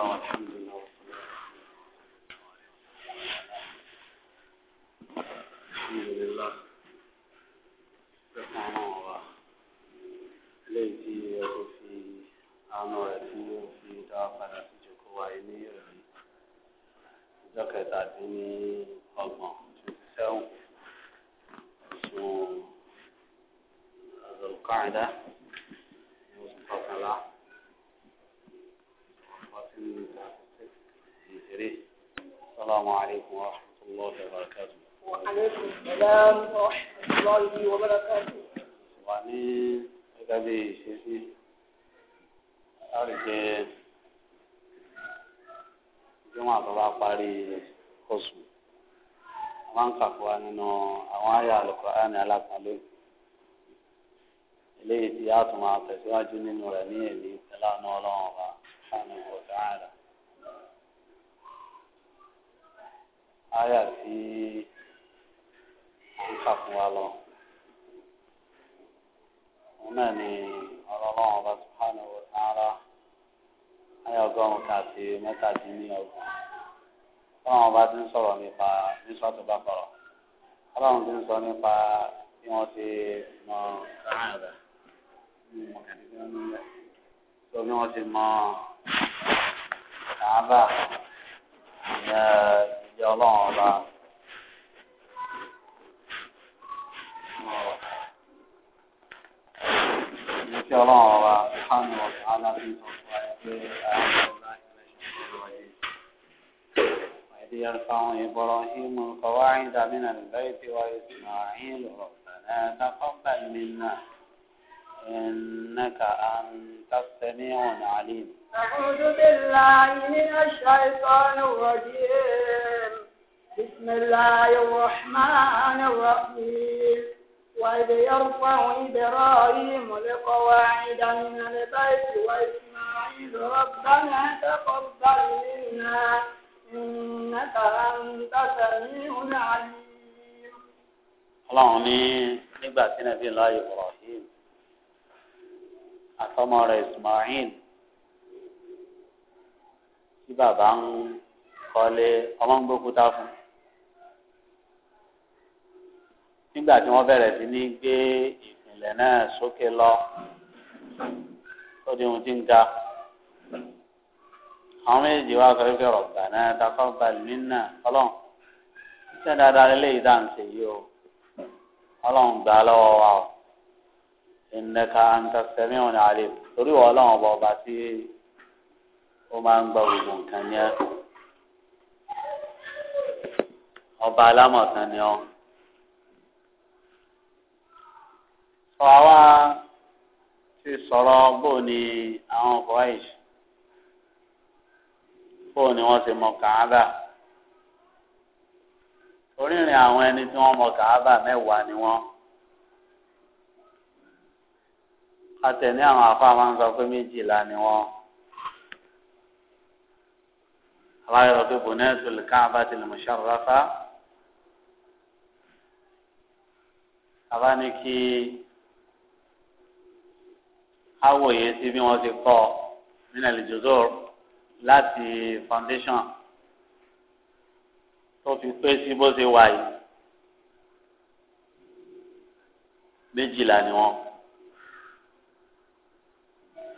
on máa tẹ̀síwájú nínú rẹ̀ ní èmi ìlànà ọlọ́run ọba sánú ọ̀dà àdá. Áyà tí ń kà fún wa lọ. Òun náà ni ọlọ́run ọba sánú ọ̀dà àdá. Áyà ọgọ́rùn-ún kan àti Ọlọ́run ọba ti ń sọ̀rọ̀ nípa nísọ́tò bá kọ̀rọ̀. Ọlọ́run ti ń sọ nípa bí wọ́n ti mọ sáà tó bí wọ́n ti mọ àbá ìyẹn ìjọ ọlọ́run ọba. Ìjọ ọlọ́run ọba kánú ọ̀sán alábí sọ fún ẹ pé àwọn ọ̀la ìrẹsì ìṣòro ẹ̀. وإذ يرفع إبراهيم القواعد من البيت وإسماعيل ربنا تقبل منا إنك أنت السميع العليم أعوذ بالله من الشيطان الرجيم بسم الله الرحمن الرحيم وإذ يرفع إبراهيم القواعد من البيت وإسماعيل ربنا تقبل منا إنك أنت السميع العليم. الله ní nígbà tí nàbí láyé Ibrahim àtọmọ rẹ̀ Ismail tí bàbá ń kọ́lé ọmọ ń gbókúta fún nígbà tí wọ́n bẹ̀rẹ̀ sí ní gbé ìpìlẹ̀ náà sókè lọ ó di ohun tí ń ga àwọn méjì wá sọ wípé rọ̀gbà náà takọ́ balùwí náà ọlọ́run iṣẹ́ dáadáa lélẹ́yìí dáhùn ṣèyí o ọlọ́run gbà lọ́wọ́ wa o ìnẹ̀ka àǹtàfẹ́mi ọ̀nà àlè torí wọ́n ọlọ́run ọba ọba tí ó máa ń gbọ́ gbogbo nǹkan ní ẹ̀rù ọba alámọ̀tán ni ọ́. sọ àwa ti sọ̀rọ̀ bó ni àwọn voice bó ni wọ́n ti mọ kàádà orírìn àwọn ẹni tí wọ́n mọ kàádà mẹ́wàá ni wọ́n. atẹ̀ní àwọn afáà máa ń sọ pé méjìlá ni wọ́n aláyọ̀ sọ pé bunatul ka'batil musharrafa abáni kí awòye sí bí wọ́n ti kọ́ nínú ìjòzó láti foundation tó fi pé sí bó ṣe wà yìí méjìlá ni wọ́n.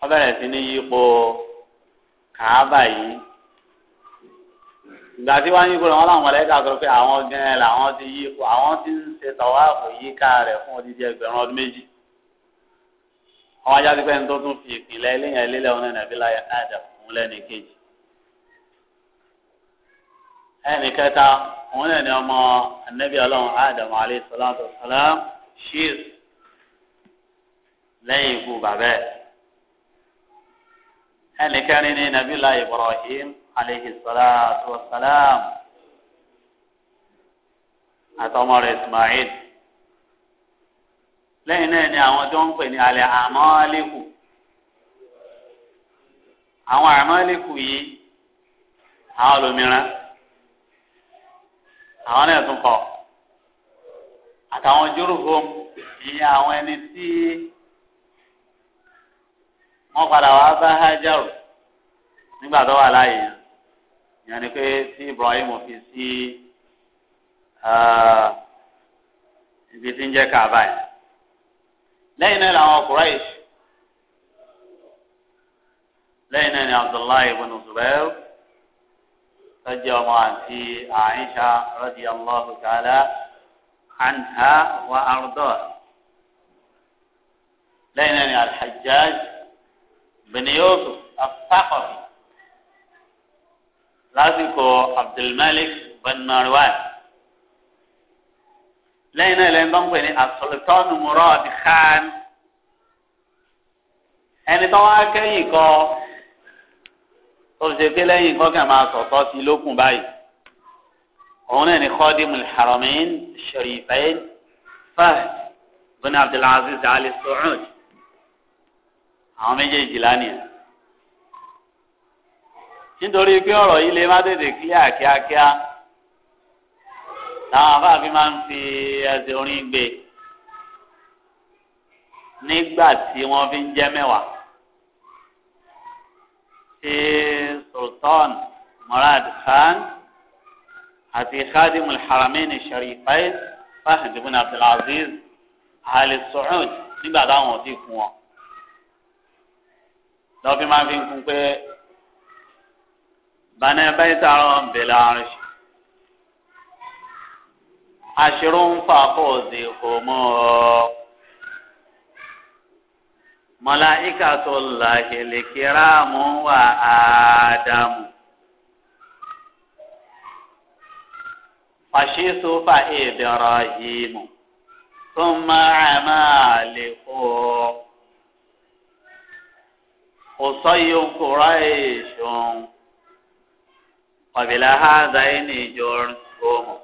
wọ́n bẹ̀rẹ̀ sí ní yípo kàábà yìí ìgbà tí wọ́n yípo lọ́wọ́ làwọn mọ̀lẹ́kà sọ pé àwọn gan-an làwọn ti yípo àwọn ti ń ṣe tọ̀wáàfù yíká rẹ̀ fún odidi ẹgbẹ̀rún ọdún méjì àwọn ajá ti ní tó tún fi ìpìlẹ̀ eléyàn eléyàn ọ̀nà nàbílà àdà fún lẹ́ni kejì ẹnì kẹta òun náà ọmọ anabi ọlọ́run adam alayhi salatu wa salam shiz lẹ́yìn ikú bàbá ẹ̀ ẹnìkẹrin ní nabila ibrahim aleyhi salatu wa salam àtọmọ rẹ̀ ismail lẹ́yìn náà ni àwọn tó ń pè ní alẹ amọlẹkù àwọn amọlẹkù yìí àwọn olómìnira àwọn náà tún kọ àtàwọn jórùfó ìyẹn àwọn ẹni tí. wọ́n padà wá bá hajaru nígbà tó wà láàyè yẹn yẹn ni pé tí Ibrahim fi sí ibi tí ń jẹ́ Kaaba yẹn lẹ́yìn náà làwọn Quraysh lẹ́yìn náà ni Abdullahi ibn Zubair tọ́jú ọmọ àti Aisha radiyallahu ta'ala anha wa ardọ́ lẹ́yìn náà ni al بن يوسف الصحفي لازم کو عبد الملك بن مروان لين لين ضم بين السلطان مراد خان ان تو اكي کو او سي کي لين كما سو تو سي باي اون ان خادم الحرمين الشريفين فهد بن عبد العزيز علي السعودي àwọn méjèèjì lánìí nítorí pé ọ̀rọ̀ yìí lè má tètè kíá kíákíá làwọn afáàfin máa ń fi ẹsẹ̀ orin gbé nígbà tí wọ́n fi ń jẹ́ mẹ́wàá ṣe Sultan Murad Khan àti Khadim al-Haramain Sharifain Fahd ibn Abdulaziz Ali Saud nígbà táwọn ò ti fún wọn lọ́fi máa fi kún pé bana baita ron bela arshi ashirun fa fawzi humo malaikatullahi likiramu wa adamu fashisu fa ibrahimu ثم عمالقه قصي قريش قبل هذين جرسهم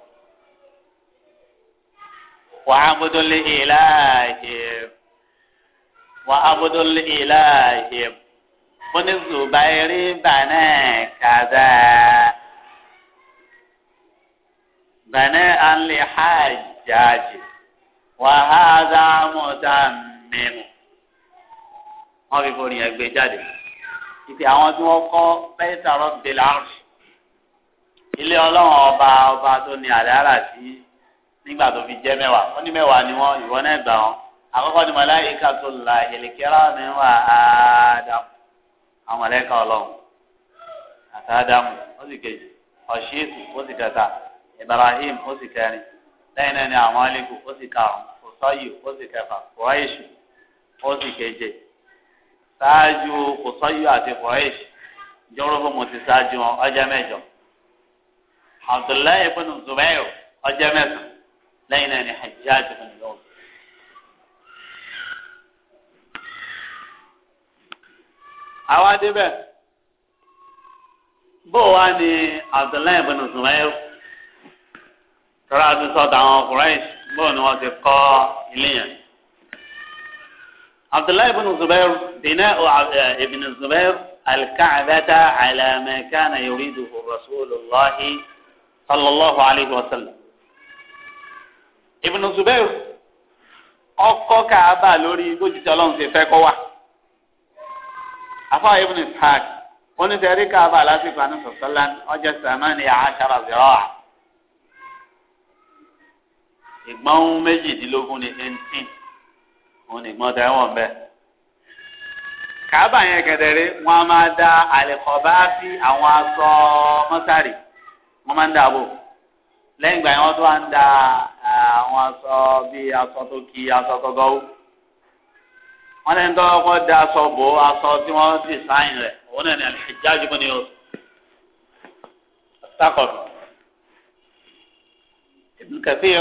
وعبد الإله وعبد الإله من الزبير بنى كذا بنى لحجاج وهذا متمم wọn fi forin yẹn gbé jáde ìpè àwọn tí wọn kọ bẹ́ẹ̀ sàrọ bẹlẹ àrùsì ilé Ọlọ́run ọba ọba tó ní àlẹ àrà sí nígbà tó fi jẹ mẹ́wàá wọn ní mẹ́wàá ni wọn ìwọ náà gbà wọn àkọ́kọ́ ni màláíkà tó la ìlẹkẹrà mi wà ádámù àwọn màláíkà Ọlọ́run àtàdámù ó sì kejì ọṣíìtù ó sì kẹta ibrahim ó sì kẹrin lẹ́yìn náà ni àwọn alẹkùn ó sì karùnún kòsọyì ó sì kẹfà kòráyèsù ó sì keje ṣáájú kòsọ́yù àti kòrẹ́ṣ jọ́rọ́ fún mo ti ṣáájú wọn ọjọ́ mẹ́jọ Abdullahi ibn Zubair ọjọ́ mẹ́sàn lẹ́yìn náà ni Hajjaj ibn Yusuf. àwa débẹ̀ bó wa ni Abdullahi ibn Zubair tọ́lá àti sọ̀tà àwọn kòrẹ́ṣ bó ni wọ́n ti kọ́ ilé yẹn. عبد الله بن abdullahi ibn zubair bina ibn zubair alkaabata alama kana yuridu الله sallallahu alayhi wa sallam ibn zubair ọkọ kaaba lórí bójútì Ọlọ́run ṣe fẹ́ kọ wa afa ibn ishaq oníṣẹ́rí kaaba lásìkò anisọ̀sọ́lá ọjọ́ sàmánì àṣàrà zẹ́rọ̀à ìgbọ́n méjìdínlógún ní eighteen. òun nìgbọ́n tẹ wọ́n bẹ́ẹ̀. kàábà yẹn kẹtẹrí wọn a máa da àwọn aṣọ mọ́sárì wọ́n máa ń dà lẹ́yìn ìgbà yẹn wọ́n da àwọn aṣọ bíi aṣọ tó kí aṣọ wọ́n da aṣọ bò aṣọ tí wọ́n ti sáyìn rẹ̀ òun náà ní ni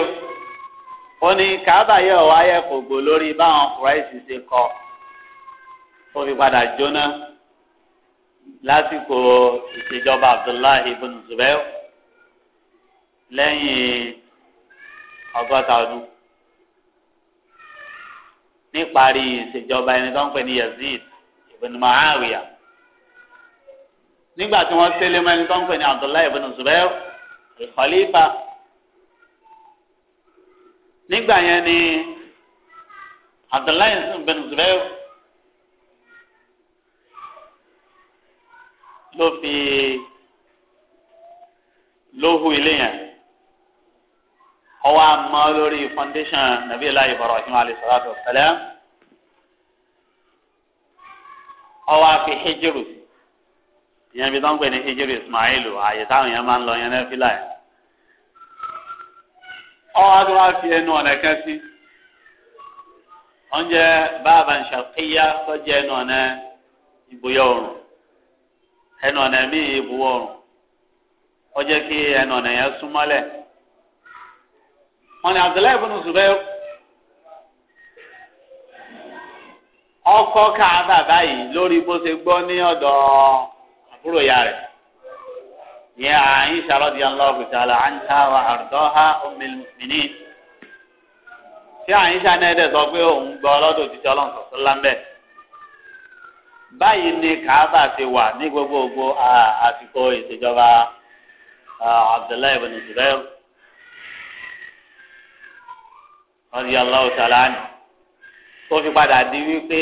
ó ní Kaaba yẹ ọ wáyẹ kò gbò lórí báwọn kùráìsì ṣe kọ ó fi padà jóná lásìkò ìṣèjọba Abdullahi ibn Zubair lẹ́yìn ọgọ́ta ọdún níparí ìṣèjọba ẹni tó ń pè ní Yazid ibn Muawiya nígbà tí wọ́n tẹ́lẹ̀ mọ́ ẹni tó ń pè ní Abdullahi ibn Zubair al nígbà yẹn ni Abdullahi bin Zubair ló fi lóhu ilé yẹn ọwọ́ àmọ́ lórí foundation nàbí ilayi Ibrahim alayhi salatu wa salam ọwọ́ àfi hijiru ìyẹn bí wọ́n ń pè ní hijiru Ismailu àyè táwọn yẹn máa ń lọ yẹn náà fi láyé. ọ tó fi ẹnu ọ̀nà kan sí oúnjẹ báàbà ń ṣàkíyá ẹnu ọ̀nà ìbòyọ̀ ọ̀rùn ẹnu ọ̀nà míì ìbòwọ̀ ọ̀rùn ó kí ẹnu ọ̀nà yẹn súnmọ́lẹ̀ wọn ni Abdullahi ibn Zubair ọkọ Káàbà báyìí lórí bó ṣe gbọ́ ní ọ̀dọ̀ àbúrò ya يا Àìṣà radiyallahu الله تعالى عنها ardaha أم المؤمنين. tí Àìṣà náà dẹ̀ sọ pé òun gbọ́ ọlọ́dọ̀ títí ọlọ́run sọ̀tọ́ lámbẹ́ báyìí ni Kàábà ti wà ní gbogbogbò àsìkò ìṣèjọba Abdullahi ibn Zubair radiyallahu ta'ala anhu tó fi padà di wípé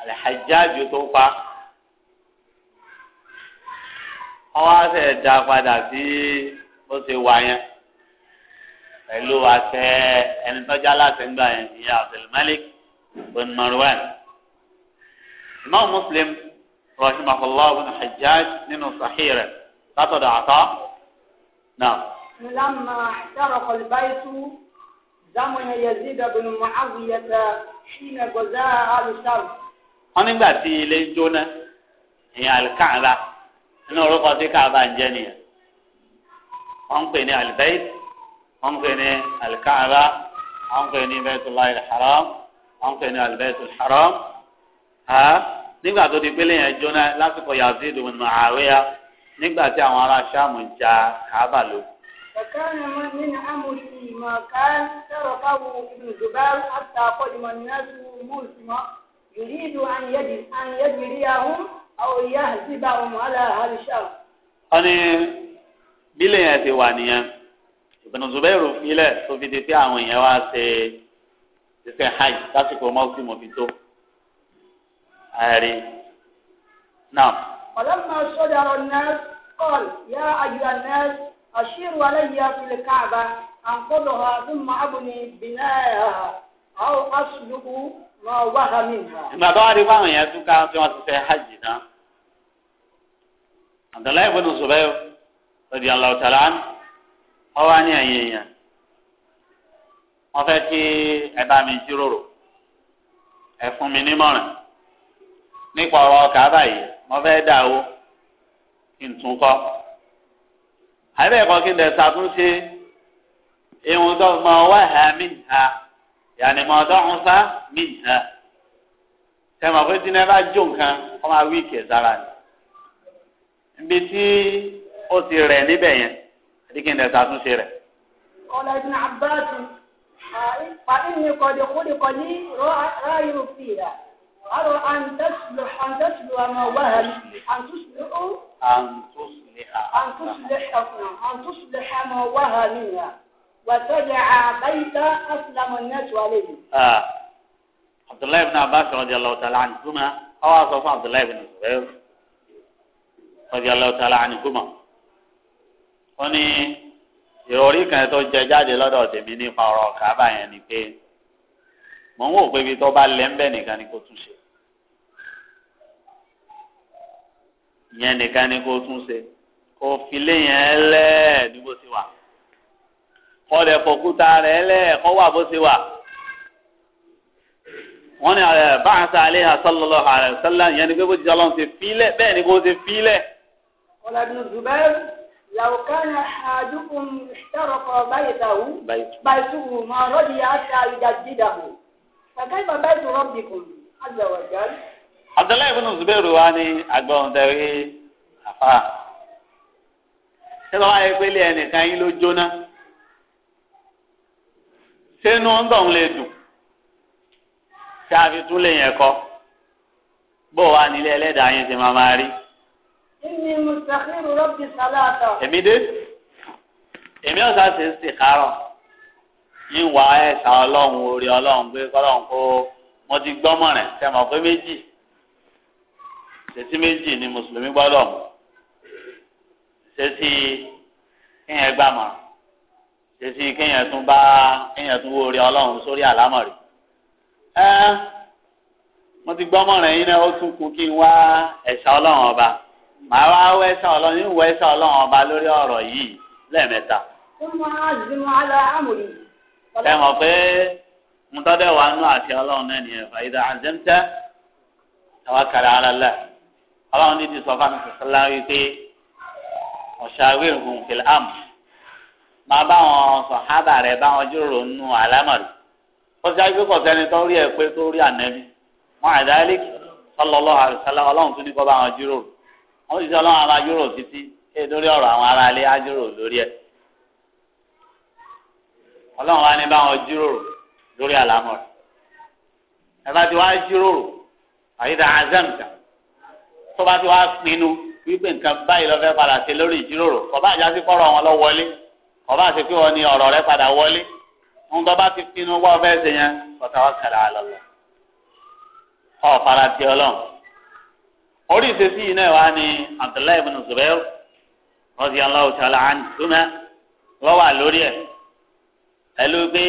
al tó pa ọwọ́ àṣẹ dá padà sí bó ṣe wà yẹn pẹ̀lú àṣẹ ẹni tọ́jà láti gbà yẹn ìyá Abdulmalik bin Marwan imam Muslim rahimahullah bin Hajjaj nínú sahih látọ̀dọ̀ àtọ́ náà. لما احترق البيت زمن يزيد بن معاوية حين غزا آل شر. wọ́n nígbà tí ilé jóná nínú orúkọ tí káàbà ń jẹ́ nìyẹn wọ́n ń pè ní alibait wọ́n ń pè ní alikaaba wọ́n ń pè ní baitulahil haram wọ́n ń pè ní alibaitul haram ha nígbà tó di pélé yẹn jóná lásìkò yazid ibn muawiya nígbà tí àwọn ará sàmù ja káàbà lóko. وكان من أمره ما كان تركه ابن زبير حتى قدم الناس موسما يريد أن يجريهم àwọn ìyá àti bá àwọn mọ̀hálà àríṣà. wọ́n ní bílẹ̀ yẹn ti wà nìyẹn ìbùnú zubairu filẹ̀ tó fi di pé àwọn èèyàn wá ṣe ṣiṣẹ́ hajj lásìkò mọ́sí mọ́fi tó ààrẹ náà. ọ̀làmà sọ́dọ̀ ọ̀rọ̀ nẹ́ẹ̀sì kọ́ọ̀lù yá àjùlá nẹ́ẹ̀sì àṣírí alẹ́ yìí àfilẹ̀ káàbà àǹkọ́dọ̀ ha fún màábùnì bìnnáyà àwọn aṣùlùkù ìgbà tó wá di fáwọn yẹn tún ká tí wọ́n ti fẹ́ hajj tán Abdullahi ibn Zubayr lọ́dí aláwọ̀tàlá ọwọ́ ní ẹ̀yìn èèyàn wọ́n fẹ́ kí ẹ mi jíròrò ẹ fún mi nímọ̀ràn nípa ọ̀rọ̀ Kaaba yìí wọ́n fẹ́ dà owó kí n tún kọ́ àbẹ́ẹ̀kọ́ kí n dẹ̀ ṣàtúnṣe ìwọ̀n tó mọ wáhà mí ha. yàní mọ ọdọọrùn sá mí nà sẹmọ pé tí bá jó nǹkan máa wí ni tí ó ti rẹ níbẹ̀ yẹn adigun ẹ̀ ṣàtúnṣe rẹ ọ̀la ibn Abbas fàdínní kọ̀dé ní àǹtẹ̀sùlù àǹtẹ̀sùlù wàtọ́jà àbáyíta asilamu nẹ́tù alẹ́yìn. abdullahi ibn abbas radiyallahu ta'ala anhuma ọwọ́ àsọ fún abdullahi ibn zubair radiyallahu ta'ala anhuma wọ́n ní ìròrí kan tó jẹ jáde lọ́dọ̀ tèmi nípa ọ̀rọ̀ kábà yẹn ni pé mọ̀ ń wò pé ibi tó bá lẹ́ ń bẹ̀ nìkan ni kò tún ṣe. ìyẹn nìkan ni kò tún ṣe kò fi yẹn lẹ́ẹ̀ ní bó ọ̀rẹ́ fọ̀kúta rẹ̀ lẹ̀ kọ́ wà bó ṣe wà. wọ́n ní báńsà alẹ́ àṣàlọ́lọ́ ààrẹ sálá ìyẹn ni pé bó ti sọ lọ́n ti fílẹ̀ bẹ́ẹ̀ ni kò ti fílẹ̀. ọ̀làdùn zùbẹ́rù làwùkánà àdúkùn ìṣàrọ̀kọ̀ báyìtàwù báyìtùwù mọ̀ rọ́dì àṣà ìdàjídàbò kàkàìmọ̀ báyìtù rọ́bìkùn àjàwàjá. Abdullahi ibn Zubairu wa ni agbọ̀n tẹ̀wé àfa. Ṣé bàbá yẹ pé ilé ẹnìkan yín ló jóná? sínú ń tọ̀ ń lè dùn tí a fi tún lè yẹn kọ́ bó wa nílé ẹlẹ́dàá yẹn ti máa máa rí. Inni mustakhiru rabbi salata. Èmi dé. Èmi ọ̀sán ṣe ń ṣèkárọ̀. Yín wá ẹ̀sà ọlọ́run orí ọlọ́run pé kọ́lọ́run kó mo ti gbọ́mọ̀ rẹ̀ tẹ́ mọ̀ pé méjì. Ṣètí méjì ni Mùsùlùmí gbọ́dọ̀ mú. Ṣètí kíyẹn gbàmọ̀ràn sèṣì kéèyàn tún bá kéèyàn tún wóore ọlọ́run sórí àlámọ̀rí. ẹ mo ti gbọ́ mọ̀ràn yín náà ó tún kú kí n wá ẹ̀ṣà ọlọ́run ọba màá wá wọ ẹ̀ṣà ọlọ́run yín wọ ẹ̀ṣà ọlọ́run ọba lórí ọ̀rọ̀ yìí lẹ́ẹ̀mẹ́ta. ẹ mọ̀ pé mo tọ́jú wa nú àti ọlọ́run náà nìyẹn fàyídà àzẹ́mtẹ́ àwa kàrà ara lẹ̀ ọlọ́run ní ti sọ fún mi láwí pé ọ̀ṣà wíìrùn kìlá máa bá wọn sọ̀hábà rẹ̀ bá wọn jíròrò nù àlámọ̀rí ó sì àgbẹ̀ kọ̀ sẹ́ni tó rí ẹ pé tó rí ànẹ́bí wọn àdáyálé sallallahu alaihi wasallam ọlọ́run tún ní kọ́ bá wọn jíròrò wọn sì sọ ọlọ́run àmà jíròrò títí ké lórí ọ̀rọ̀ àwọn aráalé á jíròrò lórí ẹ ọlọ́run wá ní bá wọn jíròrò lórí àlámọ̀rí ẹ bá ti wá jíròrò àyídà azamta tó bá ti wá pinnu wípé nǹkan báyìí lọ fẹ́ padà sí lórí ìjíròrò kọ̀ ọba àti pé wọn ni ọ̀rọ̀ rẹ padà wọlé ń bá bá ti pinnu wá ọbẹ̀ ẹsẹ̀ yẹn ọ̀tá wa kàrà á lọ́lọ́ ọ̀ fara ti ọlọ́run orí ìṣesí yìí náà wá ní Abdullahi ibn Zubair radiyallahu ta'ala anhuma wọ́n wà lórí ẹ̀ pẹ̀lú pé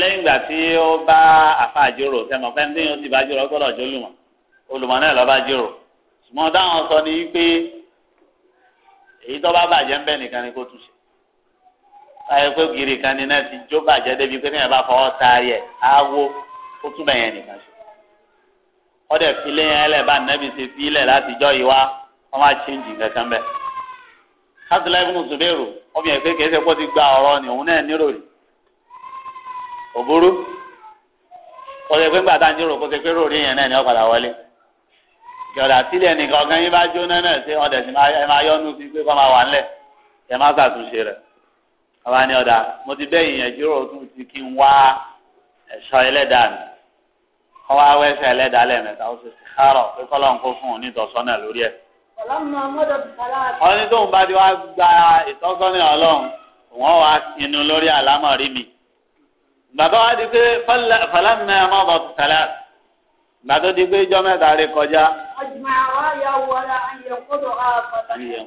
lẹ́yìn ìgbà tí ó bá àfa àjòrò sẹ́mọ̀ fẹ́ ní oṣù bá jòrò ọgbọ́dọ̀ jólùmọ̀ olùmọ̀ náà lọ́ba jòrò ṣùgbọ́n táwọn sọ ni pé èyí tó bá bàjẹ́ ń bẹ̀ nìkan ni kó túnṣe ayé pé gírí kan ní náà ti jó bàjẹ́ débi pé níyàbá fọwọ́ taari ẹ̀ awo ó tún bẹ̀yẹn nìkan ṣe. ọ̀dẹ̀ filé yẹn lẹ̀ bá nẹ́bi ṣe filẹ̀ látijọ́ yìí wá wọ́n máa chíńjì kankan bẹ́ẹ̀. kásìlá ibùdó zubairu ọmọ yẹn pé kìí ṣe pọ́ ti gba ọ̀rọ̀ ni òun náà nírò rí. òbúrú ọ̀dẹ̀ pé gbàtà nírò kó ṣe pé ròrí yẹn náà ni ó padà wọlé. ìjọba sílẹ̀ nìkan ọ̀gá yín bá jóná náà ṣe ọ̀dẹ̀ sì máa yọ́nú àwa ni ọ̀dà mo ti bẹ́ ìyẹn jíròrò tún ti kí n wá ẹ̀ṣọ́ ẹlẹ́dàá mi kọ́ wá wẹ́sẹ̀ ẹlẹ́dàá lẹ́ẹ̀mẹ́ta ó sì kárọ̀ pé kọ́lọ́ ń kó fún un ní ìtọ́sọ́nà lórí ẹ̀. ọ̀ní tóun bá ti wá gba ìtọ́sọ́nà ọlọ́run wọ́n wá inú lórí àlámọ̀rí mi. bàbá wa di pé fọlámẹ́ ọmọ bọ̀ tẹ̀lé gbàtó di pé ijọ́ mẹ́ta rẹ kọjá. ọjọ́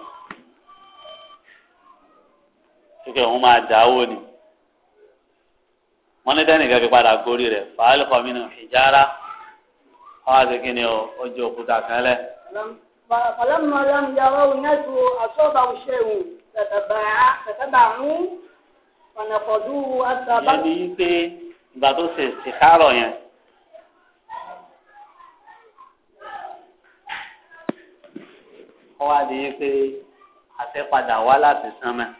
wípé òun máa dà owó ni wọn ní dẹ́nìkan fi padà gorí rẹ̀ fàálì kọ́mínú ìjára wọn á ti kí ni ó jẹ òkúta kan lẹ. fàlámù ọlọ́run yà wọ́n wọ́n yẹn tó àṣọ́bà òṣèlú tẹ̀tẹ̀bàánú ọ̀nàkọ̀dú àtàbà. ìyẹn ni pé ìgbà tó ṣe ìkárọ̀ yẹn. wọ́n wá di pé àtẹ́padà wá láti sánmẹ́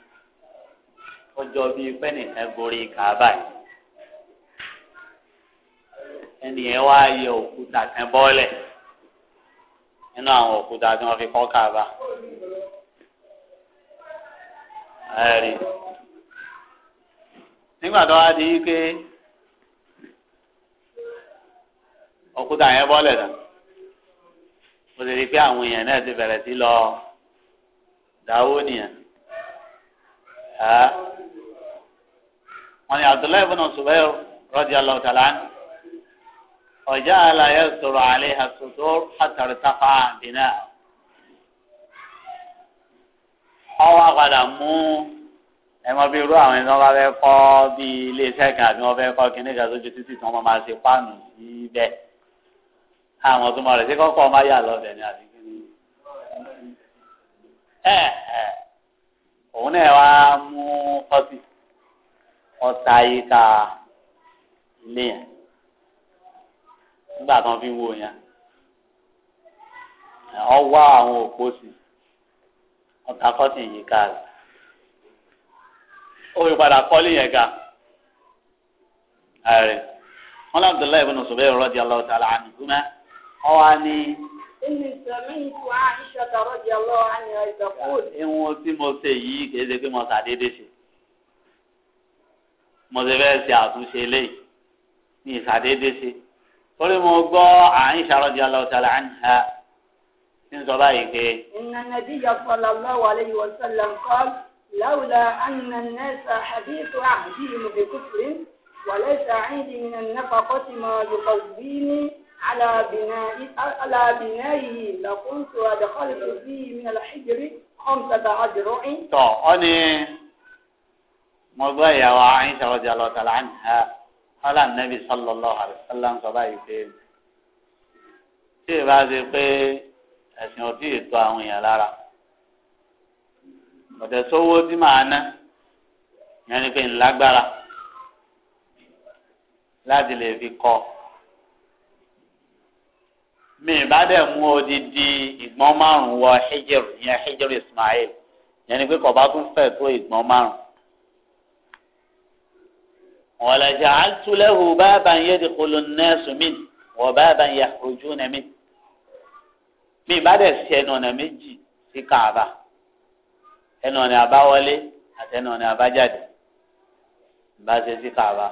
ọjọ́ bíi pẹ́nìkan gorí kàábà yìí ẹnìyẹn wá yẹ òkúta kan bọ́ọ̀lẹ̀ nínú àwọn òkúta tí wọ́n fi kọ́ kàábà ẹ̀rí nígbà tó wá di pé òkúta yẹn bọ́ọ̀lẹ̀ náà mo sì rí i pé àwọn èèyàn náà ti bẹ̀rẹ̀ sí lọ dáwó nìyẹn wọn ni abdullahi ibn zubair radiyallahu ta'ala anhu ọjà àlàyé sọ̀rọ̀ àlẹ́ àsòtò àtàrí tafa àdínà ọwọ́ àpàdà mú ẹmọ bíi irú àwọn ẹni wọn bá fẹ́ kọ́ bíi iléeṣẹ́ kan àbí wọn fẹ́ kọ́ kíní kan sójú títì tí wọn máa ṣe páànù síbẹ̀ àwọn tó mọ rẹ̀ sí kọ́kọ́ máa yà lọ́bẹ̀ ni àbí kíní. ẹ ẹ òun náà wá mú fọ́tì. ọta yíká ilé yẹn nígbà tán fi wo yẹn ọ wá àwọn òpó sí ọta kọ́tìn yíká rẹ̀ ó fi padà kọ́lé yẹn ga ààrẹ wọn lọ Abdullahi ibn Zubair radiyallahu ta'ala anhuma ọ wá ní. Ìwọ̀n tí mo ṣe yìí kì í ṣe pé mo ṣàdédé ṣe. mo ti fẹ́ ṣe àtúnṣe léyìí ní ìsàdédé ṣe orí mo gbọ́ àyìn ṣàròjì aláwọ̀sálà àyìnhà tí ń sọ báyìí pé. ìnànà bí yàtọ̀lá lọ́wọ́ àlejò ọ̀sẹ̀lẹ̀ nǹkan láwùlà àyìnà nẹ́ẹ̀sà àdéhùn àbí ìmùbẹ̀ kúfìrí wàlẹ́sà àyìnbí nà nàfà kọ́tì mọ́ yòkọ̀ bí ní alábìnáyì làkúntò àdàkọ́lẹ̀ tó bí mi àlàhíjìrì kọ́mùtàdà àdìrọ́ìn. tọ́ ọ ni mo gbọ́ ìyàwó Aisha radiyallahu ta'ala anha ọlá nàbì sallallahu alaihi wasallam sọ báyìí pé tí ìbá ṣe pé ẹ̀sìn ò tí ì tó àwọn èèyàn lára ọ̀dẹ̀ sówó tí màá ná yẹn ni pé ńlágbára láti lè fi kọ́ mi ìbá dẹ̀ mú odidi ìgbọ́n márùn-ún wọ hijr yẹn hijr Ismail yẹn ni pé kò bá tún fẹ̀ tó ìgbọ́n márùn-ún wala ja'altu lahu baban yadkhulu an-nasu min wa baban yakhrujuna min mi bá dẹ̀ sí ẹnu ọ̀nà méjì sí Káàbà ẹnu ọ̀nà àbáwọlé àti ẹnu ọ̀nà àbájáde bá ṣe sí Káàbà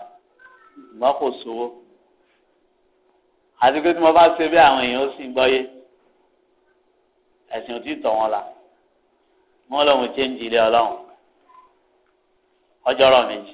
ṣùgbọ́n kò sówó àti pé tí mo bá ṣe bí àwọn èèyàn ó sì gbọ́yé ẹ̀sìn ò tí ì tọ̀ wọn la wọn lòun ṣe ń jìlẹ̀ ọlọ́run ọjọ́ rọ̀ méjì.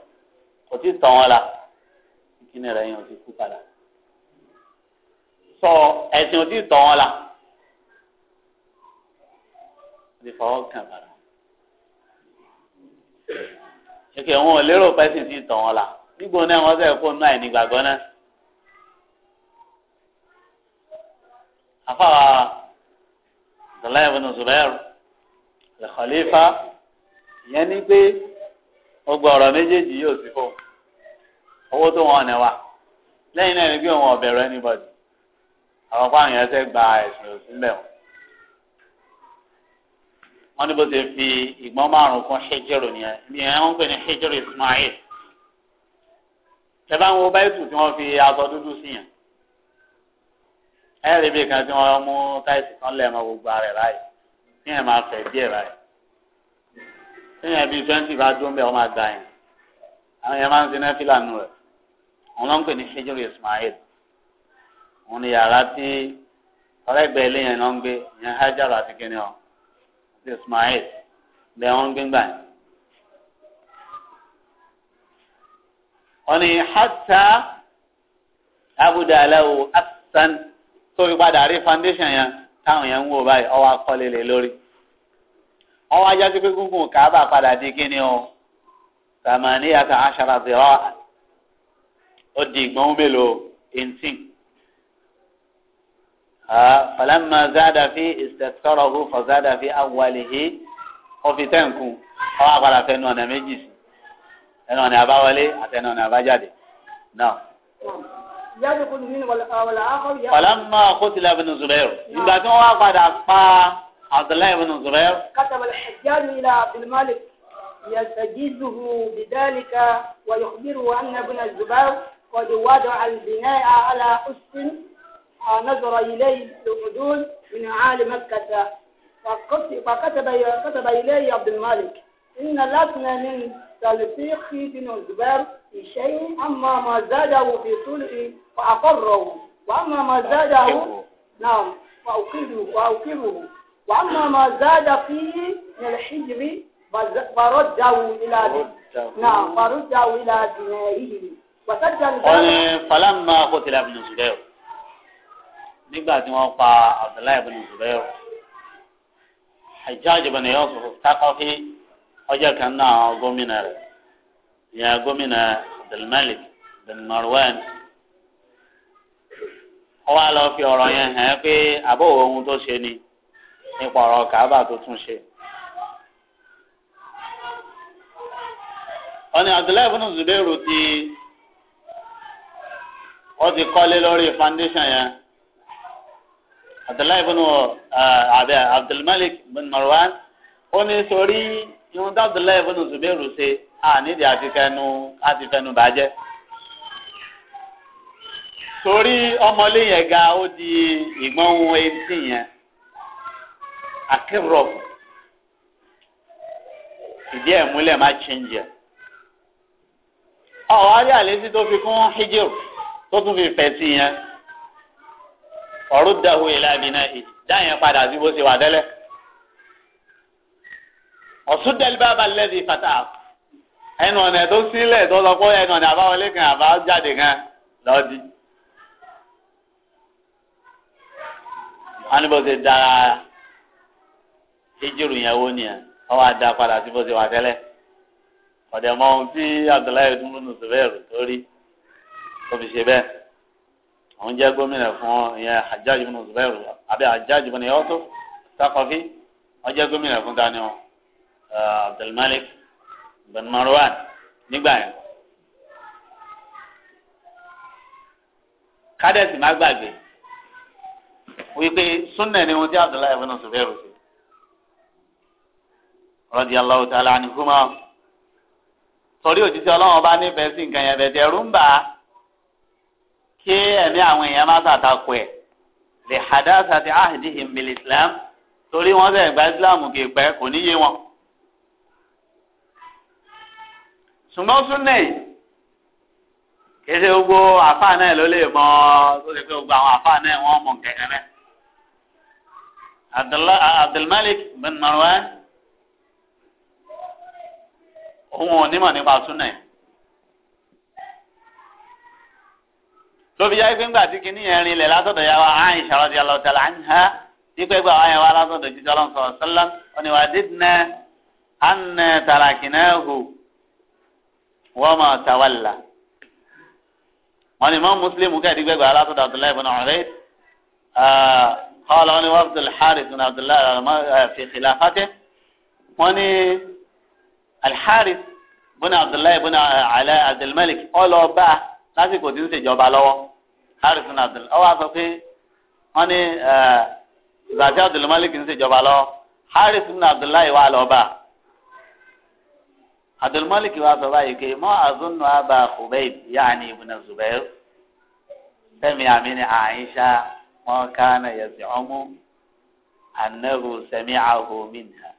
kò tí ì tọ̀ wọn la kíni rẹ̀ yẹn ò ti kú padà sọ ẹ̀sìn ò tí ì tọ̀ wọn la ó ti fọwọ́ kàn padà ṣèkè wọn ò lérò pẹ́sìn tí ì tọ̀ wọn la nígbò náà wọ́n sẹ́yìn fóònù àìní gbàgbọ́ náà. afáwa Abdullahi bin Zubair lè Khalifa yẹn ní gbogbo ọ̀rọ̀ méjèèjì yóò sí fóun owó tó wọn ọ̀nà wa lẹ́yìn náà ni pé òun ọ̀bẹ̀ rẹ àwọn fáwọn yẹn fẹ́ gba ẹ̀sùn òsì mbẹ̀ wọn. wọ́n ní bó ṣe fi ìgbọ́n márùn-ún fún ṣẹ́jẹ̀rò nìyẹn ní ẹ̀ pè ní ṣẹ́jẹ̀rò Ismail tẹ́lá ń wo báyìí tí wọ́n fi aṣọ dúdú sí yẹn ẹ̀rí bí kan tí wọ́n mú táìsì kan lẹ́ẹ̀mọ́ gbogbo ara ẹ̀ láàyè sẹ́yìn ẹbí twenty bá dún bẹ́ẹ̀ wọ́n máa gbà yẹn àwọn yẹn máa ń sin ẹ́fílà nù rẹ̀ wọ́n lọ́n pè ní hijri ismail wọ́n ní yàrá tí ọlẹ́gbẹ̀ẹ́ ilé yẹn náà ń gbé yẹn hajar àti kíni ọ ismail bẹ́ẹ̀ wọ́n gbé gbà yẹn. wọ́n ní hatta abudulayi asan tó fi padà rí foundation yẹn táwọn yẹn ń wò báyìí ọwọ́ akọ́lé lé lórí ọwọ́ ajá sí pé gúngùn káábà padà di kíni o sàmàní àti aṣara zira ó di ìgbọ́n mélòó eighteen. فلما زاد في استكثره فزاد في أوله وفي تنكو أو على تنو أنا مجلس تنو أنا أباولي أتنو أنا أباجادي نعم فلما قتل ابن زبير إذا كان وقد أقفى عبد الله بن زبير كتب الحجاج إلى عبد الملك يستجيزه بذلك ويخبره أن ابن الزبير قد وضع البناء على حسن نظر إليه الحدود من أهل مكة فكتب كتب إليه عبد الملك إن لسنا من تلفيق بن الزبير في شيء أما ما زاده في صلح فأقره وأما ما زاده نعم فأقره وأقره وأما ما زاد فيه من الحجر فرده إلى نعم فرده إلى ديناره وسد الباب فلما قتل ابن الزبير nígbà tí wọ́n pa abdullahi ibn zubair hajjaj ibn yusuf takọ́fí ọjọ́ kan náà gómìnà rẹ̀ ìyẹn gómìnà abdulmalik bin marwan ó wá lọ fi ọ̀rọ̀ yẹn hàn pé àbọ̀wò ohun tó ṣe ni nípa ọ̀rọ̀ kàábà tó tún ṣe. wọ́n ní Abdullahi ibn Zubairu ti wọ́n ti kọ́lé lórí foundation yẹn Abdullahi ibn abẹ eh, Abdulmalik bin Marwan ó ní sórí ìhun tó Abdullahi ibn Zubairu ṣe ànídìí àti fẹnu àti fẹnu bàjẹ́ torí ọmọlé yẹn ga ó di ìgbọ́n ohun etí yẹn akérò ìdí ẹ̀ múlẹ̀ má change ẹ̀. ọ̀hún ayé àlésí tó fi kún hijir tó tún fi fẹ̀ sí yẹn ọ̀rú dàhùn ilé abiná ìdá yẹn padà sí bó ṣe wà tẹ́lẹ̀. ọ̀sùn dẹ́lẹ́bà balẹ̀ di fata ẹnu ọ̀nà tó sílẹ̀ tó lọ pé ẹnu ọ̀nà àbáwọlé kan àbájáde kan lọ́ọ́dí. wọ́n ní bó ṣe dára ìjírù yẹn wó ni ẹ ọwọ́ àdá padà sí bó ṣe wà tẹ́lẹ̀ ọ̀dẹ̀ mọ ohun tí Abdullahi tó múnú sí bẹ́ẹ̀ rò sórí tó fi ṣe bẹ́ẹ̀ òun jẹ́ gómìnà fún ìyẹn Hajjaj múnú sí bẹ́ẹ̀ rò àbí Hajjaj múnú yẹn ọ̀tọ̀ sákọ̀fí wọ́n jẹ́ gómìnà fún daniel eh, Abdulmalik bin Marwan nígbà yẹn. kádẹ́sì má gbàgbé wípé súnnà ni ohun tí Abdullahi múnú sí bẹ́ẹ̀ radiyallahu ta'ala anhuma torí òjijì ọlọ́run bá nífẹ̀ẹ́ sí nǹkan yẹn bẹ̀tẹ̀ ẹ̀rú ń bà á kí ẹ̀mí àwọn èèyàn má ṣàtakò ẹ̀ lè hadathah àti ahdihim bil islam torí wọ́n bẹ̀rẹ̀ gba islam kì í pẹ́ kò níye wọn. ṣùgbọ́n súnẹ̀ kéde gbogbo àfáà náà ló lè mọ tó lè pé gbogbo àwọn àfáà náà wọ́n mọ̀ kẹ̀kẹ́ Abdulmalik bin Marwan òun ò nímọ̀ nípa súnà ẹ̀. lóbi jáde pé ńgbà tí kinní yẹn rinlẹ̀ látọ̀dọ̀ yà wá Aisha radiyallahu ta'ala anha nípa ẹgbẹ́ àwọn yẹn wá látọ̀dọ̀ jíjọ́ lọ́n sọ̀rọ̀ sọ́lá oníwà dídínà ànà tàràkìnnáhù wọ́n mọ̀ tàwálà. wọ́n ní mọ́ mùsùlùmí kẹ́ẹ̀dí gbẹ́gbẹ́ alátọ̀dọ̀ Abdullahi ibn Ubayd قال أنا وفد الحارث بن عبد الله في خلافته wọ́n alḥaris bùnà abdullahi bùnà alẹ abdulmalik ọlọba lásìkò tí ń ṣèjọba lọ́wọ́ haris bùnà abdullahi ọwọ àsọ pé wọn ní zati abdulmalik ń ṣèjọba lọ́wọ́ haris bùnà abdullahi wà lọba abdulmalik wà sọ báyìí pé mọ àzúnnù àbá khubayb yaani ibùnà zubair sẹmi àmì ni àyíṣà wọn kàn yẹ sí ọmú anahu sẹmi àhùn minha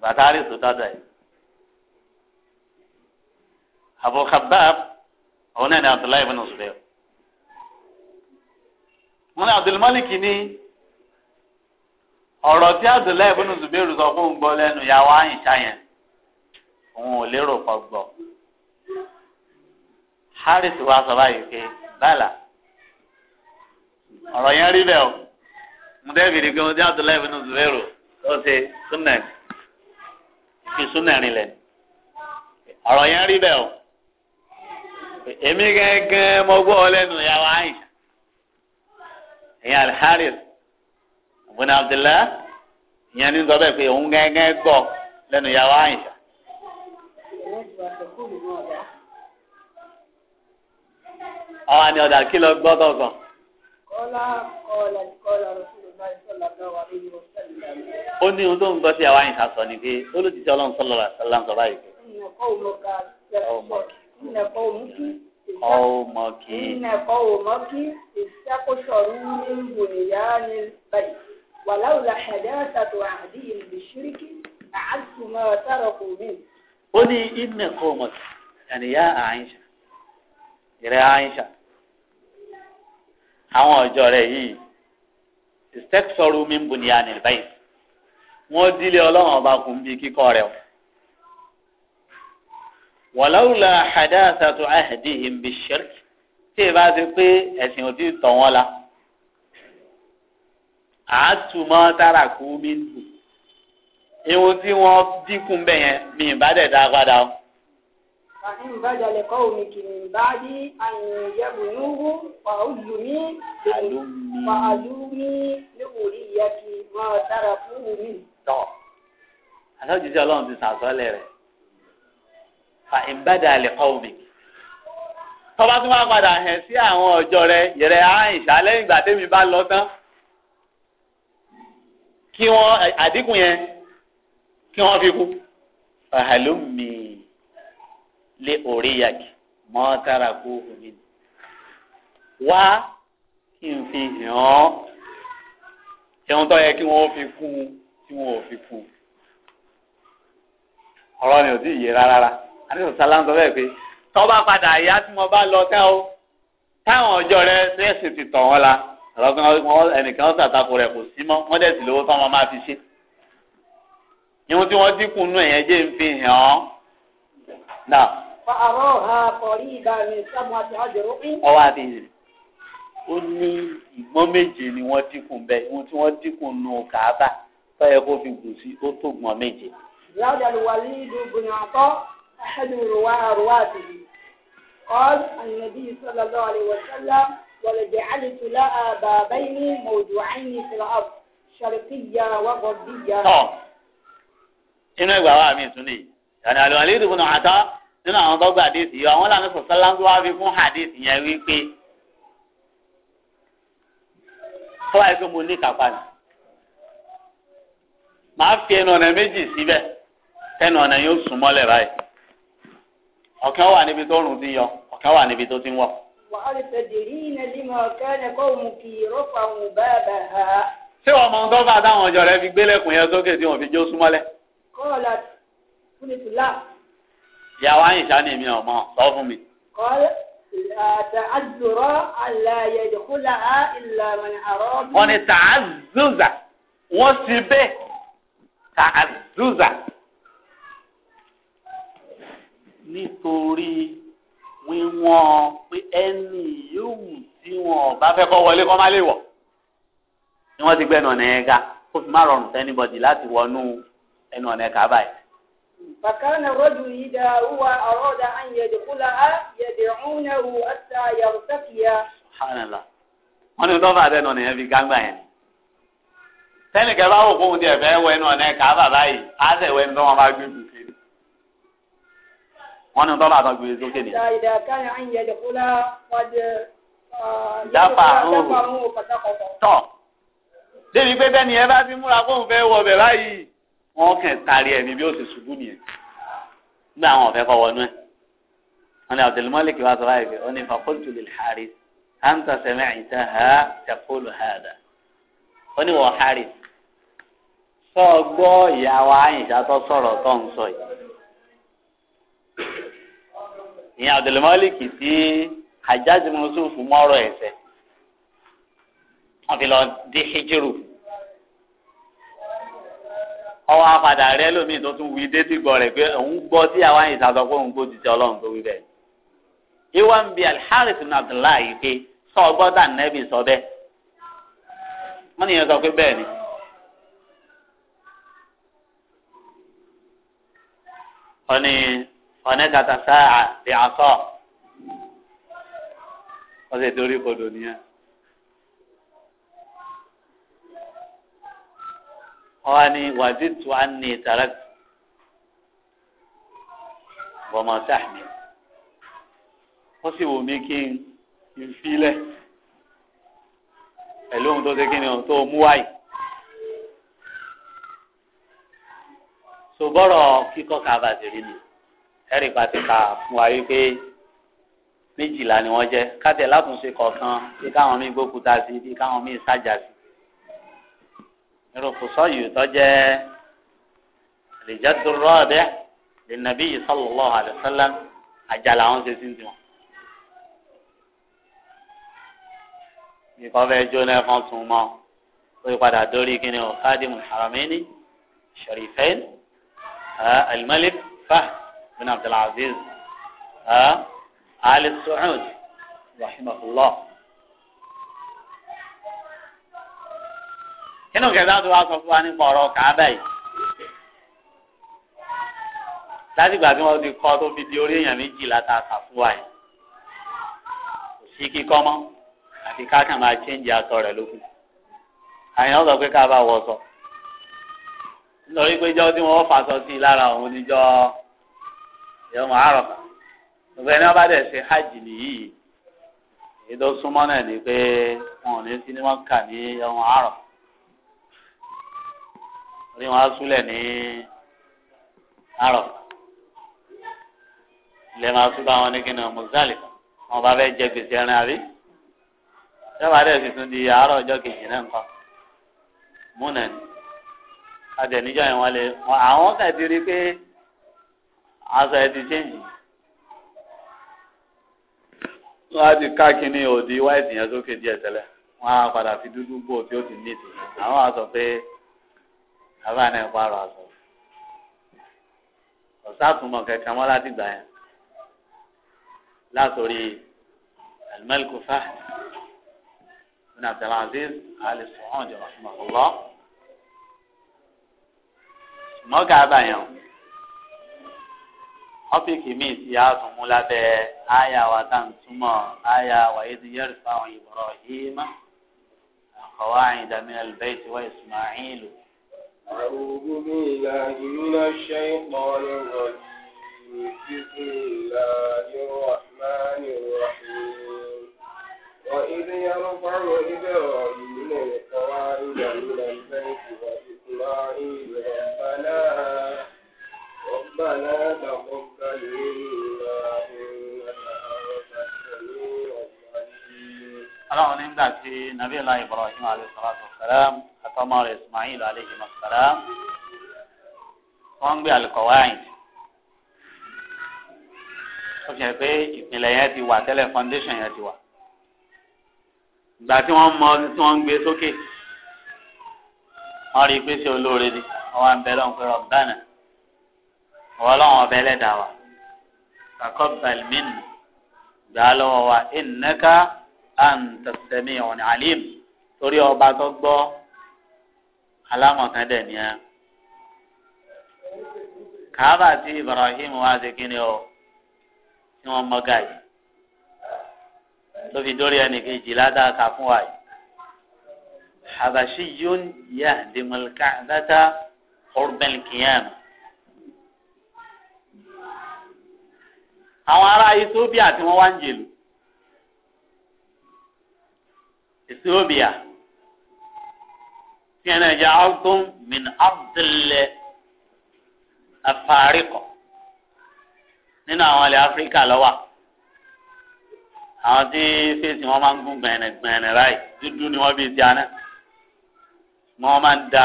bàtà àrísù dọ́dọ̀ yìí. Abu Khabbab òun náà ni Abdullahi bin Zubair. Wọ́n ní Abdulmalik ní ọ̀rọ̀ tí Abdullahi bin Zubair sọ fún gbọ́ lẹ́nu ìyàwó àyìnṣá yẹn. Òun ò lérò pọ̀ gbọ́. Harris wa sọ báyìí pé bàlà ọ̀rọ̀ yẹn rí bẹ́ẹ̀ o. Mo dẹ́bi ni pé mo dé Abdullahi bin Zubair ó ṣe súnmẹ̀ fi súnà rinlẹ̀ ọ̀rọ̀ yẹn rí bẹ́ẹ̀ o èmi gángan mo gbọ́ ọ lẹ́nu ìyàwó àyíṣà ìyẹn alharis ibn abdullah ìyẹn ní sọ bẹ́ẹ̀ pé òun gángan gbọ́ lẹ́nu ìyàwó àyíṣà. ọ̀hún ni ọ̀dà kí gbọ́ tọ̀sán. kọ́lá kọ́lá kọ́lá rẹ̀ ó ní ohun tó ń gbọ́ sí àwa yìí sọ ni pé ó ló ti sọ ọlọ́run sọlọ rà sọlá ń sọ báyìí. ọmọ kì í. ọmọ kì í. ìṣàkóso ní bòníyà ní báyìí. wàláwùlà ṣàdáṣàtò àdìyẹ bìṣíríkì àásùmọ̀ sárọ̀kù mi. ó ní ìnà kọ́ ọmọ kì í. àyìnṣà. ìrẹ́ àyìnṣà. àwọn ọjọ́ rẹ̀ yìí ìsẹ́kítọ́rù mi ń bò ní àná báyìí wọ́n dílé ọlọ́run ọba kùn bí kíkọ́ rẹ̀ o. wàláwùlà àdá àtàtù àhẹ̀dí ìmbi ṣẹ́rìkì tí ì bá ti pé ẹ̀sìn òdì tọ̀ wọ́n la. àátùmọ̀ tára kú mi ń dù. ihun tí wọ́n dínkù bẹ́yẹn mi ì bá dá padà o. فإن بدا لقومك من بعد أن يبنوه فعلمي فعلمي لأوليتي ما تركوه منه. Àtọ́júṣe ọlọ́run ti sàsọ́lẹ̀ rẹ̀. Fa ìbádà lè kọ́ omi. Tọ́ba tún máa padà hẹ̀ sí àwọn ọjọ́ rẹ̀ yẹ̀rẹ̀ àìṣà lẹ́yìn ìgbà tẹ́mi bá lọ tán. Kí wọ́n àdínkù yẹn kí wọ́n fi kú. Fàhálùmí lé orí yàgì mọ́tàrà kú omi wá kí n fi hàn án ẹ̀hún yẹ kí wọ́n fi kú tí wọ́n ò fi kú ọ̀rọ̀ ni ò tí ì yé rárá àdéhùn sálá ń sọ bẹ́ẹ̀ pé tọ́ bá padà yá tí mo bá lọ tẹ́ o táwọn ọjọ́ rẹ ṣẹ́ẹ̀sì ti tọ̀ wọ́n la ọ̀rọ̀ ẹnìkan ṣàtakò rẹ̀ kò sí mọ́ wọ́n dẹ̀ sì lówó tán wọn máa fi ṣe ìhun tí wọ́n dínkù nù ẹ̀yẹn jẹ́ ń fi hàn náà ọwọ́ àbíyẹn ó ní ìgbọ́n méje ni wọ́n dínkù bẹ́ẹ̀ ohun tí wọ́n dínkù nù kàába tó yẹ kó fi gùn sí ó tó gbọ́n méje. láwùjọ ni wàlí ìlú gbìyànjọ́ ẹ̀ṣẹ̀dùn rúwá rúwá ti di قال النبي صلى الله عليه وسلم ولجعلت لها بابين موضوعين في الأرض شرقية وغربية. inú ìgbà wa mi tún ni yàrá àlọ́ àlejò náà àtá nínú àwọn tó gba hadith yìí àwọn làwọn sọ̀sọ́ láńtó wá fi fún hadith yẹn wípé tó wáyé pé mo ní kápá ni màá fi ẹnu ọ̀nà méjì síbẹ̀ tẹnu ọ̀nà yóò sùn mọ́lẹ̀ báyìí ọ̀kan wà níbi tó rùn ti yọ ọ̀kan wà níbi tó ti ń wọ̀. ṣé wọn mọ tó bá táwọn ọjọ́ rẹ fi gbélẹ̀kùn yẹn sókè tí wọn fi jó súnmọ́lẹ̀. kọ́ọ̀lá kúlẹ̀tùlá ìyàwó àyìnṣá ni èmi ọmọ sọ fún mi. wọ́n ní tààzùzà wọ́n sì bẹ́ẹ̀ tààzùzà nítorí wíwọ́n pé ẹni yóò tí wọn bá fẹ́ kọ́ wọlé kọ́ má lè wọ̀ ni wọ́n ti gbẹ́nu ọ̀nà ẹ̀ka ó fi má rọrùn fún anybody láti wọnú ẹnu ọ̀nà ẹ̀ka báyìí. فكان الرجل إذا هو أراد أن يدخلها يدعونه حتى يرتقي سبحان الله wọ́n ní lọ́fà dẹ́nu ọ̀nà yẹn fi gágbà yẹn tẹ́nìkẹ́ bá wò fóun tiẹ̀ fẹ́ wẹnu ọ̀nà ẹ̀ka bàbá yìí á sẹ̀ wẹnu tó wọn bá gbé gùn kéde wọ́n ní lọ́fà tó gbé sókè nìyẹn. dáfà ń tọ̀ débi pé bẹ́ẹ̀ ni ẹ bá fi múra fóun fẹ́ wọ bẹ̀ báyìí wọ́n kẹ̀ tari ẹ̀mí bí ó sì ṣubú nìyẹn nígbà àwọn ọ̀fẹ́ kọ́ wọnú ẹ̀ wọn ni abdulmalik wa sọ báyìí wọn ni fakultu lil haris anta sami'ta ha taqulu hada wọn ni wọ́n haris sọ gbọ́ ìyá wa àyìnṣá tó sọ̀rọ̀ tó ń sọ yìí ìyẹn abdulmalik ti hajjaj musu fún mọ́rọ̀ wọn fi lọ dé hijiru ọwọ́ apàdà rẹ lómi tó tún wí détí gbọ́ rẹ̀ pé òun gbọ́ tí àwa yìí sàtọ̀ pé òun kò ti tẹ ọlọ́run tó wí bẹ́ẹ̀. ìwọ ń bi alḥaris ibn abdullahi pé sọ ọgbọ́dà nẹ́bì sọ bẹ́ẹ̀. wọ́n nìyẹn sọ pé bẹ́ẹ̀ ni. wọ́n ní ọ̀nẹ́ kàtà sáà lè àṣọ. wọ́n sì kodò nìyẹn. wọn ni wàdìtú àní ìtàrà bọmọtà mi ó sì wù mí kí n filẹ̀ pẹ̀lú ohun tó ṣe kí ni ohun tó mú wáyé. sobọrọ kíkọ kaba sèré ni ẹrí pàtìkà fún wa wípé méjìlá ni wọn jẹ kátẹ látúnṣe kọ̀ọ̀kan bí káwọn míì gbókúta sí bí káwọn míì sájà sí nínú fòsọ́yù tó jẹ́ àlìjáde rọ́ọ̀dẹ́ lè nàbí sallallahu alaihi wasallam àjàlá wọn ṣe sí ti wọn. nìkan fẹ́ jóná ẹ̀fọn tún mọ́ ó yí padà dórí kí ni o khadimul haramaini sharifain alimalik fah bin abdulaziz ali suud rahimahullah. kínú kẹta tó wá sọ fún wa nípa ọ̀rọ̀ kàábà yìí tí wọ́n ti kọ́ tó fi di orí èèyàn méjìlá tá kà fún wa yìí kò sí àti káàkiri máa rẹ̀ lókun àyàn sọ pé káàbà wọ sọ nítorí tí wọ́n fàṣọ sí i lára òun níjọ́ bá dẹ̀ ṣe hajj nìyí èyí tó súnmọ́ náà ni pé wọn ò ní sí wọ́n kà ní ní wọn á súlẹ̀ ní àrọ̀ ilẹ̀ máa sún bá wọn ní kíni mùsàlì wọn bá fẹ́ jẹ gbèsè ẹran àrí yọba dẹ̀ sì tún di àárọ̀ ọjọ́ kejì náà nǹkan múnà ni àtẹnijọ yẹn wọn lè àwọn kàn ti rí pé aṣọ ẹ ti ṣéǹjì wọn á ti ká kínní òdi wáìtì yẹn sókè díẹ̀ tẹ́lẹ̀ wọn á padà fi dúdú bò tí ó ti ní ìtìlẹ̀ àwọn á pé àbá náà pààrọ̀ àṣọ ọ̀sátùmọ̀ kẹ̀kẹ́ wọn láti gbà yẹn látòrí alimẹ́lìkù fà bin abdulaziz ali sọ̀hún jọ̀wọ́ fún ọ̀lọ́ mọ́gà àbàyàn ọ́fíìkì míì ti àtún mú lábẹ́ àyà wa tá à ń túmọ̀ àyà wa yìí ti yẹ́rù àkọ́wá àyìndàmí alibẹ́ẹ̀tì wa ìsùmáìlù. arụuna nehe narụọjilea naraa ieyarụaroirna-ewetaarị na aetụaụtụr eaaọbaa naaa ruụ aláwọn nígbà tí nabi allah ibrahim alayhisalatu salam atọmọ rẹ̀ ismail alayhisalam wọ́n gbé alikọwáyìn ó fi hàn pé ìpìlẹ̀ yẹn ti wà tẹ́lẹ̀ foundation yẹn ti wà ìgbà tí wọ́n mọ tí wọ́n ń gbé sókè wọ́n rí i pé ṣe olóore ni wọ́n wá ń lọ́n pé rọ̀bánà wọ́n lọ́wọ́ ọbẹ̀ ẹlẹ́dàá wa kàkọ́ bàlmínì gbà á lọ́wọ́ wa ìnáka anta sami'un alim torí ọba tó gbọ́ alámọ̀kan dẹ̀ ni ẹ. kàábà tí Ibrahim wá sí kíni o tí wọ́n mọ́gà yìí tó fi dórí ẹnì kejì ládàáka fún wa yìí. habashiyun yahdimul ka'bata qurbal qiyam. àwọn ará Ethiopia tí wọ́n wá ń jèlú. ethiopia tí ẹ náà jẹ ọgbọ́n min abdulẹ afarikọ nínú àwọn ilẹ̀ áfíríkà lọ́wọ́ àwọn tí fèsì wọn máa ń gún gbẹ̀nẹ̀ gbẹ̀nẹ̀ ráì dúdú ni wọ́n bí ti àná wọn máa ń da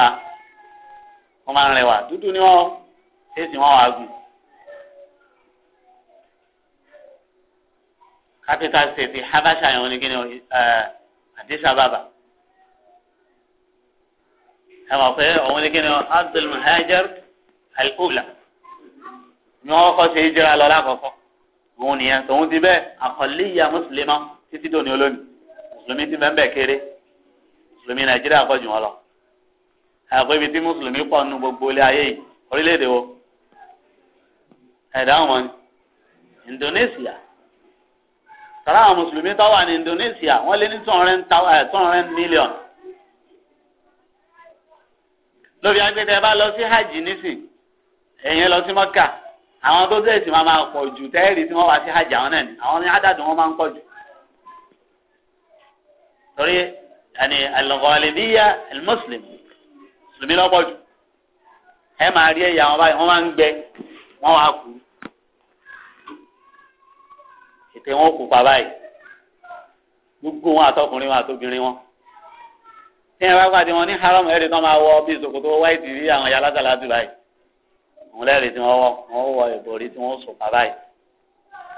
wọn máa ń rẹwà dúdú ni wọn fèsì wọn wà gùn. capital state habasha yẹn wọn ni kí ni ẹ àdìs ababa ẹ wà pé òun ní kí ni abdul muhajir al-ula ni wọn kọ ṣe hijira lọ lákọ̀ọ́kọ́ òun nìyẹn tòun ti bẹ àkọlíyà mùsùlùmá títí dòní olómi mùsùlùmí ti bẹ́ẹ̀ bẹ́ẹ̀ kéré mùsùlùmí nàìjíríà kọjú wọn lọ àpò ibi tí mùsùlùmí pọ̀ nínú gbogbo ilé ayé yìí orílẹ̀-èdè wo ẹ̀dá wọn Indonesia tọ́lá àwọn mùsùlùmí tó wà ní Indonesia wọ́n lé ní two hundred eh, million. lóbi agbẹ́tẹ̀ bá lọ sí hajj nísìn èyàn lọ sí Mọ́kà àwọn tó tẹ̀sí máa máa pọ̀ jù tẹ́ẹ̀rì tí wọ́n wá sí hajj àwọn náà ni àwọn ní àdàdùn wọn máa ń pọ̀ jù. torí ẹni alọ́kọ̀ọ́lẹ́díyà mùsùlùmí mùsùlùmí lọ́pọ̀ jù ẹ máa rí ẹ̀yà wọn báyìí wọ́n máa ń gbẹ wọ́n wá kú ètè wọn kù pa báyìí gbogbo wọn àtọkùnrin wọn àtobìnrin wọn tí wọn bá pàdé wọn ní haram ẹ̀rí tó máa wọ bí ìsòkòtò wáìtì rí àwọn yàrá láti báyìí wọn lẹ́rìí tí wọ́n wọ wọn wọ ìbòrí tí wọ́n sọ pa báyìí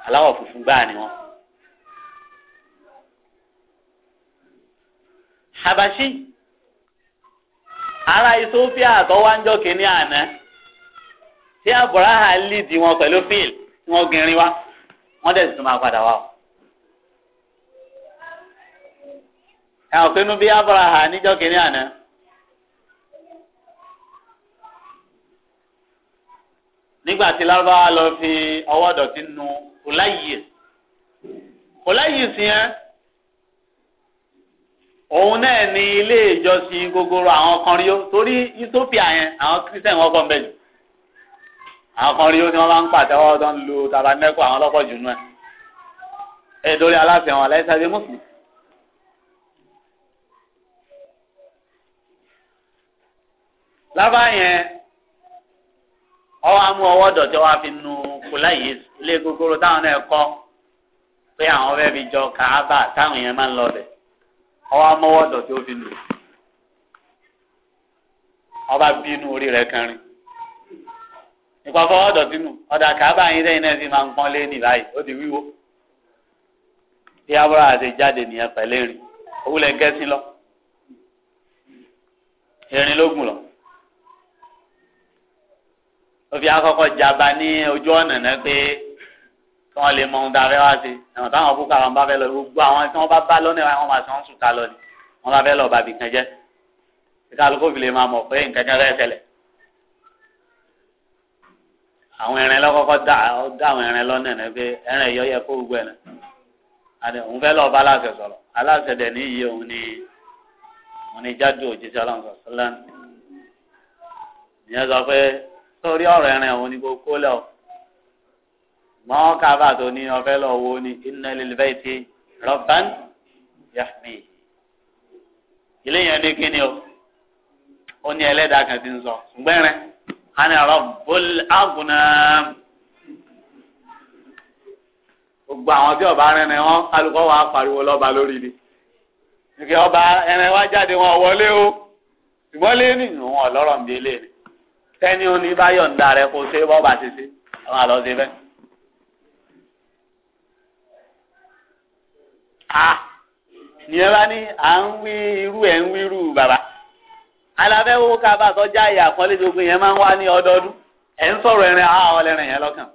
aláwọ̀ funfun gbáà ni wọn. habashi ara ethiopia àtọwájọ kìíní àná tí àbúrò àhà lìdí wọn pẹ̀lú fíìl tí wọ́n gbìnrin wá wọ́n dẹ̀ tún máa padà wá o. ẹ̀wọ̀n pinnu bí abraha níjọ́ kìíní àná. nígbà tí lárúbáwá lọ fi ọwọ́ dọ̀tí nu kòláyè kòláyè sí yẹn òun náà ni ilé ìjọsìn gogoro àwọn kan rí o torí Ethiopia yẹn àwọn Christian wọn kọ́ ń bẹ̀ jù. àwọn kan rí wọn ń lu àwọn ọlọpọ jù náà ẹ̀ lórí aláṣẹ wọn aláìsàn ṣe mùsùlùmí. lábàá yẹn ọwọ́ amú ọwọ́ dọ̀tí wa fi nu gogoro táwọn náà pé àwọn jọ táwọn yẹn máa ń lọ ọwọ amú ọba bínú orí nípa fọwọ́ dọ̀tí nù ọ̀dà kábà yín lẹ́yìn náà fi máa ń pọ́n lé nì báyìí ó di wíwo bí abúlé àti jáde nìyẹn pẹ̀lú erin òwúlẹ̀ ń kẹ́sìn lọ erin ló gùn lọ òfi akọ́kọ́ jaba ní ojú ọ̀nà náà pé kí wọ́n lè mọ ohun tá a fẹ́ wá sí ẹ̀wọ̀n táwọn kúkú àwọn bá fẹ́ lọ gbogbo àwọn tí wọ́n bá bá lọ́nà ìwà wọn máa sọ sùn ká lọ ni wọ́n bá fẹ́ lọ bàbí kan jẹ́ kí kálukó fi lè máa mọ̀ pé nǹkan kan rẹ̀ ṣẹlẹ̀ àwọn ẹran lọ́kọ́kọ́ dá àwọn ẹran lọ́nà ẹ̀ pé ẹran ẹ̀yọ́ yẹ kó gbẹ ẹ̀ àti òun fẹ́ lọ́ọ́ bá aláṣẹ sọ̀rọ̀ aláṣẹ dẹ̀ ní iye òun ni òun ni jáde òjíṣẹ́ ọlọ́run sọ̀rọ̀ sọ́lán ìyẹn sọ pé sórí ọ̀rọ̀ ẹran òun ni kò kó lẹ̀ ọ́ kábà tó ní ọfẹ́ lọ́ọ́ wo ni inna lil bayti rabban yahmi ilé yẹn ní kíni o ó ní ẹlẹ́dàá kan ti ń sọ ṣùgbẹ́rẹ́ ana rabbul aghna gbogbo àwọn tí ọba rẹ ni wọn kálukọ wa pariwo lọba lórí ni nígbà ọba ẹrẹ wa jáde wọn wọlé o ṣùgbọ́n lé ní ìwọ̀n ọlọ́rọ̀ ń délé ni tẹ́ni ó ní báyọ̀ ń darẹ̀ kó ṣe bọ́ọ̀bà ṣe àwọn àlọ́ ṣe bẹ́ẹ̀. a ní ẹ bá ní à ń wí irú ẹ̀ ń wí irú bàbá. alábẹ́ wo ka tó já àkọlé gbogbo yẹn máa ń wá ní ọdọọdún ẹ̀ ń sọ̀rọ̀ ẹ̀rin àwọn ọlẹ́rin yẹn lọ́kàn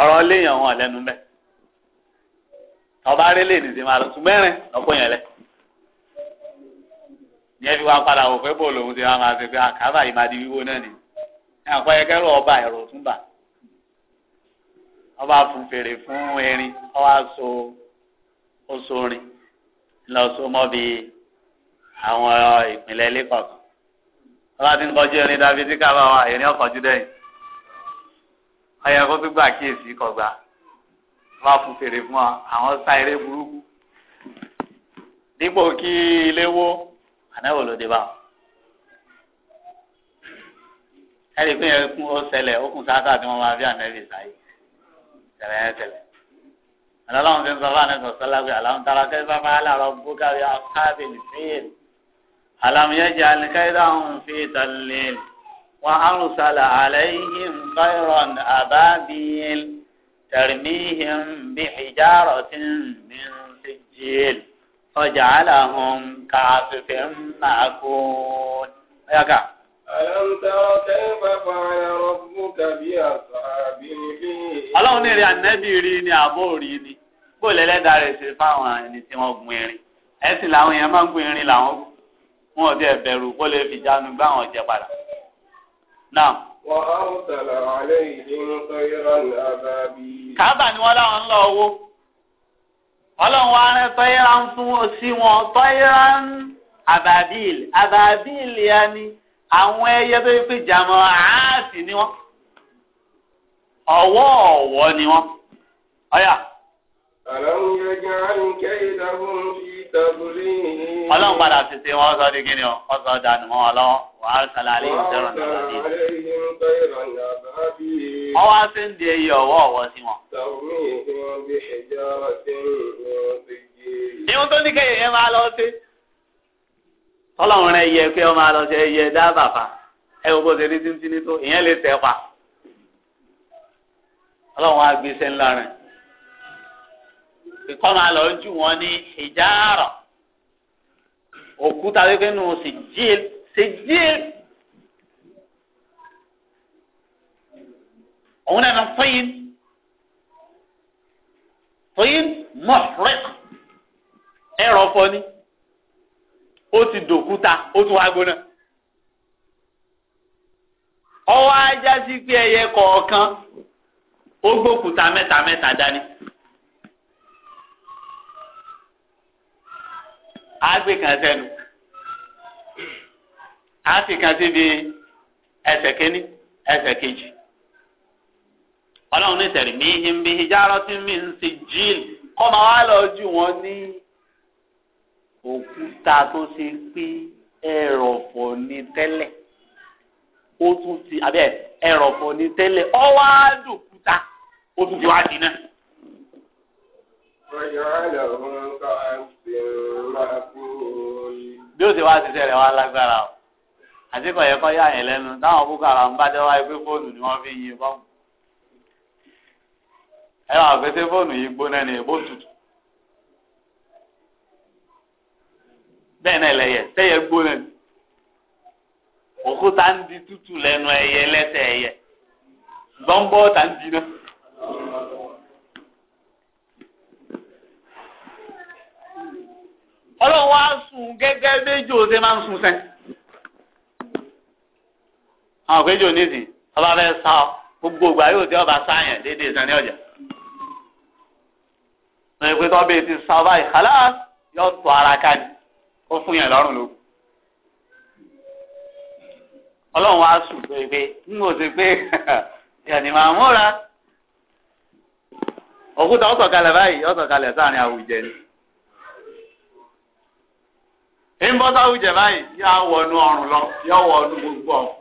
ọ̀rọ̀ léèyàn wọn lẹ́nu bẹ́ẹ̀ tọba rẹ lè nìsín máa lọ ṣùgbẹ́rin lọ́pọ̀ yẹn lẹ yẹn fi wá padà wò bò lòun ti wá máa fi pé àkàbà yìí máa di wíwó náà ni ọba ẹ̀rọ ọba fèrè fún erin ọba so àwọn uh, ìpínlẹ̀ ilé kọ̀ọ̀kan ọlọ́run ti ń kọjú irin dábí tí káàbà wà irin ọkọ̀jú dẹ́yìn ọyẹ kó tún gbà kíyèsí kọgbà wọ́n á fún fèrè fún ọ àwọn sá eré burúkú dípò kí ilé wó ànáwó ló dé bá wọn. ẹ̀rí pé yẹn kún ó ṣẹlẹ̀ ó kún sáátà tí wọ́n máa fi ànábì sáyé ṣẹlẹ̀ yẹn ṣẹlẹ̀ ọlọ́run ti ń sọ fún ànábì sọ́lá pé àlàó ń tara kẹ́sí fáfá aláàrọ̀ bókàrí àkáàbì nìfẹ́yẹ̀lì. ألم يجعل كيدهم في تليل وأرسل عليهم طيرا أبابيل ترميهم بحجارة من سجيل فجعلهم كعصف مأكول ألم تر كيف فعل ربك بأصحاب الفيل ọlọ́run ní èrè ànábì rí ni àbó rí ni bó lẹ́lẹ́dàá rẹ̀ ṣe fáwọn ẹni tí wọ́n gun irin ẹ̀sìn làwọn èèyàn máa ń gun irin làwọn kù wọn ò tẹ bẹ̀rù kó lè fi jánu gbá àwọn jẹ padà. náà. wà á ń sàlà àlẹ́ ìdí ń sọ ìran àbábí. kábà ni wọ́n láwọn ń lọ owó ọlọ́run wa rẹ tọ́yẹ́ra ń fún sí wọn tọ́yẹ́ra ń àbábíl àbábíl ya ni àwọn ẹyẹ tó fi jàmọ́ àásì ni wọ́n ọ̀wọ́ ọ̀wọ́ ni wọ́n. ọ̀yà. àlọ́ ń yẹ jẹ́ àrùn kẹ́hìn dáhùn sí ọlọ́run padà tètè wọn sọ di kíni ọ ọ sọ dànù mọ́ ọlọ́run wàá sàlẹ̀ alẹ́ yìí sẹ́rọ̀ náà lọ́dí. wọ́n wá sí ń di eyín ọ̀wọ́ ọ̀wọ́ sí wọn. ìhun tó ní kéye yẹn máa lọ sí. ọlọ́run rẹ yẹ pé ọ máa lọ sí ẹyẹ dábàfà ẹ wo bó ṣe ní títí ní tó ìyẹn lè tẹ̀ pa. ọlọ́run á gbé iṣẹ́ rẹ̀ kíkọ́ máa lọ jù wọ́n ní ìjáàrọ̀ òkúta wípé nù sìjíìl sìjíìl òun náà nà fẹ́yìn fẹ́yìn mọ̀frẹ́k ẹ̀rọ fọ́ni ó ti dòkúta ó tún wá gbóná ọwọ́ ajá sí pé ẹyẹ kọ̀ọ̀kan ó gbókúta mẹ́ta mẹ́ta dání. á kan sẹ́nu á sì kan síbi ẹsẹ̀ kínní ẹsẹ̀ kejì ọlọ́run ní tẹ̀lé mi ìhìn bí ìjárọ̀ tí mi ń sì jíìl si máa wá lọ jù wọ́n ní òkúta tó ṣe pé ẹ̀rọ̀fọ̀ ni tẹ́lẹ̀ ó tún ti bí ó ti wá ṣiṣẹ́ rẹ̀ wá lágbára o àti kọ̀ yẹ kọ́ yá yẹn lẹ́nu táwọn boko haram bá dé wáyé pé fóònù ni wọ́n fi ń yin bọ́ọ̀mù ẹ wà pé ṣé fóònù yìí gbóná ni èbó tutù bẹ́ẹ̀ náà lẹ́yẹ sẹ́yẹ gbóná ni òkúta ń di tútù lẹ́nu ẹyẹ lẹ́sẹ̀ ẹyẹ gbọ́ngbọ́ ń di náà. ọlọ́run wá sùn gẹ́gẹ́ méjò ṣe máa ń sùn sẹ́. àwọn òkèjò nísìn ọba fẹ́ sá ọ gbogbo ìgbà yóò tẹ ọba sáyẹn déédéé sàn ní ọjà. wọ́n yẹ pé tọ́bẹ̀ ti sá ọba ìhàlá yóò tọ ara ká ní ó fún yẹn lọ́rùn ló. ọlọ́run wá sùn pé n kò sí pé ìyànnì máa múra òkúta ọ̀sọ̀kalẹ̀ báyìí ọ̀sọ̀kalẹ̀ sáà ní àwùjẹ ni ìmọ̀sáwù jẹ̀ báyìí yóò wọnú ọrùn lọ yóò wọnú gbogbo ọ̀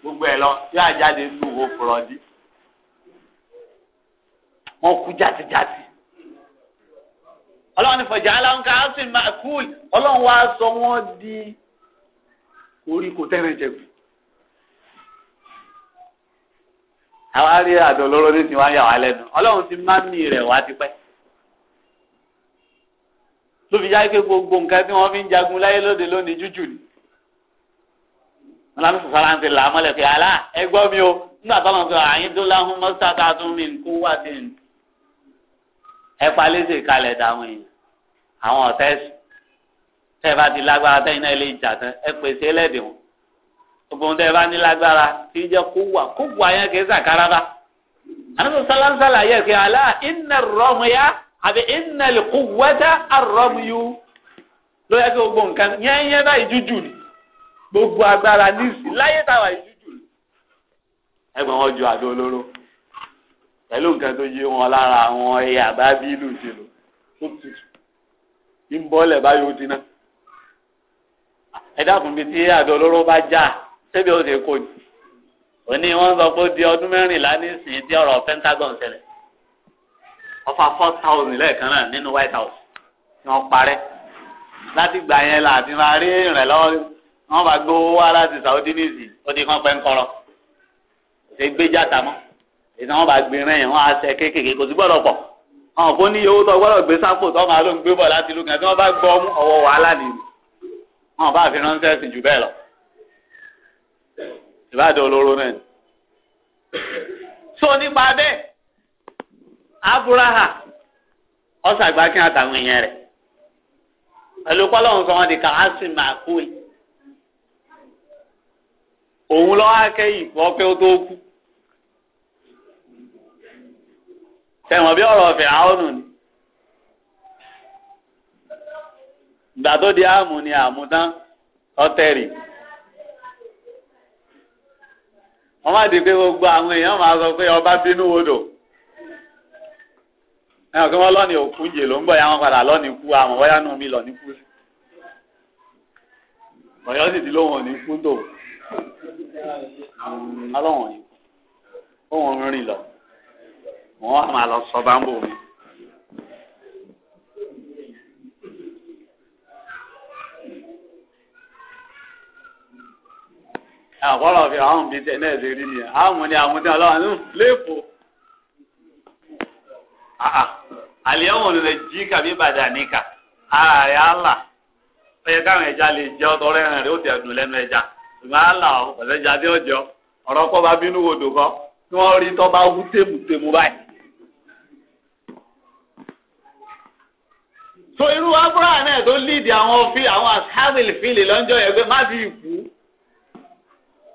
gbogbo ẹ̀ lọ yóò àjáde nínú owó fúlọ́dí. wọ́n kú jàtijàti. ọlọ́run ní fọ̀jà aláǹkà áṣìn máa kúl ọlọ́run wá sọ wọ́n di orí kò tẹ́rẹ̀ jẹ kù. àwa rí àdó lóró ní tiwa yà wá lẹ́nu ọlọ́run ti má mí rẹ̀ wá tipẹ́ ló fi yá pé gbogbo nǹkan tí wọ́n fi ń jagun láyé lóde lónìí jújù ni ọlọ́run sọ̀rọ̀ àti làmọ́lẹ̀ pé àlá ẹgbọ́n mi o nígbà táwọn sọ àyín tó láhùn mọ́sítà tá a tún mí nkú wà sí ni ẹ palẹ́sì kalẹ̀ dáhùn yìí àwọn ọ̀tẹ́sì tẹ́ ẹ bá ti lágbára tẹ́yìn náà lè jà ẹ pèsè ẹlẹ́dìí wọn gbogbo tẹ bá ní lágbára tí jẹ kó wà kó wà yẹn kì í sàkárá bá. àná tó sálánsálà yẹ kí alá iná rọmù yá àbí ìnàlẹ̀ kó wẹ́dà àrọ́mìyó ló yẹ kí gbogbo nǹkan yẹ́nyẹ́ báyìí jújù ni gbogbo agbára níìsì láyé táwa ìjújù ni ẹgbẹ́ wọn ju àdó olóró pẹ̀lú nǹkan tó yé wọn lára àwọn ẹ̀yà bá bí ìlú ṣe lò tó tutù kí ń bọ́lẹ̀ báyìí ó ti ná ẹ dákun bíi tí àdó olóró bá já ṣébi ó ti kó ni òní wọn sọ pé ó di ọdún mẹ́rìnlá nísìnyí tí ọ̀rọ̀ Pentagon ṣẹlẹ̀ ọfà four thousand lẹ́ẹ̀kan náà nínú white house ni wọ́n parẹ́ láti gbà yẹn là àti máa rí ìrànlọ́wọ́ wọ́n bá gbówó wá láti saudi nìsí ó di kán pẹ́ ń kọ́rọ́ ṣe gbé játa mọ́ ìtàn wọ́n bá gbé rẹ̀ yẹn wọ́n á ṣe kéékèèké kò sí gbọ́dọ̀ pọ̀ àwọn kò ní iye owó tó gbọ́dọ̀ gbé sápò tó máa ló ń gbé bọ̀ láti lùkàn tí wọ́n bá gbọ́ ọmú ọwọ́ wàhálà nìyí wọ́n bá fi ránṣẹ́ sí jù bẹ́ẹ̀ lọ ìbáàdì olóró náà so nípa bẹ́ẹ̀ abúráhà ọsọ kí wọ́n tàwọn èèyàn rẹ̀ pẹ̀lú pọ́lọ́hún sọ wọ́n di kàásìn màkúl òun lọ akẹ́yìn fọ́ pé ó tó kú tẹ̀wọ̀n bí ọ̀rọ̀ ọ̀fẹ́ àwọn ni ìgbà tó di ni má di pé gbogbo àwọn èèyàn máa sọ ọba bínú wodò. ẹ̀ ọ̀kẹ́ wọn lọ́ọ̀nì òkú jè ló ń bọ̀ yà wọn padà lọ́ọ̀nì kú àmọ́ wọ́yá nù mí lọ́ọ̀nì kú sí. ọ̀yọ́ sì ti lóhùn òní kú tó alọ́wọ̀n yìí òun rìn lọ wọ́n á máa lọ sọ bámbò mi. àkọ́rọ̀ fi àwọn bíi tẹ̀ náà ṣe rí nìyẹn àwọn ni àwọn tí wọn lọ́wọ́ léèpo àlìyáwó lè jí kàbí bàdà níkà ara rẹ̀ àlà ẹ̀yẹ káwọn ẹja lè jẹ́ ọ̀tọ̀ rẹ̀rìn rẹ̀ ó ti ẹ̀dùn lẹ́nu ẹja ṣùgbọ́n àlà ọ̀pọ̀lọpọ̀ ẹja dé ọjọ́ ọ̀rọ̀ kọ́ bá bínú wodò kọ́ kí wọ́n rí tọ́ bá wú tèmùtèmù báyìí. so irú abúlé náà tó líìdì àwọn fi àwọn asábìlì fìlì lọ́jọ́ yẹn pé má ti kú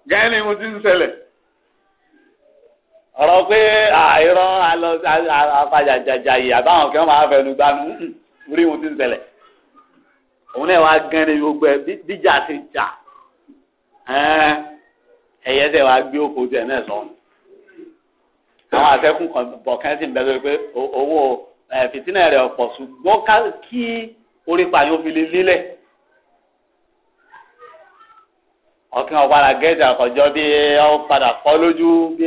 gẹ́ni mo ti ń ṣẹlẹ̀ ọ̀rọ̀ pé àìrọ́ afajàjàjà yìí àbáwọn kan máa fẹnu gbanú rí ohun tí ń ṣẹlẹ̀ òun náà wàá gan ni gbogbo ẹ bíjà ti jà ẹyẹ tẹ wàá gbé òkú tẹ náà sọnù àwọn àfẹkùn kan bọ̀ kan sì ń bẹ lórí pé owó fìtínà rẹ̀ ọ̀pọ̀ ṣùgbọ́n kí orí pààyàn fi lè lílẹ̀. ọkàn ọ̀padà gẹ́ẹ̀tì àkọ́jọ́ bí ọ padà fọ́ lójú bí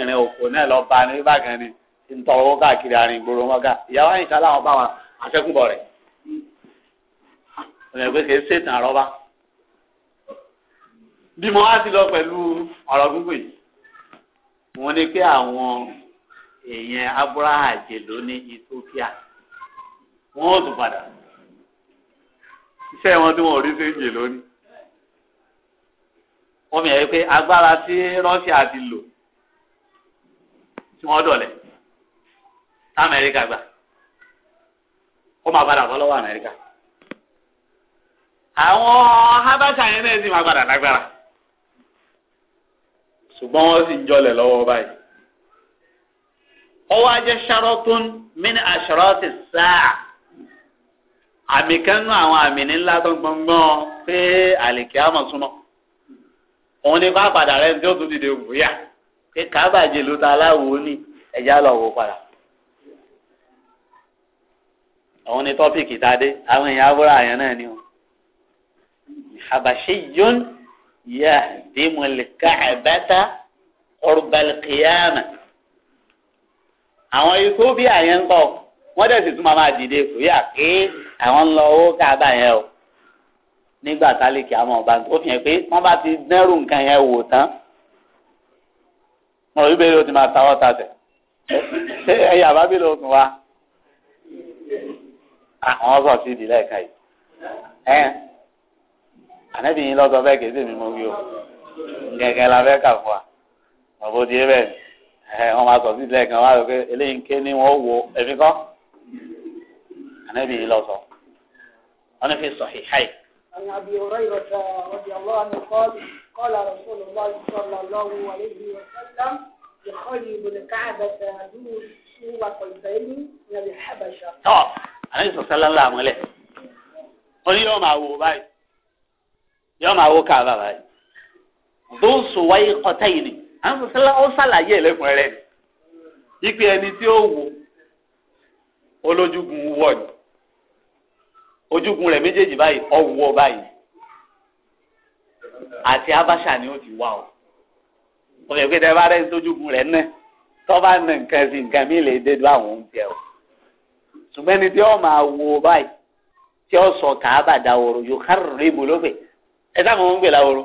ìrìn òkò náà lọ bá ní bákan ni ntọ́ owó káàkiri àrìn ìgboro wọn ká ìyàwó àyìnṣá bá wọn rẹ̀ ọ̀nà àrọ́bá bí mo wá sí lọ pẹ̀lú ọ̀rọ̀ wọn tí ò rí sí wọ́n mi yà pé agbára tí Rọ́ṣíà ti lò tí wọ́n dọ̀lẹ̀ Amẹ́ríkà gbà ó máa padà bọ́ lọ́wọ́ Amẹ́ríkà àwọn habasa yẹn náà sì máa padà lágbára ṣùgbọ́n wọ́n sì ń jọlẹ̀ lọ́wọ́ báyìí ọwọ́ ajẹ́ ṣarọ́tún mini aṣọ́rọ́tì sáà àmì kan nú àwọn àmì ńlá tó gbọ́ngbọ́n pé àlìkí àmọ̀ súnmọ́ òun ni bá padà rẹ ní tó tún dìde wúyà pé kábàjẹ ló ta aláwo ní ẹ̀já lọ wò padà. òun ni tọ́pìkì tá a dé àwọn èèyàn abúlé àyàn náà ni o. àbàṣe yón yà dìmọ̀lì káàbẹ́tà ọ̀rùbẹ̀lìkìyàmẹ̀. àwọn ethiopia yẹn ń kọ́ wọ́n dẹ̀ sì tún máa dìde wúyà pé àwọn ń lọ owó káàbà o nígbà tálíkì àmọ́ ọba ó fi hàn pé wọ́n bá ti dẹ́rù nǹkan yẹn wò tán mọ̀ wípé o ti máa tawọ́ tasẹ̀ ṣé ẹ̀yà bá bí lóògùn wa àwọn sọ sí ìdílé ẹ̀ka yìí ẹ̀ ànẹ́bí yín lọ́sọ bẹ́ẹ̀ kìí sèmi mọ́ wí o gẹ̀gẹ̀ la fẹ́ kà fún wa ọ̀bọ di ebẹ̀ ẹ̀ wọ́n máa sọ sí ìdílé ẹ̀ka wa pé eléyìí ń ké ní wọ́n wo ẹ̀mí ànẹ́bí yín lọ́sọ wọ́n ní fi sọ̀hí háì. عن أبي هريرة رضي الله عنه قال قال رسول الله صلى الله عليه وسلم يخيب الكعبة دون سوى قلبين من الحبشة. طب أنا صلى الله عليه وسلم ó ní yóò máa wo báyìí yóò máa wo káàbà báyìí tó ń sùn wáyé kọtá yìí ni à ń sọ sílá ó ṣàlàyé ẹlẹ́kùn rẹ̀ ipe ẹni tí ó wò olójúgun wọ̀ ni ojúkun rẹ̀ méjèèjì báyìí ọwọ́ báyìí àti abáṣà ni ó ti wá o òye pé tẹ bá rẹ sójúkun rẹ̀ náà tọ́ba nà nǹkan sí nǹkan mi lè dé do àwọn oúnjẹ o ṣùgbọ́n ẹni tí ó máa wo báyìí tí ó sọ kàába dàwòrò yóò kárò rí ibò lófè ẹ sáà mọ̀ ń gbè láwòrò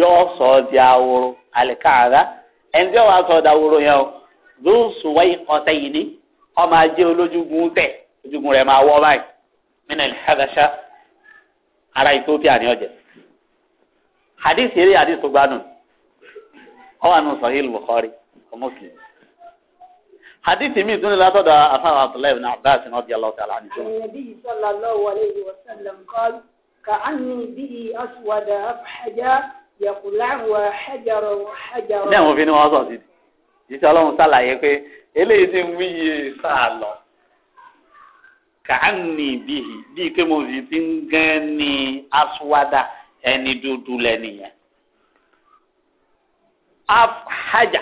yóò sọ di àwòrò àlìkàrà ẹni tí ó wàá sọ dàwòrò yẹn o lóòsùn wáyé ọ̀tẹ̀ yìí ni ọmọ ajé olójúgun tẹ̀ ojúgun rẹ̀ máa wọ́ báyìí min al-Habasha ara Ethiopia ni ọjẹ hadith eré hadith tó gbádùn ọ wà nù Sahih Bukhari ọ Muslim hadith mi tún ní látọ̀dọ̀ afáwọn Abdullahi ibn Abbas radiyallahu ta'ala anhu. Nabi sallallahu alayhi wa sallam qala ka'anni bihi aswada afhaja yaqula'u hajara hajara. ní àwọn òfin ni wọ́n sọ sí i ìṣọlọ́run sàlàyé pé eléyìí ti ń wíyè sáà lọ kàánì bíi bíi pé mo sì ti ń gán ní aṣọwádà ẹni dúdú lẹ́nìyẹn. afhajà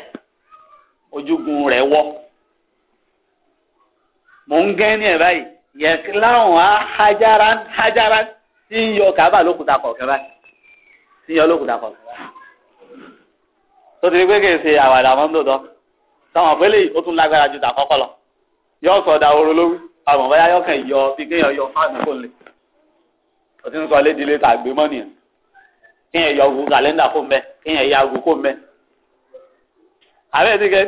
ojúgun rẹ̀ wọ́ mò ń gán ní ẹ̀ báyìí yẹ̀kí láwọn hajaran hajaran tí ń yọ kaba lókùtà kọ̀ọ̀kan báyìí tí ń yọ lókùtà kọ̀ọ̀kan báyìí. tó ti rí pé kìí ṣe àwàdà mọ́tò tán táwọn àpẹẹlẹ yìí ó tún lágbára ju tàkọ́kọ́ lọ yóò sọ̀dà ooru lórí àmọ́ báyà yọ kàn yọ bí kéèyàn yọ fáànù kò lè o ti ń sọ lédìlé tà gbé mọ́ nìyẹn kéèyàn yọ ogun kàlẹ́ndà kò mẹ́ kéèyàn ya ogun kò mẹ́ àbẹ́ ti kẹ́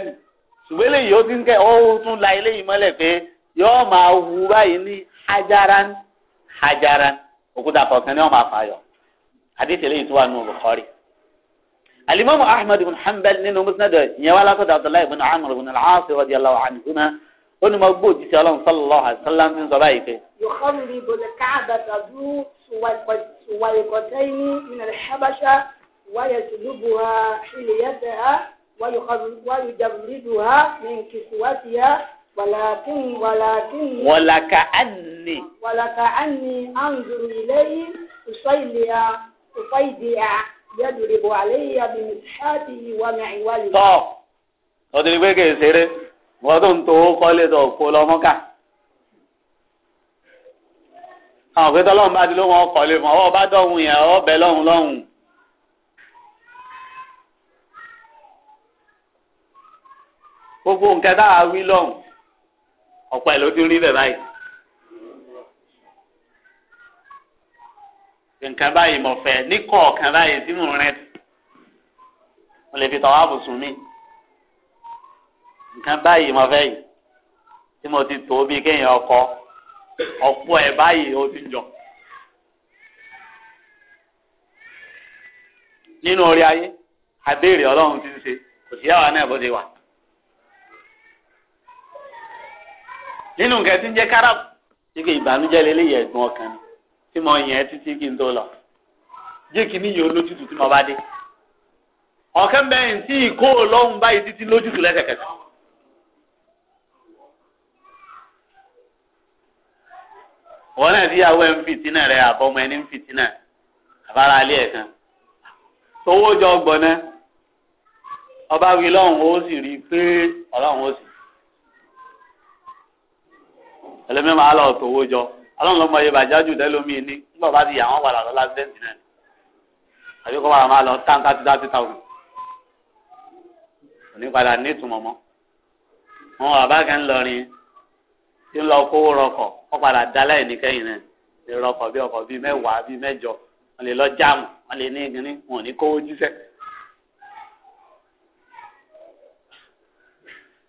ṣùgbọ́n eléyìí ó ti ń kẹ́ ó tún la eléyìí mọ́lẹ̀ pé yọ máa wu báyìí ní hajaran hajaran òkúta kọ̀ọ̀kan ni wọ́n máa fà yọ àdéhùn eléyìí tó wà nù Bukhari alimami Ahmad ibn Hanbal nínú musnad yẹn wà látọ̀dọ̀ ó ní mo gbọ́ òjíṣẹ́ ọlọ́run sallallahu alaihi wasallam ń sọ báyìí pé. yòókàlì bòlẹ̀ káàbà tàbí sùwàìkọ̀tẹ́yìn mìíràn ṣàbàṣà wáyà tùlùbù ha ìlẹ̀yẹsẹ̀ ha wáyà jàbùlìdù ha mìkìsíwájú ha wàlàkín wàlàkín. wàlàkà ánì. wàlàkà ánì àǹzùrù ìlẹ́yìn ìfọ̀ ìlẹ̀ ha ìfọ̀ ìdè ha yẹ́dùrìbù àlẹ́yìn àbìmísíhàtì ìwà wọ́n tó ń tó kọ́lé tó kó lọ mọ́kà àwọn òfin tọ́lọ́run bá di ló wọn kọ́lé fún ọwọ́ bá dọ̀hún yẹn ọwọ́ bẹ lọ́hùn lọ́hùn. gbogbo nǹkan tá a wí lọ́hùn ọ̀pọ̀ ẹ̀ ló ti rí bẹ̀ báyìí. nǹkan báyìí mọ̀ fẹ́ ní kọ̀ọ̀kan báyìí tí mò mo lè fi tọ́wọ́ àbùsùn mi. nǹkan báyìí mo fẹ́ yìí tí mo ti tó bí kéèyàn ọkọ ọ̀pọ̀ ẹ̀ báyìí ó ti jọ. nínú orí ayé abéèrè ọlọ́run ti ń ṣe kò sí àwa náà bó ti wà. nínú nǹkan tí ń jẹ́ káràbù ìbànújẹ́ ẹ̀gbọ́n ọkàn ni tí mo títí kí n tó lọ níyì olójútùú tí mo bá dé. ọ̀kẹ́ tí ìkó lọ́hùn báyìí títí lójútùú lẹ́sẹ̀kẹsẹ̀. wọn náà ti yàwó ẹ ń fìtínà rẹ àbọmọ ẹni fìtínà àbára alẹ ẹ kan tówó jọ gbọnà ọba wí lọ́hùn ó sì rí i pé ọlọ́hùn ó sì ẹlẹ́mìí máa lọ tówó jọ ọlọ́hùn ló mọ iye bàjájú dẹ́lómìí ní nígbà bá ti yà wọ́n padà lọ lásìdẹ́ǹtì náà àbí kọ́ padà máa lọ tán thirty thirty thousand òní padà ní ìtumọ̀ mọ́ wọn bàbá kan lọrin tí ń lọ kówó rọkọ̀ wọ́n padà dá láìní kẹ́yìn náà lè rọkọ̀ bí ọkọ̀ bíi mẹ́wàá bíi mẹ́jọ wọ́n lè lọ jáàmù wọ́n lè ní ìgbìnní wọn ò ní kówó jíṣẹ́.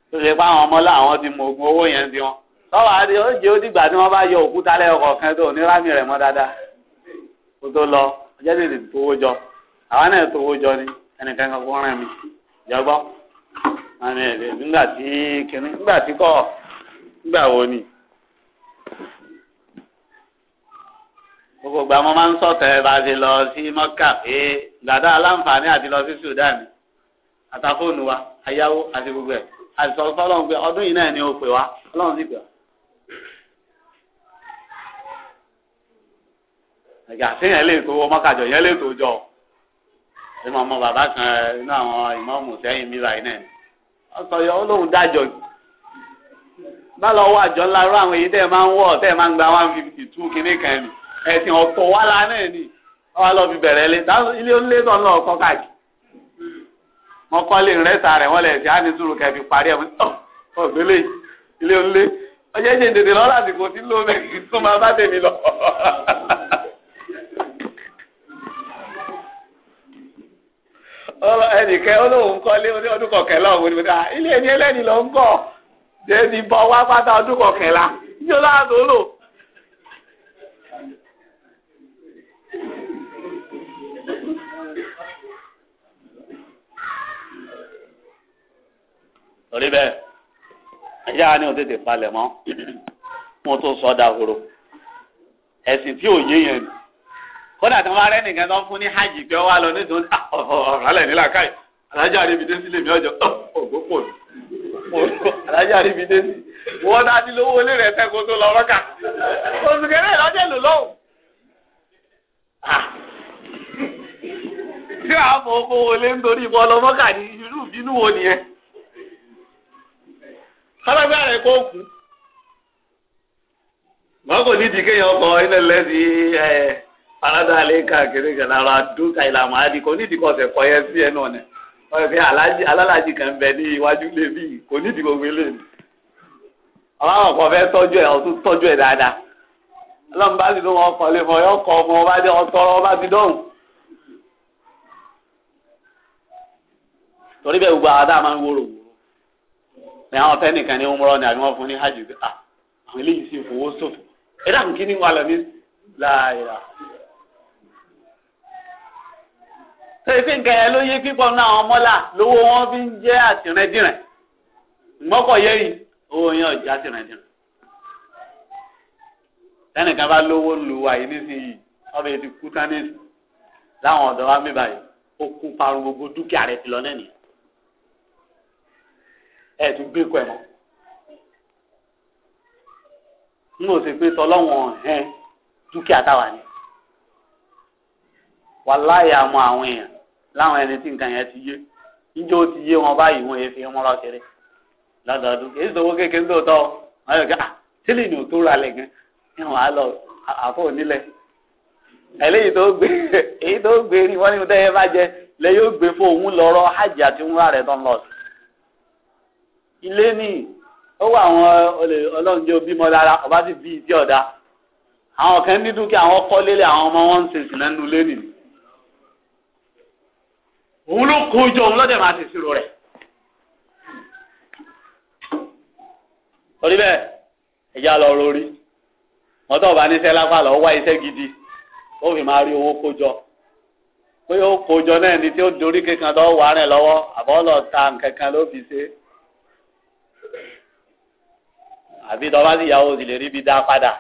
tó ṣe pé àwọn ọmọ làwọn ti mọ ogun owó yẹn bí wọn lọ́wọ́ àti oúnjẹ ó dìgbà tí wọ́n bá yọ òkúta lẹ́yọkọ̀ kan tó ní rámì rẹ̀ mọ́ dáadáa kó tó lọ ọjọ́ tètè tówó jọ àwọn náà tówó jọ ni ẹnìkan kan kó rán mi jọgbọ́n àmì ẹ̀ nígbà tí kìnnìún nígbà tí kò nígbà wo ni gbogbo gba mo máa ń sọ̀tẹ̀ bá a ti lọ sí mọ́kà pé dàda aláǹfààní àti lọ sí Sudan àtàfóònù wa ayáwó àti gbogbo ẹ̀ àti sọ fọlọ́run pé ọdún yìí náà ni ó pè wá ọlọ́run sì pè wá. ẹ̀gà séèyàn lè tó mọ́kàjọ yẹn lè tó jọ ẹ̀ mọ̀ ọmọ bàbá kan inú àwọn ìmọ̀ọ́mù sẹ́yìn mi báyìí náà ọ̀sọ̀ yọ ó lóun dájọ́ yìí. bá lọ wọ àjọ ńlá rú àwọn èyí tẹ́ ẹ máa ń wọ̀ tẹ́ ẹ gba one fifty two kìíní kan ni ẹ̀sìn ọ̀tọ̀ wà ni lọ fi bẹ̀rẹ̀ lé ilé onílé náà lọ kọ́ káàkiri wọ́n kọ́ lè rẹ́ta rẹ̀ wọ́n parí ẹ̀ ilé onílé ọjọ́ dèdè láti kò sí tó máa bá tèmi lọ. lọ ẹni bọ wá pátá ọdún kọkànlá yóò láàánú lò. torí bẹ́ẹ̀ ajá ni ò tètè palẹ̀ mọ́ mo tó sọ dahoro ẹ̀sìn tí ò yé ni kódà tí wọ́n bá rẹ́ nìkan tó ń fún ní hajj pé ó wà lọ nítorí ah, ọ̀rọ̀ alẹ́ nílà káyì alájà rẹ̀ mi dé sílé mi ọjọ́ ọ̀gbọ́n pọ̀ mi. alájà rí sí wọ́n náà ti lówó olè rẹ̀ sẹ́kọ̀ọ́ tó lọ rọ́kà lò lọ́wọ́. tí a fọ owó olè nítorí ìbọn ọlọ́mọ́kà ní irú ìbínú wo nìyẹn. rẹ̀ kó kú. wọ́n kò ní dìkẹ́ yẹn lẹ́sí alẹ́ káàkiri dúkà ìlànà àdìkọ́ kọ́ yẹn sí ẹ̀ náà wọ́n fi alálàájì kan bẹ ní iwájú lébi kò nídìí gbogbo eléyìí ọlọ́run kan fẹ́ tọ́jú ẹ̀ ọ̀tún tọ́jú ẹ̀ dáadáa ọlọ́run bá ti dún wọn kàn lè mọ ọyọ́ kọ ọmọ ọba jẹ́ ọtọrọ ọba ti dọ́hùn. torí bẹ́ẹ̀ gbogbo àdá máa ń wúrò ní àwọn fẹ́ nìkan ní umrọ ni àbí wọ́n fún ní hajj ah, àwọn eléyìí sì fowó ṣòfò ẹ̀dá kìíní wà lọ ní láàyè sọ̀rọ̀ pé nǹkan yẹn ló yé pípọ̀ náà ọmọlá lówó wọn fi ń jẹ́ àtìrẹ́dìrẹ́ mọ́kọ̀ yẹ́yìn owó yẹn ọ̀jẹ́ àtìrẹ́dìrẹ́ tẹnìkan bá lówó lu àyè nísìnyí ọbẹ̀ kú láwọn ọdọ wa mi báyìí ó kú parun gbogbo dúkìá ti lọ tún gbé n ò sì láwọn ẹni tí nǹkan yẹn ti yé níjó ti yé wọn báyìí wọn èéfì ọmọlá kéré lọ́dọọdún èyí sọ owó kékeré ah, tó tọ́ wọn yóò gbé à sílẹ̀ ní òtó ra lẹ̀ gan ẹ̀wọ̀n á lọ àfọ̀ onílẹ̀ eléyìí tó gbé èyí tó gbé ni wọ́n ní wọ́n tẹ́yẹ bá jẹ lẹ yóò gbé fún òun lọ́rọ́ hajj àti wúrà rẹ̀ tó ń lọ sí. ilé ní ó wà àwọn olè ọlọ́run jẹ́ òbí mọ́lára ọba sì bí ìdí ọ̀dà àwọn kan ní dúkìá àwọn kọ́ lélẹ̀ àwọn ọmọ wọn ń ṣe lẹ́nu lé nìyí òun ló kó jọ òun lọ́dẹ̀ máa ti ṣírò rẹ̀. torí bẹ́ẹ̀ ẹ̀yà lọ rori wọ́n tọ̀ bá níṣẹ́ lápá lọ wá iṣẹ́ gidi ó fi máa rí owó kó jọ pé ó kó jọ náà ni tí ó dorí kankan tó wà rìn lọ́wọ́ àbọ̀ lọ ta nkankan ló fi ṣe àbí tọ́ bá sì yàwó sì lè rí bí dá padà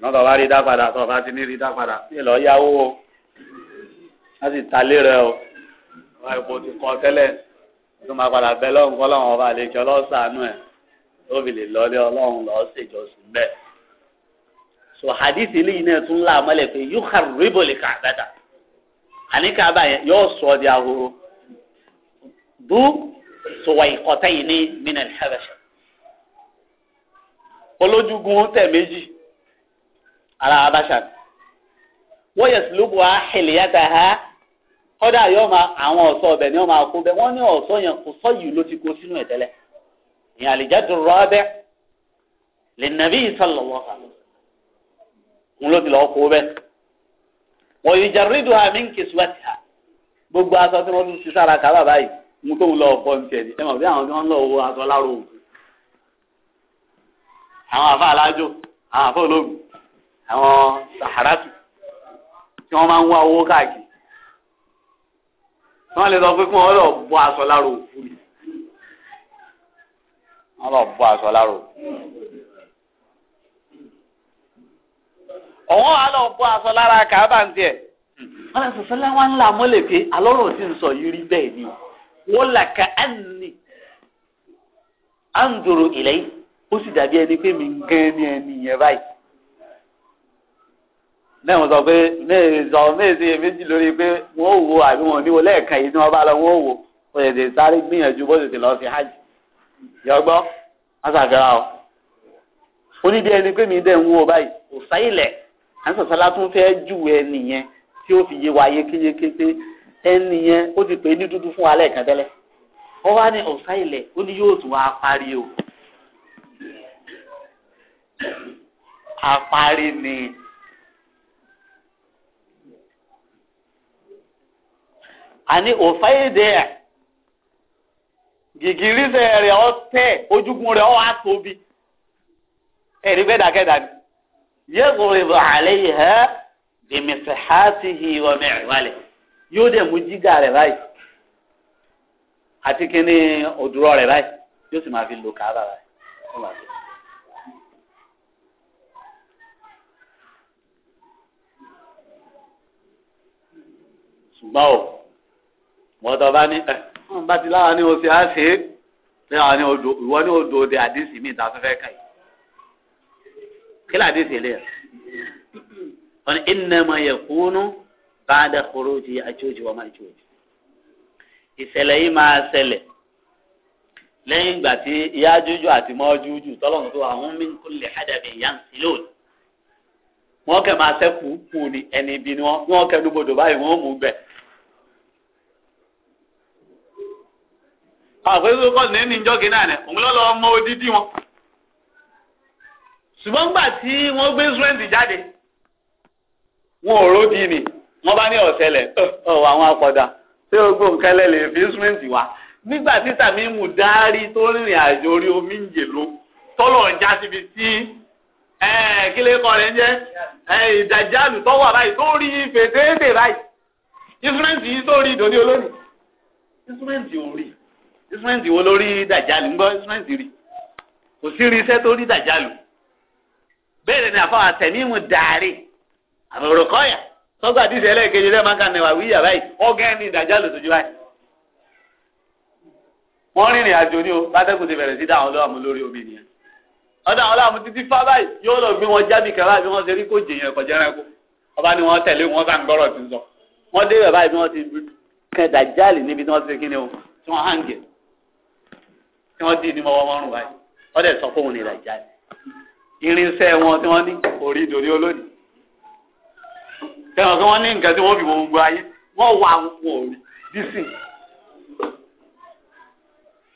náà tọ́ bá rí dá padà tọ́ bá ti ní rí dá padà sí lọ́ọ́ yàwó o wọ́n sì ta lé rẹ o wọn àìpọ̀ ti kọ́ tẹ́lẹ̀ tó máa padà bẹ lọ́hùn kọ́ lọ́hùn ọba àlejò ọlọ́sàánú ẹ̀ tó fi lè lọlé ọlọ́hùn lọ́ọ́ ṣèjọsìn bẹ́ẹ̀. sọ hadith eléyìí náà tún là mọ́lẹ̀ pé yóò kà rébòlì kàbẹ́tà àní kàbà yẹn yóò sọ ọ́ ahoro bú sọ̀wọ́ ìkọ́tẹ́ yìí ní minal habasha olójúgun tẹ̀ méjì ara habasha wọ́n yẹ sùlùkù á xèlè yàtà ha kódà yóò máa àwọn ọ̀sọ́ ọbẹ̀ ni wọ́n máa kó bẹ́ẹ̀ wọ́n ní ọ̀sọ́ yẹn ọ̀sọ́ yìí ló ti kó sínú ẹ̀ tẹ́lẹ̀ ní àlìjáde rọ́ọ̀bẹ lè nàbí ìsàlọ̀wọ́ ń ló ti lọ́ọ́ kó bẹ́ẹ̀ wọ́n yìí jàrídù àmì ń kìsùwàtì ha gbogbo aṣọ tí wọ́n tún ti sára kábà báyìí mú tóun lọ́ọ́ kọ́ ní tiẹ̀ ẹ̀ mọ̀ bí àwọn tí wọ́n lọ́ọ́ wọ aṣọ láàrọ̀ àwọn àfa alájò àwọn àfa ológun àwọn sàháràtù tí wọ́n máa ń wá owó káàkiri wọ́n lè sọ pé kí wọ́n lọ bọ́ aṣọ lára òkú ni wọ́n lọ bọ́ aṣọ lára òkú. ọ̀wọ́n bọ́ aṣọ lára kàábà ń tiẹ̀ wọ́n sọ̀sọ́ ńlá mọ́lẹ̀ pé alọ́rọ̀ sì ń sọ yìí rí bẹ́ẹ̀ ni wọ́n là ká á nì á ń dòrò ìlẹ́yìn ó sì dàbí ẹni pé mi ń ẹni yẹn báyìí. náà sọ pé méè sọ méjì lórí pé wọ́n ò wo àbí wọn ò ní wo lẹ́ẹ̀kan yìí tí wọ́n bá lọ wọ́n ò wo o lè dè sáré gbìyànjú bó tètè lọ sí hajj yọgbọ́ asàgbéra o onídìí ẹni pé mi dẹ̀ ń wo báyìí kò sáyìlẹ̀ àǹsọ̀sálá tún fẹ́ jù ẹni yẹn tí ó fi yé wa yékéyéké pé ẹni yẹn ó ti pè é ní dúdú fún wa lẹ́ẹ̀kan tẹ́lẹ̀ ó wá ní ọ̀sáyìlẹ̀ ó ní yóò tún wá parí o àparí ni. àní òfáyédè ẹ̀ gìgìrísẹ̀ rẹ̀ ọ̀tẹ̀ ojúgun rẹ̀ ọ̀hà tóbi ẹ̀rí bẹ́ẹ̀dàkẹ́dà ni yẹ́gùrìbọ̀ àlẹ́ yìí hẹ́ bìmìsìhátìhì ọmọ ìwálẹ̀ yóò dẹ̀ mú jígà rẹ̀ báyìí àti kíní òdúrọ̀ rẹ̀ báyìí yóò sì máa fi lo kàá báyìí. ṣùgbọ́n mọ́tò bá ní ẹ̀ eh, ń bá ti láwọn ní oṣù àṣẹ ní àwọn ní odò ìwọ ní odò òde àdìsí mi ìta fẹ́fẹ́ kà yìí kí lè àdìsí lè wọn innama yakunu ba'da khuruji Ajuj wa Majuj ìṣẹ̀lẹ̀ yìí máa ṣẹlẹ̀ lẹ́yìn ìgbà tí Yajuju àti Majuju tọ́lọ́mù tó àwọn min kulli hadabin yansilun wọ́n kẹ́ máa sẹ́kù kù ní ẹni ibi ni wọ́n wọ́n kẹ́ dúgbòdò báyìí wọ́n mú bẹ́ẹ̀. àgbẹ̀sọ̀ kọ́ ní ní ìjọ́kì náà ni òun ọmọ odidi wọn. ṣùgbọ́n gbà tí wọ́n gbé zúrẹ́ǹdì jáde wọn ò ródi ni wọ́n bá ní ọ̀sẹ̀lẹ̀ ọ̀wọ̀ àwọn akọ̀dà tí ogbó nǹkan lẹ̀ lè fi zúrẹ́ǹdì wá. nígbà tí Tàmímù dárí tó rìnrìn àjò orí omi ń jèló tọ́lọ̀ já síbi tí kí lè kọ́ rẹ̀ ń jẹ́ ìdàjálù tọ́wọ́ báyìí tó rí fètèèdè báyìí instrumenti yìí tó rí ìdòní olónìí instrumenti ò rí instrument wo ló rí dàjálù ń gbọ́ instrument rí kò sí rí iṣẹ́ tó rí dàjálù bẹ́ẹ̀ ni àfọwọ́ àtẹ̀míhùn dàrí àbọ̀rọ̀ kọ́yà sọ́gbà dídì ẹlẹ́ẹ̀kejì rẹ̀ máa ń kà ní wàwí yàrá yìí ọ̀gá ni dàjálù tó ju báyìí. wọ́n rìnrìn àjò ní o látẹ́kùn ti bẹ̀rẹ̀ sí dáhùn ọlọ́àmú lórí omi nìyẹn ọ̀dà ọlọ́àmú títí fá báyìí yóò lọ gbé wọn jábì kẹwàá bí wọ́n ṣe rí kó jèèyàn kọjá ẹranko ọba ni wọ́n tẹ̀lé wọn sá ń gbọ́rọ̀ ti sọ wọ́n dé bẹ̀ báyìí bí wọ́n ti kẹta jáàlì níbi tí wọ́n ti kí ni o tí wọ́n hàn gẹ̀ẹ́ tí wọ́n dì ní mọ́wọ́ mọ́rùn báyìí wọ́n dẹ̀ sọ fóun ní ìlàjà irinṣẹ́ wọn tí wọ́n ní orí ìdòrí olónìí tẹ̀wọ̀n kí wọ́n ní nǹkan tí wọ́n fi wọ́n gbogbo ayé wọ́n wà wọn ò rí dísìn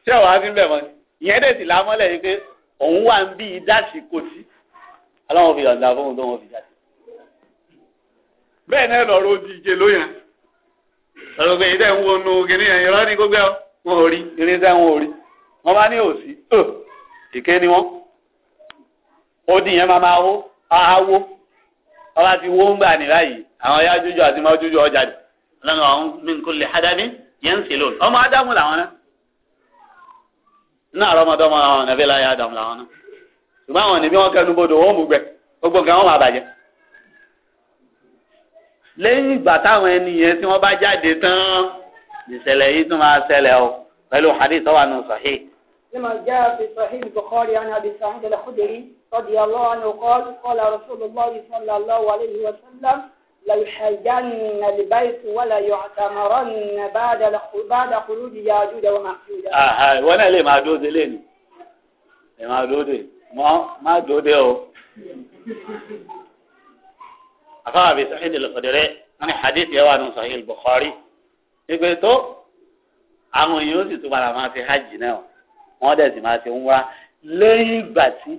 tí ọ̀rọ̀ á fi ń bẹ̀ wọ́n ìyẹn dẹ̀ sì lámọ́lẹ̀ yìí pé òun wà ń bí i dáṣì kò sí aláwọ̀ fi yọ̀ǹda fóun tó wọn fi jáde. bẹ́ẹ̀ náà lọ́rọ̀ odi ìje lóyàn lọ́rọ̀ pé ìdẹ́ ń kìnìyàn irọ́ ní gbogbo wọn ò rí irinṣẹ́ wọn ò rí wọ́n bá ní òsì ọ̀ ìké ni wọ́n odi yẹn máa máa wó aáwó ọba ti wó ń gbà ní báyìí àwọn ya jújù àti máa jújù ọjà dì lọ́nà ọ̀hún mi kò lè hádá ní yẹn ń sílò ọmọ ádámù làwọn náà náà rọmọdọmọ àwọn nàbí láyé ádámù làwọn náà ṣùgbọ́n àwọn níbi wọn kẹnu bodò wọn mú gbẹ gbogbo nǹkan wọn máa bàjẹ́ lẹ́yìn ìgbà táwọn ẹni yẹn tí wọ́n bá jáde tán ìṣẹ̀lẹ̀ yìí tún máa ṣẹlẹ̀ o pẹ̀lú hadith tó wà nù sahih. لما جاء في صحيح البخاري عن ابي سعيد الخدري رضي الله عنه قال قال رسول الله صلى الله عليه وسلم ليحيين البيت ولا يعتمرن بعد بعد خروج ياجوج وماجوج. اه وانا ليه ما دود لين؟ ليه ما دود؟ ما ما دود او. أخا أبي سعيد الخدري عن حديث يوان صحيح البخاري يقول àwọn èèyàn ó sì tún padà máa fi hajj náà wọ́n dẹ̀ sì máa fi ń wá lẹ́yìn ìgbà tí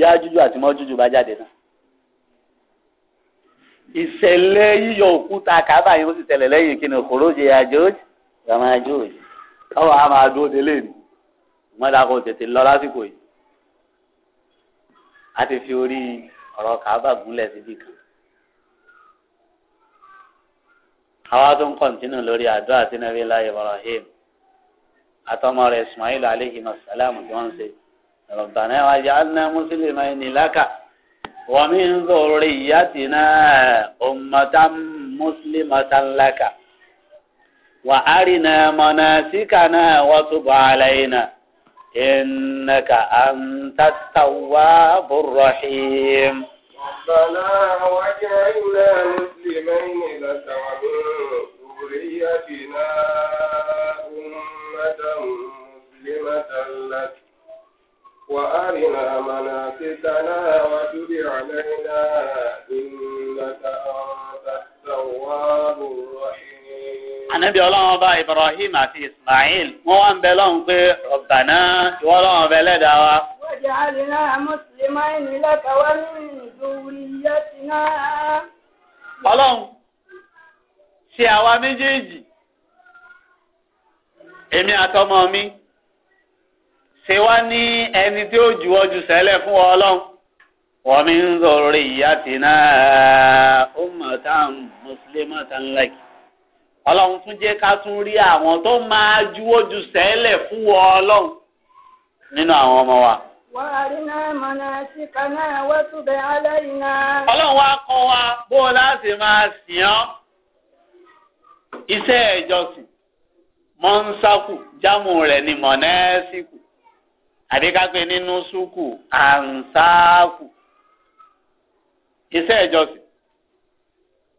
Yájújú àti Májújú bá jáde náà. ìṣẹ̀lẹ̀ yíyọ òkúta kábà yìí ó sì tẹ̀lẹ̀ lẹ́yìn kí ni òkúròjì Yájújú Májújú káwọn á máa dúró délé ni mọ́dà kò tètè lọ lásìkò yìí. a ti fi orí ọ̀rọ̀ kábà gúnlẹ̀ síbi kan. àwa tó ń kọ̀ǹtínú lórí àdó àti nàbí láyé Ibrahim àtọmọ rẹ̀ Ismail aleyhi masalam tí wọ́n ń ṣe Rabbana waj'alna muslimayni laka wa min dhurriyyatina ummatan muslimatan laka wa arina manasikana wa tub alayna innaka antat tawwabur rahim. ربنا واجعلنا مسلمين لك ومن ذريتنا أمة مسلمة لك وأرنا مناسكنا وتب علينا إنك أنت التواب الرحيم ànábì ọlọ́run ọba ibrahim àti ismail wọ́n wá ń bẹ lọ́hùn pé ọ̀gbàná ìwọ ọlọ́run ọba ẹlẹ́dàá wa. wọ́jà àlìlá àmọ́sílẹ̀má ìnílẹ̀ kàwá ní ìdòwúrí yá sí náà. ọlọ́run ṣe àwa méjèèjì èmi àtọmọ mi ṣe wá ní ẹni tí ó juwọ́ ju sẹ́lẹ̀ fún ọlọ́run wọ́n mi ń sọ̀rọ̀ ìyá tì náà ó mọ̀ tá à ń mùsùlùmí ọlọ́run tún jẹ́ ká tún rí àwọn tó máa juwó ju sẹ́lẹ̀ fún wọ ọlọ́run nínú àwọn ọmọ wa. wà á rí náà mọ̀nà sí kaná wọ́n tún bẹ aláìní náà. ọlọ́run wa kọ́ wa bó o láti máa sìn ọ́ iṣẹ́ ìjọsìn mọ́nsákù jámù rẹ̀ ni mọ̀nẹ́síkù àdékápẹ́ nínú súkù ànsákù iṣẹ́ ìjọsìn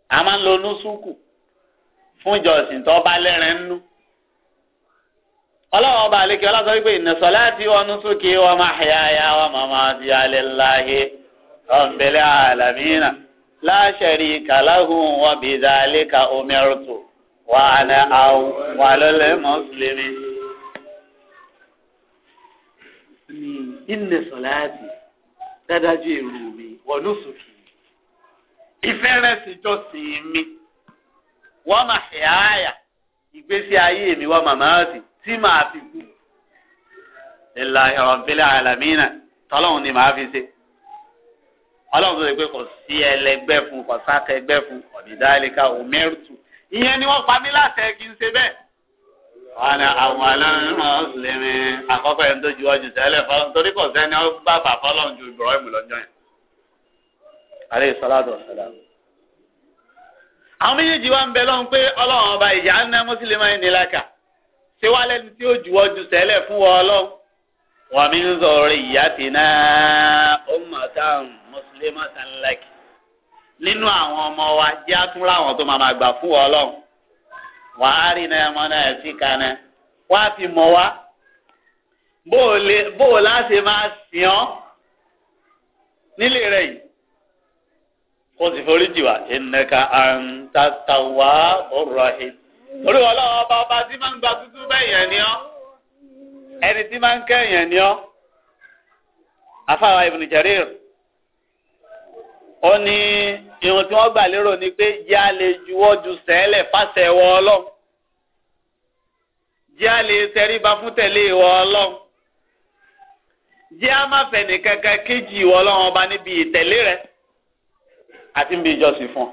a máa ń lo núsúkù. fún ìjọsìn tó bá lẹ́rìn nínú. ọlọ́wọ́ ọba àlekè ọlọ́sọ wípé inna salati wa nusuki wa mahyaya wa mamati lillahi rabbil alamina la sharika lahu wa bidhalika umirtu wa ana awwalul dáadáa ju èrò mi mi. wọ́n máa ṣe àyà ìgbésí ayé mi wọ́n máa máa sì tí màá fi kú. ìlà ìrọ̀bílẹ̀ àlàmínà tọ́lọ́hún ni màá fi ṣe. ọlọ́run tó ṣe pé kò sí ẹlẹgbẹ́ fún kò sákẹgbẹ́ fún ọ̀dìdáríkà òmẹ́rùtù. ìyẹn ni wọ́n pa mí láṣẹ kí n ṣe bẹ́ẹ̀. wọ́n àwọn aláǹmọ̀ mùsùlùmí àkọ́kọ́ yẹn tó ju ọjọ́ tẹ́lẹ̀ fọlọ́n torí kò sẹ́ni ó àwọn méjèèjì wa ń bẹ lọ́hùn pé ọlọ́run ọba ìyá ń ná mùsùlùmí ẹni lákà ṣé wàá lẹ́nu tí ó juwọ́ ju sẹ́lẹ̀ fún wọn ọlọ́run wà mí ń sọ̀rọ̀ ìyá ti ná ummatan muslimatan laki nínú àwọn ọmọ wa jẹ́ àtúnrà àwọn tó máa gbà fún wọn ọlọ́run wà rí náà mọ́ náà ẹ̀ kaná wá fi mọ̀ wá bó o máa sìn ọ́ nílé rẹ̀ yìí. ó forí jì wá ahịa. àǹtàtàwá ọba ọba tí máa ń gba tútú bẹ́yẹn ni ọ́ ẹni tí máa ń kẹ́yẹn ni ọ́ afáwa Ibn Jarir ó ní irun tí wọ́n gbà lérò ni pé jẹ́ juwọ́ ju sẹ́ẹ̀lẹ̀ wọ jẹ́ fún tẹ̀lé jẹ́ àti ń bí ìjọsìn fún ọ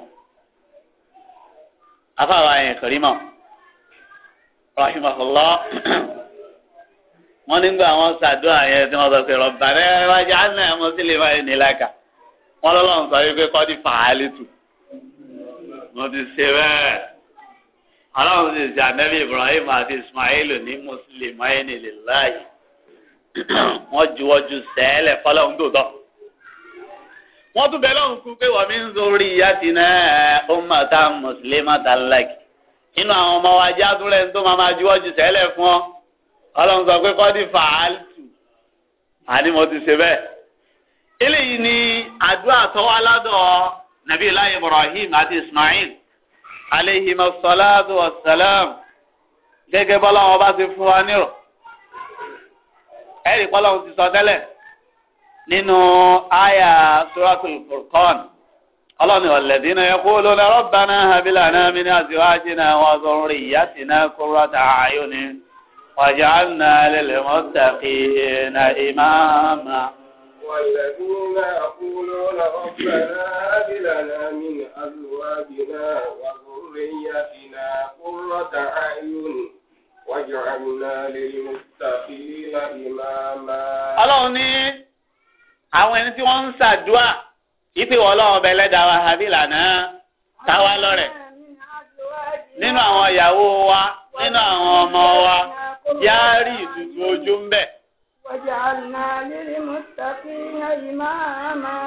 afáwa yẹn kàrímà rahimahullah wọn nígbà wọn ṣàdúrà yẹn tí wọn sọ pé rabbana waj'alna muslimayni laka wọn lọ́lọ́run sọ wípé kọ́dí fàálì tù mo ti ṣe bẹ́ẹ̀ ọlọ́run ti ṣe ànábì ibrahim àti ismail ní muslimayni lillahi wọn juwọ́jú sẹ́ẹ̀lẹ̀ fọlọ́run tó tọ́ wọ́n tún bẹ̀ lọ́hùn kú pé wọ́n mi ń sori ìyá ti náà ọmọọta mùsùlùmọ́ta lẹ́kì nínú àwọn ọmọ wa jẹ́ àtúrẹ́ ní tó máa máa juwọ́ ju sẹ́lẹ̀ fún ọ ọlọ́run sọ pé kọ́dí fàáltù àní mo ti ṣe bẹ́ẹ̀. eléyìí ni àdúrà tó wá ládọ̀ nàbí ilayi ibrahim àti ismail aleyhi masalatu wasalam gẹ́gẹ́ bọ́lá wọn bá ti fún wa nírọ̀ ẹ̀rí pọ́lọ́run ti sọ tẹ́lẹ̀ nínú àyà suratul furqan ọlọ́ni ọ̀lẹ́dínà yaquluna rabbana hab lana min azwajina wa dhurriyyatina qurrata a'yunin waj'alna lil muttaqina imama. والذين يقولون ربنا هب لنا من أزواجنا وذريتنا قرة أعين واجعلنا للمتقين إماما àwọn ẹni tí wọ́n ń ṣàdúà ìpè wọ́n lọ́wọ́ bẹ lẹ́dàá wa habila náà táwa lọ́rẹ̀ nínú àwọn ìyàwó wa nínú àwọn ọmọ wa yáàrí ìtùtù ojú ń bẹ.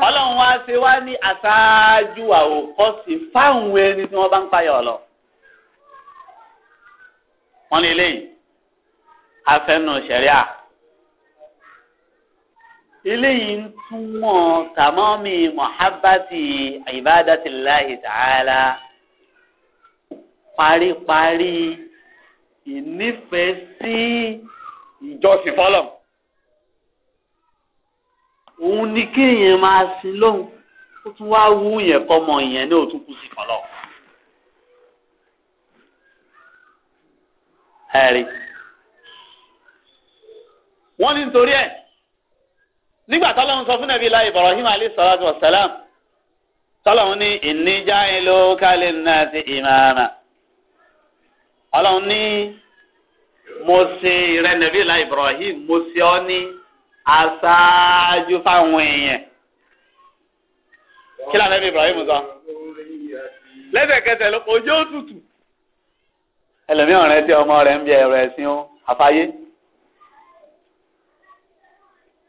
Ọlọ́run wá ṣe wá ní aṣáájú àwòkọ́sí fáwọn ẹni tí wọ́n bá ń payọ̀ ọ̀lọ́. Wọ́n ní eléyìí, afẹ́nu ṣẹ̀ríà eléyìí ń túmọ̀ tàmọ́mì mọ̀hábàtì ìbádàtìláhì tààlà paríparí ìnífẹ̀ẹ́ sí ìjọsìn fọlọ̀ òun ni kéèyàn máa sin lóhùn ó tún wá wú yẹn kọ́mọ yẹn ní òtún kù sí fọlọ̀ ẹ̀rí wọ́n ní nítorí ẹ̀ nígbà tọ́lọ́run sọ fún nàbí ilá Ibrahim alayhi salatu wa salam tọ́lọ́run ní ìníjà ìlú kálí náà ti ìmáàmà ọlọ́run ní mo ṣe ìrẹ nàbí ilá Ibrahim mo ṣe ọ́ ní aṣáájú fáwọn èèyàn kí lànà Ibrahim sọ lẹ́sẹ̀kẹsẹ̀ ló kọjú òtútù ẹlòmíràn rẹ tí ọmọ rẹ ń bí ẹ̀rọ ẹ̀sìn ó àfáyé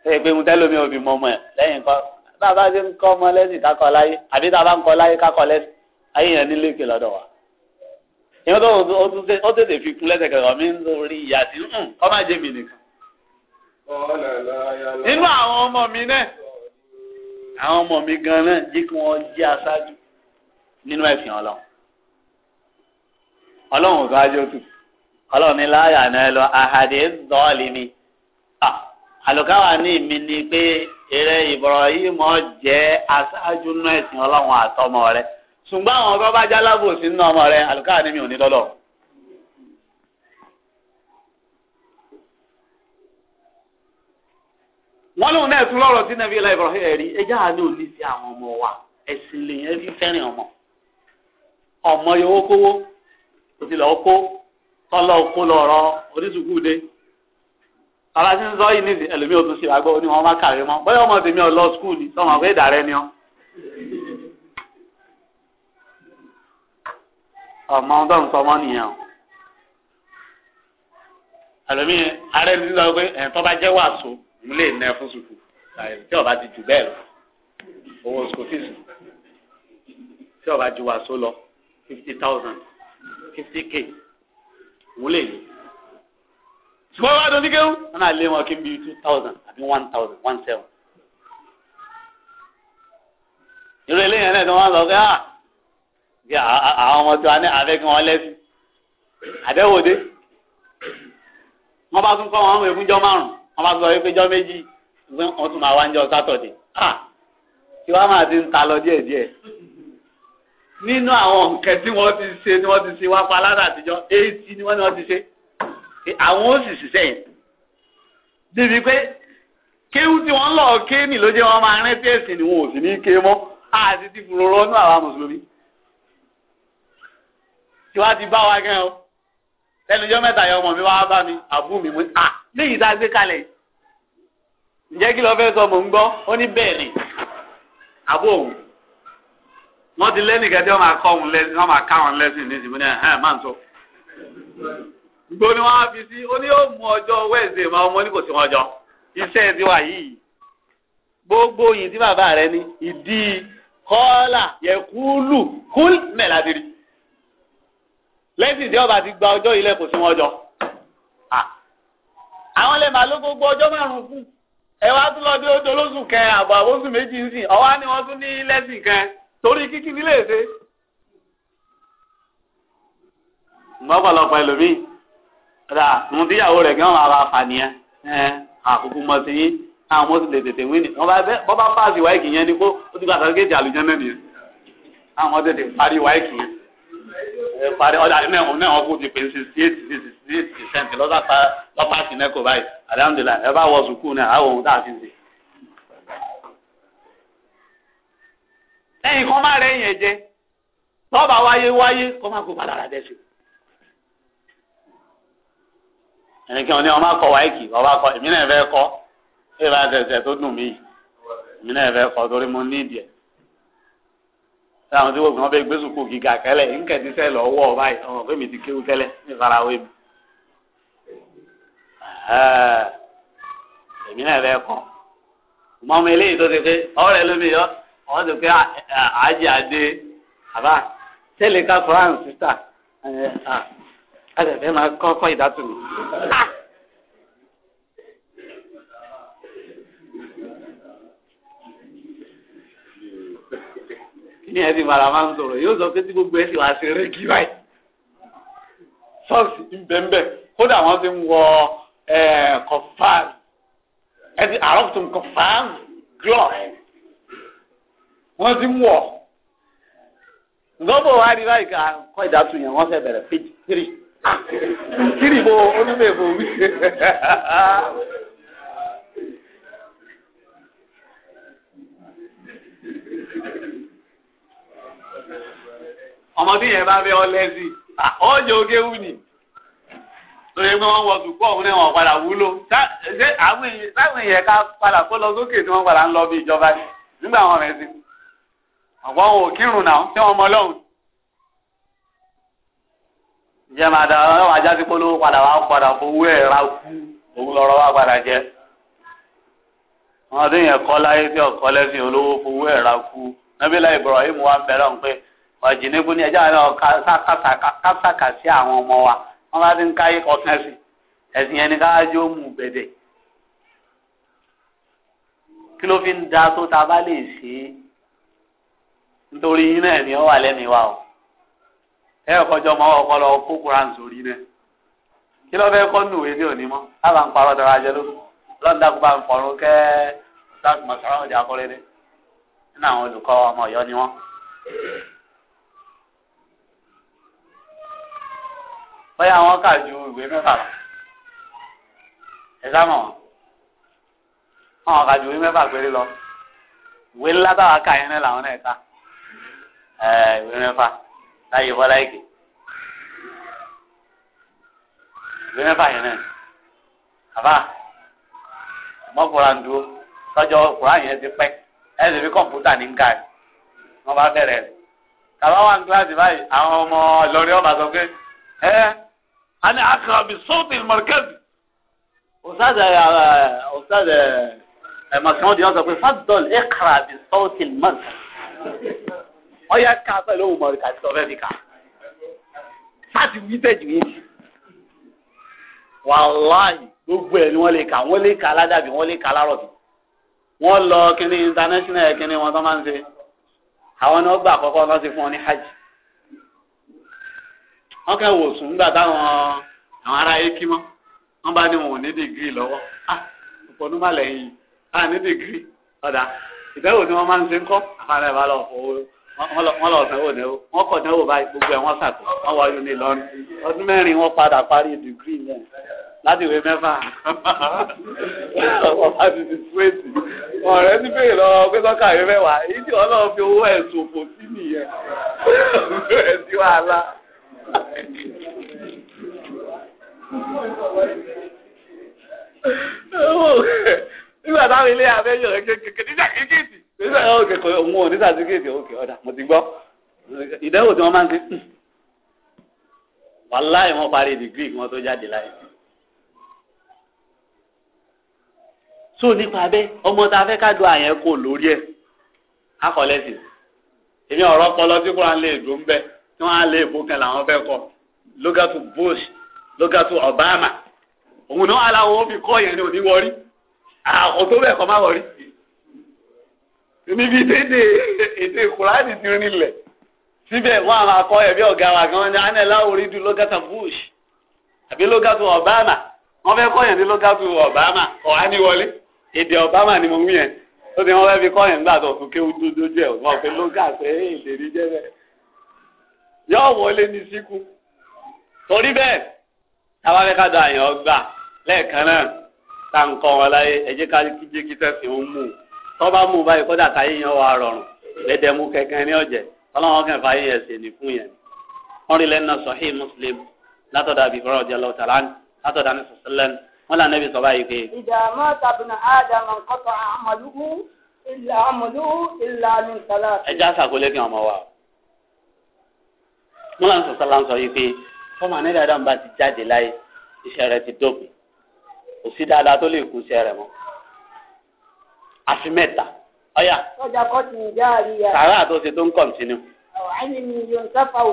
ṣe pé mo tẹ́lómi òbí mọ ọmọ ẹ̀ lẹ́yìn kọ́ tá a bá ti ń kọ́ ọmọ lẹ́sìn kákọ́ láyé àbí tá a bá ń kọ́ láyé kákọ́ lẹ́sìn ayé yẹn nílé ìpè lọ́dọ̀ wa. ìyẹn tó ó tètè fi kún lẹ́sẹ̀ kẹ̀kọ́ mi nítorí ìyá tí ń kọ́ má jẹ́ mi nìkan. nínú àwọn ọmọ mi náà àwọn ọmọ mi gan náà jí kí wọ́n jẹ́ aṣáájú nínú ẹ̀sìn ọlọ́run ọlọ́run ò tó ajé òtù ọlọ́run ní láyà náà lọ àlùkáwà ní mi ni pé eré ìbọ̀rọ̀ yìí mọ̀ jẹ́ aṣáájú náà ẹ̀sìn ọlọ́run àtọmọ rẹ̀. ṣùgbọ́n àwọn ọba bá lábò sí nínú ọmọ rẹ àlùkáwà ní mi ò ní lọ́lọ́. wọ́n lóun náà tún lọ́rọ̀ sí nàbí àánú àwọn ọmọ wa ẹ̀sìn fi fẹ́ràn ọmọ ọmọ lọ́ọ́ kó kó ọ̀la tí ń sọ yìí nídìí ẹlòmíì ò tún ṣe àgbọ̀ ni wọ́n má kàwé mọ́ bóyá ọmọ tèmi ò lọ skul ni sọmọ pé ìdàrẹ́ ni ọ́. ọmọ ọdọ ń sọmọ nìyẹn o ẹlòmíì ààrẹ ní sọ pé ẹ̀ tó bá jẹ́ wàásù mo lè nẹ fún sùkù tí ọba ti jù bẹ́ẹ̀ lọ owó sùkù fíìsì tí ọba ju wàásù lọ fifty thousand fifty k mo lè yìí ṣùgbọ́n wa dọ́sí kéwù wọn náà lé wọn kí n bi two thousand àbí one thousand one seven. irú eléyìí náà ni wọ́n sọ pé ah bí àwọn ọmọ tó wà ní àfẹ́kí wọn lẹ́sìn àdẹ́wòde wọ́n bá tún kọ́ wọn àwọn ègúnjọ́ márùn-ún wọ́n bá tún sọ pé jọ́ méjì wọ́n tún máa wá ń jọ sátọ̀dé ah tí wọ́n máa ti ń ta lọ díẹ̀díẹ̀ nínú àwọn nǹkan tí wọ́n ti ṣe ni wọ́n ti ṣe wá pa aládàtijọ́ eighty ni wọ́n ni wọ́n ti ṣe àwọn ó sì ṣiṣẹ́ yẹn débi pé kéwú tí wọ́n lọ ké nì ló jẹ́ wọ́n máa rántí ẹ̀sìn ni wọn ò sì ní ké mọ́ àti ti fòrò rọ́nú àwa mùsùlùmí tí wàá ti bá wa gan o lẹ́nujọ́ mẹ́ta yọ ọmọ mi wá bá mi àbú mi mú à léyìí tá a gbé kalẹ̀ ǹjẹ́ kí lọ́ọ́ fẹ́ sọ mò ń gbọ́ ó ní bẹ́ẹ̀ ni àbú òun wọ́n ti lẹ́nìkan tí wọ́n máa kọ́ òun lẹ́sìn wọ́n máa ká òun lẹ́sìn ní ìsìnkú ní ẹ̀ máa ń sọ gbogbo ni wọn á fi sí ó ní yóò mú ọjọ́ wẹẹsẹ máa mọ ní kò sí wọn jọ iṣẹ́ ti wà yìí gbogbo yìí tí bàbá rẹ ní ìdí kọ́là yẹ kúlù kúl mẹ́ladìrí lẹ́sìn tí ọba ti gba ọjọ́ ilẹ̀ kò sí wọn jọ àwọn lè máa ló gbogbo ọjọ́ márùn-ún fún ẹ wá tún lọ bí ó dolóṣù kan àbọ̀ àbóṣù méjì ń sìn ọwá ni wọ́n tún ní lẹ́sìn kan torí kíkí nílé èsè. mọ́pọ̀lọpọ̀ ẹlòmíì ọ̀dà àwọn tíyàwó rẹ̀ kí wọ́n máa bá fà nìyẹn àkókò mọ̀ sí yín àwọn ọmọ sì lè tètè wí ni wọ́n bá pàṣẹ ìwà ìkì yẹn ni kó ó ti gba àtàkéjì àlùjẹ́ náà nìyẹn àwọn ọmọ tètè parí ìwà ìkì yẹn parí ọ̀dà náà náà wọ́n kò ti pè ní sixty eight sixty eight percent lọ́sàtà lọ́pàṣẹ náà kò báyìí àdáhùndínlá ẹ bá wọ sùkúù náà àwọn ohun tá a ti ṣe. lẹ́yìn kan má rẹ̀ yẹn jẹ tọ́ọ̀bà wáyé wáyé kó má kó padà rà dẹ́sẹ̀. ẹnìkan ní ọmọ akọ wáìkì ọba akọ èmi náà fẹ́ kọ́ ẹ bá tẹ̀sẹ̀ tó dùn mí èmi náà fẹ́ kọ́ torí mo ní ìdí ẹ̀ sáwọn tí wọ́n gbọ́n bẹ́ẹ̀ gbésùn kò gíga kẹ́lẹ̀ ńkẹ́dísẹ́ lọ́wọ́ ọba ìtàn ọ̀gbẹ́ mi ti kéwu tẹ́lẹ̀ ní farawé mi èmi náà fẹ́ kọ́ mọ ọmọ eléyìí tó ti pé ọ̀rẹ́ lómi yọ ọ̀rẹ́ tó pé àjẹ àdé àbá tẹ́lẹ̀ ká france sísà alẹ́fẹ́ máa kọ́ fún ìdátù mi. ní ẹni mara máa ń sọ̀rọ̀ yóò sọ pé tí gbogbo ẹ ti wá sí rẹ́gí báyìí. sọ́ọ̀sì ń bẹ́ẹ̀ kódà wọ́n ti ń wọ kọ̀fáàn ẹ ti àrọ́pùtùn kọ̀fáàn glọ́ọ̀ wọ́n ti ń wọ̀. ǹgọ́bọ̀ wa rí báyìí kọ́ ìdátù yẹn wọ́n fẹ́ bẹ̀rẹ̀ péjì tírì kiri bo onímọ̀ èbò wí. ọmọdé yẹn bá bẹ ọlẹ́sì ọjọ́ oge wù ní lórí pé wọ́n wọ sùkú ọ̀hún náà wọ́n padà wúlò ṣé àwọn èèyàn ká padà kó lọ sókè tí wọ́n padà ń lọ bí ìjọba nígbà wọn rẹ̀ sí ọ̀pọ̀ wọn ò kírun náà tí wọ́n mọ lọ́hùn jẹ́ máa da ọlọ́wọ́ ajá sí polówó padà wá padà fowó ẹ̀ ra kú òun lọ́rọ́ wá padà jẹ́ wọn ọdún yẹn kọ́ láyé tí ọkọ lẹ́sìn olówó fowó ẹ̀ ra kú nàbílà Ibrahim wa ń bẹ̀rẹ̀ ọ̀hún pé ọ̀jìnìkú ni ẹjọ́ àwọn kásàkà sí àwọn ọmọ wa wọn bá ti ń káyé kọ̀ọ̀kan sí ẹ̀sìn yẹn ni káájú ó mú bẹ̀dẹ̀ kí ló fi ń da tó ta bá lè ṣe é nítorí yín náà ni wà lẹ́mìí wa o ẹ kọjọ mọ ọpọlọ fún kuran sórí náà kí ló fẹ́ kọ́ nù wé ní mọ́ á ń parọ́ dara jẹ lóko lọ́dà kó bá ń fọ̀rọ̀ kẹ́ sáàtì mọ̀sára ọjà kọ́lé dé nínú àwọn olùkọ́ ọmọ ọ̀yọ́ ni wọ́n. bóyá wọn kà ju ìwé mẹ́fà lọ ẹ sáàmù wọn wọn kà ju ìwé mẹ́fà péré lọ ìwé ńlá táwa kà yẹn náà làwọn náà ta ìwé mẹ́fà láyé bọ́lá èkè ìwé mẹ́fà yẹn náà àbá mọ́kùnrin àdúró tọ́jọ́ ọkùnrin yẹn ti pẹ́ ẹ̀ lè fi kọ̀ǹpútà ní nǹkan wọ́n bá bẹ̀rẹ̀ rẹ̀ kàbá wà ní kíláàsì báyìí àwọn ọmọ ìlọrin ọba sọ pé ẹ a ní akọ̀bí sọ́ọ̀tì mọ̀rẹ́kẹ́bì ọ̀sáàdẹ̀ ọ̀sáàdẹ̀ ẹ̀mọ̀kẹ́wọ́n di wọn sọ pé fàdọ́lù ẹ̀kàrà bí sọ́ọ̀tì mọ̀rẹ́kẹ́bì ọyá ká pẹ̀lú òun mọ̀rìkà tí ọ̀fẹ́ fi kà láti wí tẹ̀jú yìí ni wàláì gbogbo ẹ̀ ni wọ́n lè kà wọ́n lè kà aládàbí wọ́n lè kà alárọ̀ bí wọ́n lọ kíní international kíní wọn tó máa ń ṣe àwọn ni wọ́n gbà àkọ́kọ́ wọn ti fún ọ ní hajj wọ́n kẹ́ wò sùn nígbà táwọn àwọn ará yé kí mọ́ wọ́n bá ní wọn ò ní dìgírì lọ́wọ́ ah ọ̀pọ̀ ọdún má ah ní dìgírì ọ̀dà ìdánwò ni wọ́n máa ń ṣe ń kọ́ àfààní ẹ̀ bá lọ fọwọ́ wọ́n lọ sanwó náwó wọ́n kọ̀ náwó báyìí gbogbo ẹ̀ wọ́n sàkó wọ́n wọ yunifásitì lọ́rùn ọdún mẹ́rin wọ́n padà parí dìgírì náà láti ìwé mẹ́fà ọba ti ti túwèsì ọ̀rẹ́ ti bèèrè lọ pé sọ́kà ìwé mẹ́wàá èyí tí ọlọ́run fi owó ẹ̀sùn òfò sí nìyẹn bẹ̀rẹ̀ sí wàhálà. nígbà táwọn ilé abẹ́yọ̀ kékeré nígbà kékeré nígbà yẹn òkè kò òun ò ní sàtífíkèétì òkè ọ̀dà mo ti gbọ́ ìdánwò tí wọ́n máa ń ṣe hmm, wàláì wọ́n parí dìgírì kí wọ́n tó jáde láyé. tó nípa bẹ́ẹ̀ ọmọ tá a fẹ́ ká do àyẹn kò lórí ẹ̀ akọ̀lẹ́sì èmi ọ̀rọ̀ ọpọlọ tí kò á lè dùn bẹ́ẹ̀ tí wọ́n á lè bó kan làwọn fẹ́ kọ́ lógàtú Bush lógàtú Obama òun náà aláwọ̀ fi kọ́ yẹn ní òní wọrí àwọn tó bẹ̀ má wọrí níbi dédé èdè kùránì ti rinlẹ̀ síbẹ̀ wọ́n àwọn akọ́ ẹ̀bí ọ̀gá wa gan ni anẹ́ láwùrí du lọ́gàtà bush àbí lọ́gàtà obama wọ́n fẹ́ kọ́yàn ní lọ́gàtà obama ọ̀hání wọlé èdè obama ni mo wí yẹn ó ti wọ́n fẹ́ fi kọ́yàn nígbà tó tún kéwú dúdú jẹ́ wọ́n fẹ́ lọ́gàtà èdè rí jẹ́ bẹ́ẹ̀ yóò wọlé ní síkú torí bẹ́ẹ̀ tábàfẹ́ ká da àyàn ọgbà lẹ́ẹ̀kan náà tá à ń kọ́ wọn láyé ẹ̀jẹ̀ ká kíjé kí tẹ̀sí mú un tọ́ba mú báyìí kọ́dà táyé yẹn wà rọrùn lẹ́dẹ̀mú kẹ̀kẹ́ ní ọ̀jẹ̀ ọlọ́wọ́n kẹfà yìí yẹn sì ní fún yẹn. wọ́n rí lẹ́nu sọ̀hí muslim látọ̀dà bí fọ́rọ̀ jẹ́ lọ́wọ́ tàlán látọ̀dà ní sọ̀sẹ́lẹ̀n wọ́n là nẹ́bí sọ̀bá yìí pé. ìdààmú tàbùnà ádámà kọ́tọ̀ àmàlùkù ìlà àmàlùkù ìlà min salat. ẹja sàkólé kí ọmọ wa. wọ́n là ń sọ̀sẹ́lá ń sọ yìí pé fọ́mà ní dáadáa ń bá ti jáde láyé iṣẹ́ rẹ̀ ti dópin kò dáadáa tó lè kú iṣẹ́ rẹ̀ mọ́ àfi mẹ́ta ọ̀yà. ọjà kọ́ ti ń já àríyá. sàrà àtọ́sí tó ń kọ̀ǹtínú.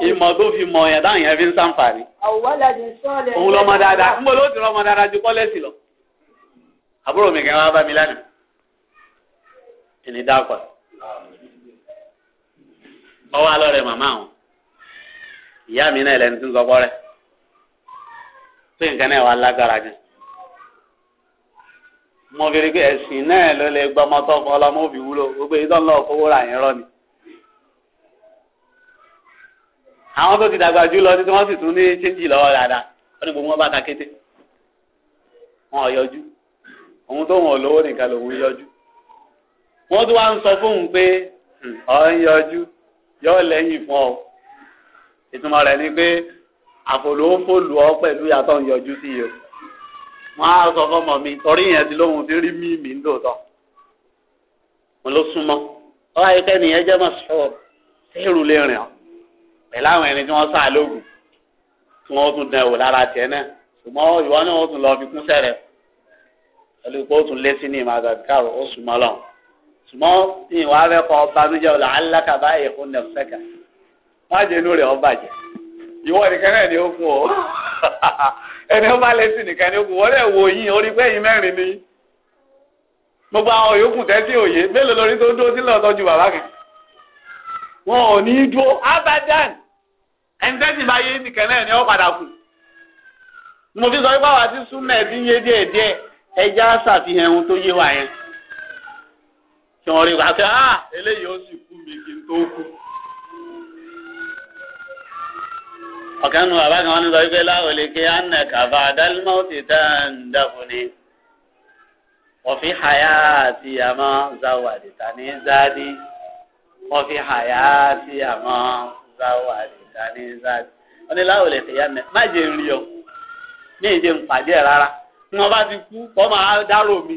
ìmọ̀ tó fi mọ̀ yẹn dáhùn yẹn fi ń sàǹfààní. òun lọ́mọ dáadáa ń bọ̀ ló ti rọmọ dáadáa ju kọ́lẹ́sì lọ. àbúrò mi kẹ́ wá bá mi lánàá. ìní dákọ̀. ọwọ́ alọ́ rẹ̀ màmá àwọn. ìyá mi náà ẹlẹ́ni tí ń sọ pọ́ rẹ̀. pé nǹkan náà wà lágbára gan mo kiri pé ẹ̀sìn náà ló lè gbọ́ ọmọ tó fọ́ ọlọ́mọ òbí wúlò gbogbo èyí tó ń lọ fowó rà yẹn rọ ni. àwọn tó ti dàgbà jù lọ títí wọ́n sì tún ní chíńjì lọ́wọ́ dáadáa wọ́n ní gbogbo wọn bá ta kété wọn yọjú òun tó wọn lówó nìkan lòun yọjú. wọ́n tún wá ń sọ fóun pé hmm, ọ̀ ń yọjú yọ lẹ́yìn fún ọ ìtumọ̀ rẹ̀ ni pé àfòlófòlù ọ pẹ̀lú yàtọ̀ ń yọjú sí yìí wọ́n á sọ fọmọ mi torí yẹn ti lóhun ti rí mímì ń dòótọ́ mo ló súnmọ́ ọ ayíkẹ́ nìyẹn jẹ́ mọ̀ṣọ́ sẹ́rù lè rìn ọ́ pẹ̀lú àwọn ẹni tí wọ́n sá lóògùn tí wọ́n tún dẹ̀ wò lára tiẹ̀ náà ṣùgbọ́n ìwọ náà wọ́n tún lọ fi kún sẹ́rẹ̀ pẹ̀lú pé ó tún lé sí ní ìmọ̀ràn káàró ó súnmọ́ lọ ṣùgbọ́n ìwà rẹ̀ kọ́ banújẹ́ ọ̀la alákàbá èkó nẹ̀fẹ́kà má jẹ́ inú ọ bàjẹ́ ìwọ nìkan náà ni ó fún ọ ẹni ó bá lẹ́sìn nìkan ni ó kù wọ́n lè wò yín orí pé yín mẹ́rin ni gbogbo àwọn yòókù tẹ́sí òye mélòó lórí tó dúró sílẹ̀ ọ̀tọ́jú bàbá kan wọn ò ní í dúró abadan ẹni tẹ́sí bá yé nìkan náà ni ó padà kù mo fi sọ wípé àwa ti súnmọ́ ẹ̀bí yé díẹ̀ díẹ̀ ẹja ṣàfihàn ohun tó yé wa yẹn kí wọ́n rí wa kí ah eléyìí ó sì kú mi kí n tó kú. ọ̀kan nu bàbá kan wọn ní sọ wípé láwọn lè ké anna kàfà dálímọ́tì tán dàbò ni wọ́fi hàyà àti àmọ́ záwàdì tani zádi wọ́fi hàyà àti àmọ́ záwàdì tani zádi wọ́n ní láwọn lè ké anna má jẹ́ ń rí ọ ní èdè ń pàdé ẹ̀ rárá tí wọ́n bá ti kú kọ́ máa dárò mi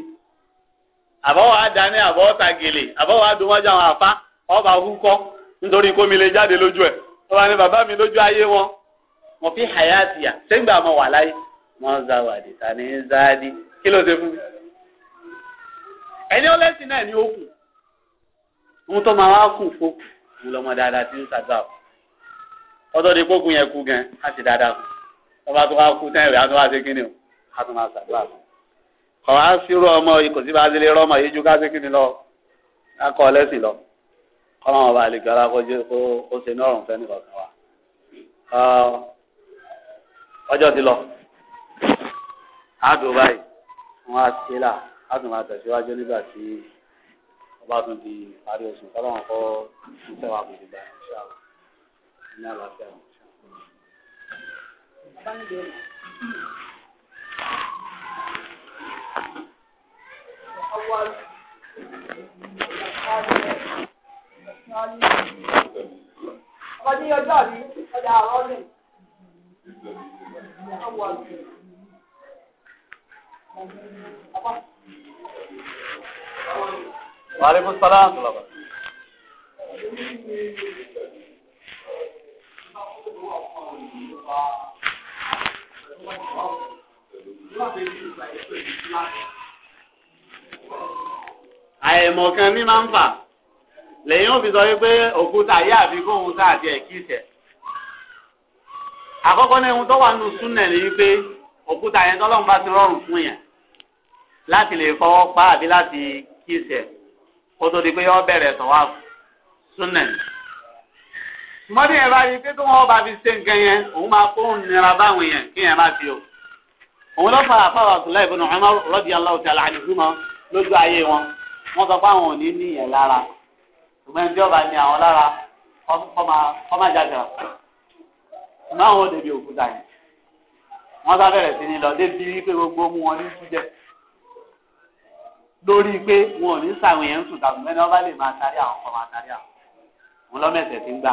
àbọ̀wọ̀ àdáni àbọ̀wọ̀ tàgèlè àbọ̀wọ̀ àdùnmọ́jà àwọn àfa ọba kúkọ́ nítorí kómi lè jáde lójú ẹ̀ wọ́n wá ní bàbá mi lójú ayé wọn mo fi hayatiya sẹ́gbà mo wà láyé mo zawadi tani zadi kí ló ṣe fún mi. ẹni ọlẹ́sìn náà ni ó kù ohun tó máa wá kù fún òun lọ́mọ dáadáa ti ń ṣàgbà o ọtọ́ di kókun yẹn kú gan á sì dáadáa kù ọba tó wá kú tẹ́lẹ̀ á tó wá ṣe kí o á tó máa ṣàgbà o. kọ̀ wá sírò ọmọ yìí kò bá délé rọ́mọ yìí ká ṣe kí lọ ká kọ́ ọlẹ́sìn lọ kọ́ ọmọ ọba àlejò alákọ̀ọ́jẹ́ ọjọ́ ti lọ àádùn báyìí wọn á ṣe là àádùn máa tẹ̀síwájú nígbà tí ọba tún di parí oṣù tọ́lọ́wọ́n kọ́ iṣẹ́ wa kò dìgbà ṣá ní àlàáfíà wọn. Ọdún yọjọ́ mi, ọjà àwọn ọdún. وعليكم السلام طلبة àìmọ̀kan ní máa ń fà lẹ́yìn òfin sọ wípé òkúta yá àfikún òun sáà tiẹ̀ kí ìṣẹ̀ àkọ́kọ́ náà ohun tó wà nínú súnà ni wípé òkúta yẹn tọ́lọ́run bá ti rọrùn fún yẹn láti lè fọwọ́ pa àbí láti kíìsẹ̀ kó tó di pé yọ bẹ̀rẹ̀ sàn wá súnà ni. mọ́tí yẹn bá rí i pé tó wọ́n bá fi ṣe nǹkan yẹn òun máa kó nira báwọn yẹn kí yẹn má fi o. òun ló fara fáwọn Abdullahi ibn Umar radiyallahu ta'ala anhuma lójú ayé wọn wọ́n sọ pé àwọn ò ní ní yẹn lára ṣùgbọ́n ẹni tí ọba ní àwọn lára kọ́ máa jáde rà máa wọn débi òkúta yẹn wọn bá bẹ̀rẹ̀ sí ni lọ débi wípé gbogbo mú wọn ní jíjẹ lórí pé wọn ò ní sàwọn èèyàn sùn tàbí mẹ́ni wọn bá lè máa tarí àwọn ọkọ̀ máa tarí àwọn wọn lọ́mẹ̀sẹ̀ ti ń gbà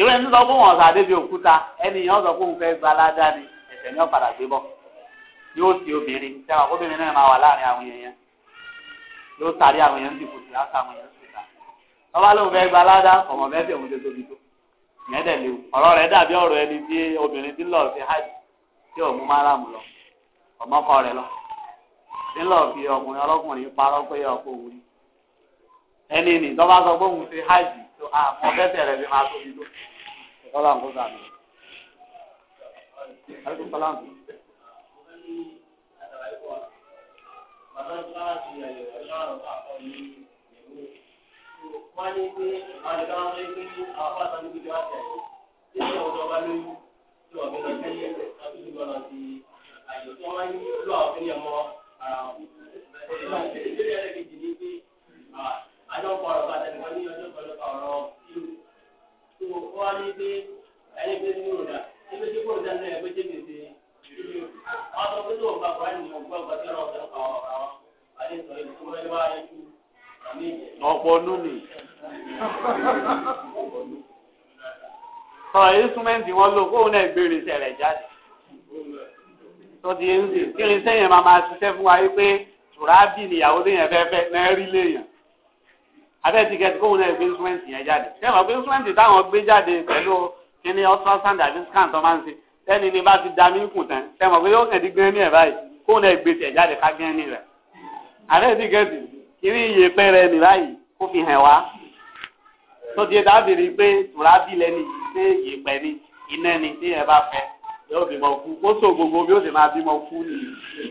ìwé ń sọ fún wọn sà débi òkúta ẹnìyàn sọ fún un fẹ́ gba aládá ni ẹ̀sẹ̀ ni ó gbé bọ̀ yóò sì obìnrin tí àwọn obìnrin náà máa wà láàrin àwọn èèyàn yóò tarí àwọn èèyàn dìbò sí àtàwọn èèyàn sùn tà wọn bá lóun fẹ́ gba aládá ọmọ mẹ́fẹ̀ẹ́ òun tó tóbi tó yẹn dẹ̀ léwu ọ̀rọ̀ rẹ̀ dàbí ọ̀rọ̀ ẹni tí obìnrin ti lọ fi hajj tí ò mú lọ ọmọkọ rẹ̀ lọ tí lọ fi ọkùnrin ọlọ́kùnrin parọ́ pé ọkọ òun ni ẹni nì tó bá sọ pé òun ti hajj tó àmọ́ bẹ́sẹ̀ rẹ̀ fi máa tóbi tó ẹ̀kọ́ là ń sàmì. Bàbá wọ́n ní pé àlùkò àwọn ọmọ ẹgbẹ́ ní àwọn àtàwọn ìlú ìjọba tẹ̀ ṣé ṣé ọ̀dọ́ ọba lóyún tí wọ́n fi lọ tẹ́lẹ̀ láti ìlú ọ̀nà ti àyè tí wọ́n ní lọ àwọn fi ní ọmọ ara wọn. ìdílé ẹ̀rẹ́ kejì ní pé àjọpọ̀ ọ̀rọ̀ bá tẹ̀lé wọn ní ọjọ́ pẹ̀lú ọ̀rọ̀ ìlú. wọ́n ní pé ẹni pé ní òdà ẹgbẹ́ tí kò ń dáná ẹgbẹ́ tí kì í ṣe ìlú. wọ́n sọ pé tó ń bá kúránì ní ọgbọ́n ọ̀pọ̀ lónì. sọ̀rọ̀ instrumenti wọn lò kóun náà gbé irinṣẹ́ jáde. tó ti ń sè kí irinṣẹ́ yẹn máa máa ṣiṣẹ́ fún wa wípé tùrábì nìyàwó téèyàn fẹ́ fẹ́ náà rí léèyàn. abẹ́tí kẹ́tí kóun náà gbé instrumenti yẹn jáde. ṣé wọn gbé instrumenti táwọn gbé jáde pẹ̀lú kíní ultrasound àbí scan tó máa ń ṣe tẹ́ni ni bá ti da mí kùn tán ṣé wọn gbé yóò kàn dín gẹ́ni ẹ̀ báyìí kóun náà gbé tẹ̀ jáde ká gẹ́ni rẹ̀. àbẹ́tí kẹ́tí irú iyèpẹ̀ rẹ̀ nì báyìí kó fi hàn wá tó di dábìrì pé tùrábì lẹ́ni ṣé iyèpẹ̀ ni iná ni tí ẹ bá fẹ́ yóò bímọ kú ó sọ gbogbo bí ó sì máa bímọ kú ni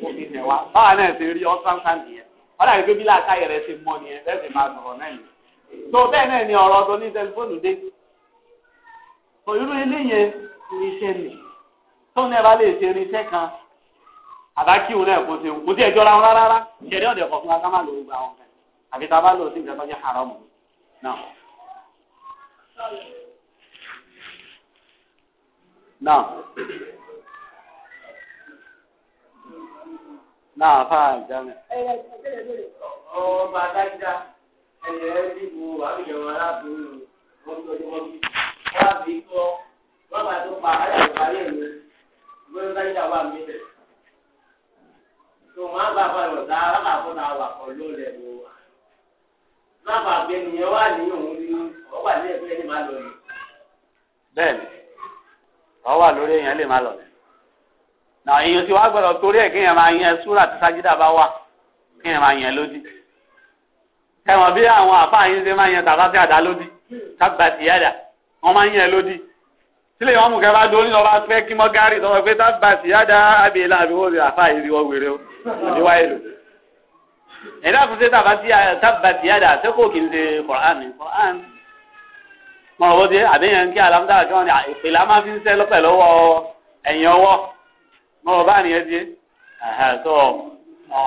kó fi hàn wá báwa náà ṣe rí ọ́sán kan nìyẹn wọ́n dàbí pé bí làákàyè rẹ̀ ṣe mọ nìyẹn bẹ́ẹ̀ sì máa sọ̀rọ̀ náà yìí tó bẹ́ẹ̀ náà ni ọ̀rọ̀ tó ní tẹlifóònù dé òyìnbó eléyẹn irinṣẹ́ nì tó ní ẹ bá lè ṣe irinṣẹ́ kan àbá kí òun náà kó ṣe kò sí ẹjọ́ ra wọn rárá ṣẹ̀rí ọ̀dẹ̀ kọ̀ọ̀kan ká má lòó gba wọn àfi tá a bá lò sí nǹkan tó haram náà. náà náà fa àjánu. ọba adájá ẹ̀yẹ ẹbí wo àbíyẹ̀wò aláàbòrò wọn tó ọjọ́ wọn bí wọn àbí tó wọn bá tó pa ayọ̀ parí ẹ̀ lọ bóyá adájá wà mí lẹ̀. tòun á bá a bá lọ dáa alábàápọ̀ náà wà pọ̀ lórí lọ láfa àgbẹnu yẹn wà ní òun ní ọ wà ní ẹgbẹ́ ẹni máa lọ yìí. bẹ́ẹ̀ni ọ wà lórí èèyàn lè máa lọ yìí náà èèyàn ti wá gbọ́dọ̀ torí ẹ kéèyàn máa yẹn súrà tí sájídà bá wà kéèyàn máa yẹn lódì ẹwọn bí àwọn àfáà yín ṣe máa yẹn tàbá sí àdá lódì tábà sí yàdà wọn máa yẹn lódì sílẹ̀ wọn mú kẹfà dóní lọ́ba fẹ́ kí mọ́ gárì tọ́wọ́ pé tábà sí yàdà àbí ìlànà àbí wọ́n rí àfáà yìí rí wọ́n wèrè ó ìdíwáyé lò. e kùsẹ́ tábàtì yàdà àtẹ́kọ̀ kì í ṣe Qur'an Qur'an mọ̀ ọ́ di àbẹ̀yẹn kí alámúdá kí wọ́n ní ìpìlẹ̀ máa fi ń sẹ́ lọ́pẹ̀ lọ́wọ́ ẹ̀yìn ọwọ́ mọ̀ ọ́ bá nìyẹn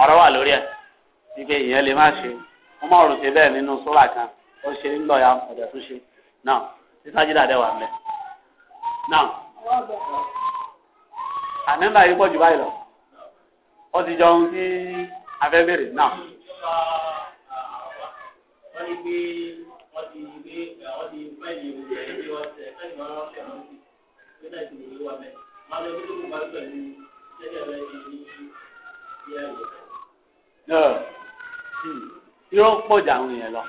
ọ̀rọ̀ wà lórí ẹ̀ wípé ìyẹn lè má ṣe wọ́n bẹ́ẹ̀ nínú sólà kan ó ṣe ń ọ̀dẹ̀ tó ṣe náà wà mẹ́ náà afẹ́ náà. yóò pọ̀ jà àwọn èèyàn lọ.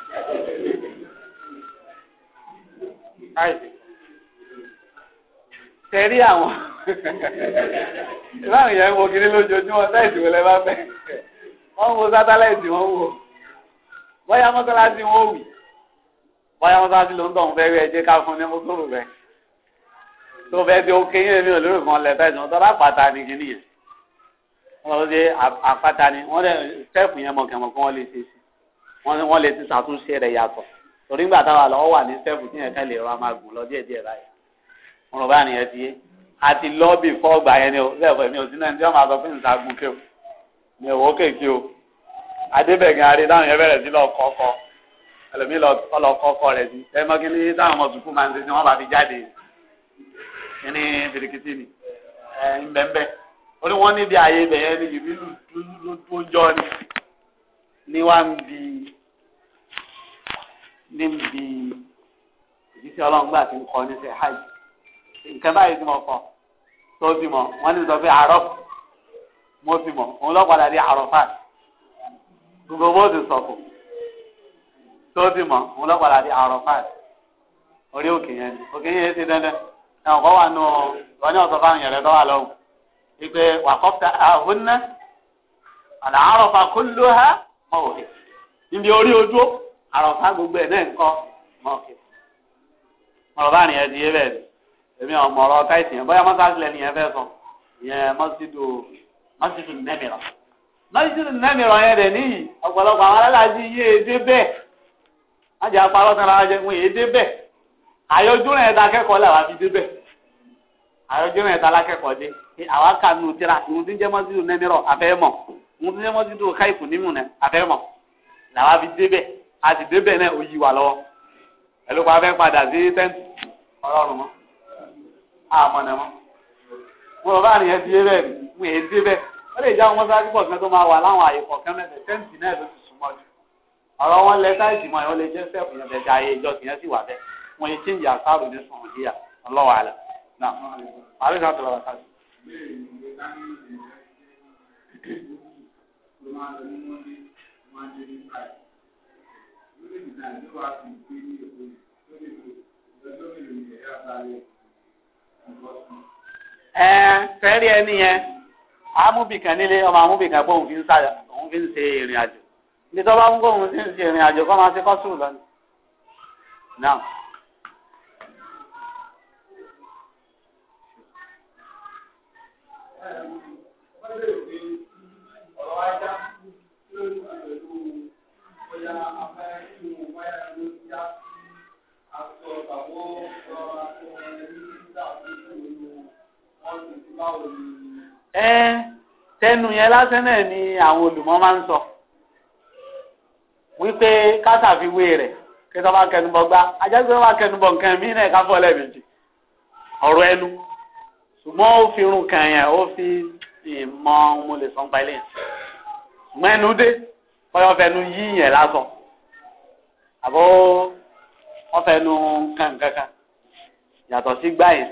tẹ̀rí àwọn ìbáwọ̀ yẹn wo kiri lójoojúmọ́ sáìsì wọlé bá bẹ́ẹ̀ wọ́n wo sátáláìtì wọ́n wo bóyá mọ́sálásí wọ́n wì bóyá mọ́sálásí ló ń tọ̀ ń fẹ́ rí ẹjẹ́ ká fún ní mọ́tòrò rẹ̀ tó fẹ́ di òkè yín èmi ò lérò kan lẹ̀ fẹ́ẹ́ sùn tọ́lá pàtà ni kìíní yẹn wọ́n lọ sí àpáta ni wọ́n lẹ sẹ́ẹ̀fù yẹn mọ̀kẹ́mọ̀ kí wọ́n lè ṣe sí wọ́n lè ti ṣàtúnṣe rẹ̀ yàtọ̀ torí ńgbà táwa lọ wà ní sẹ́ẹ̀fù tí yẹn kẹ́lẹ̀ rọ máa gùn lọ díẹ̀ díẹ̀ báyìí wọn lọ bá nìyẹn ti yé àti lọ́ọ̀bì fọ́ọ̀gbà yẹn ni ó lẹ́ẹ̀fọ̀ mi ò sí náà ní tí wọ́n máa sọ fún ìṣàgùn kéwù ní ẹ̀wọ́ kéèké o adébẹ̀gẹ̀ arí táwọn yẹn bẹ̀rẹ̀ sí lọ kọ́kọ́ ẹlòmí lọ kọ́kọ́ rẹ̀ sí ẹ mọ́ kíní táwọn ọmọ sùkúl máa ń ṣe tí wọ́n bá fi jáde kíní birikiti ni ẹ ń bẹ́ńbẹ́ ó ní wọ́n níbi ààyè ibẹ̀ yẹn ní ìbí tó jọ ni ní wá ń bi ní ń bi ìdísí ọlọ́ngbà tí ń kọ́ ní sẹ́ hajj nǹkan báyìí tí mo kọ́ tó bímọ wọ́n ní sọ pé àárọ̀ kù mo ti mọ̀ òun lọ́padà di àròfáàtì gbogbo bó ti sọ̀kù tó ti mọ̀ òun lọ́padà di àròfáàtì orí òkè yẹn ni òkè yẹn ti dandan ẹ̀wọ̀n kọ́ wà nù wọ́n ní ọ̀sán fáwọn yẹ̀rẹ̀ tó wà lọ́wọ́ ìpè wàkọ́fta àhúnná àlàárọ̀fà kúlú ha mọ̀wòkè níbi orí ojú àròfà gbogbo ẹ̀ náà ń kọ́ mọ̀wòkè mọ̀rọ̀ bá nìyẹn ti yé bẹ́ẹ̀ èmi ọ̀mọ̀rọ̀ táìtì yẹn bóyá mọ́sáàsì lẹ́nu yẹn fẹ́ sọ ìyẹn mọ́sídùú mọ́sídù nẹ́mìrọ̀ mọ́sídù nẹ́mìrọ̀ yẹn rẹ̀ níyì ọ̀pọ̀lọpọ̀ àwọn aláàjì yé edé bẹ́ẹ̀ wọ́n jẹ́ apá ọlọ́sàn ara jẹ wọn èdè bẹ́ẹ̀ àyọjú rẹ̀ ta akẹ́kọ̀ọ́ làwọn fi dé bẹ́ẹ̀ àyọjú rẹ̀ ta alákẹ́kọ̀ọ́ dé àwa kà nù tíra ìwọ̀n tí ń jẹ́ mọ́sídù nẹ́mìrọ̀ àfẹ́ mọ̀ ìwọ̀n tí ń jẹ́ mọ́sídù káìkù nímù nẹ àfẹ́ mọ̀ làwọn fi dé bẹ́ẹ̀ a sì dé bẹ́ẹ̀ náà ó yí wa lọ́wọ́ ẹ̀lú pa fẹ́ padà sí tẹ́ǹtì ọlọ́run mọ́ àmọ̀nà mọ́ mo bá nìyẹn ti yé bẹ́ẹ̀ mo dé bẹ́ẹ̀ wọ́n lè já wọn sáré pọ̀ kan tó máa wà láwọn àyè kọ̀ọ̀kan mẹ́fẹ̀ tẹ́ǹtì náà ló ti súnmọ́ jù ọ̀rọ̀ wọn lẹ sáìsì mọ́ ẹ̀ ó lè jẹ́ sẹ́ẹ̀fù yẹn bẹ́ẹ̀ ayé ìjọ tìyẹn sì wà bẹ́ẹ̀ mo yẹ chíǹjì àsáàrò ní sùn ìyá ọlọ́wà àlà Thank you. ẹ fẹ́ẹ́rí ẹni yẹn amúbìkan nílé ọmọ amúbìkan pé òun fi òun fi ń ṣe ìrìn àjò ní tọ́ bá ń gbóhùn sí ń ìrìn àjò kọ́ máa ṣe ẹ tẹnu yẹn lásán náà ni àwọn olùmọ̀ máa ń sọ wípé kásàfiwé rẹ̀ kí tọ́ bá kẹnubọ gbá ajá tí wọ́n bá kẹnubọ nǹkan mí náà ká fọ́ lẹ́ẹ̀mejì ọ̀rọ̀ ẹnu ṣùgbọ́n ó fi irun kan yẹn ó fi ìmọ̀ mo lè sọ ń pa ilé yẹn ṣùgbọ́n ẹnu dé bọ́yọ̀ yí yẹn lásán àbọ̀ wọ́n kankankan yàtọ̀ sí gbá yẹn.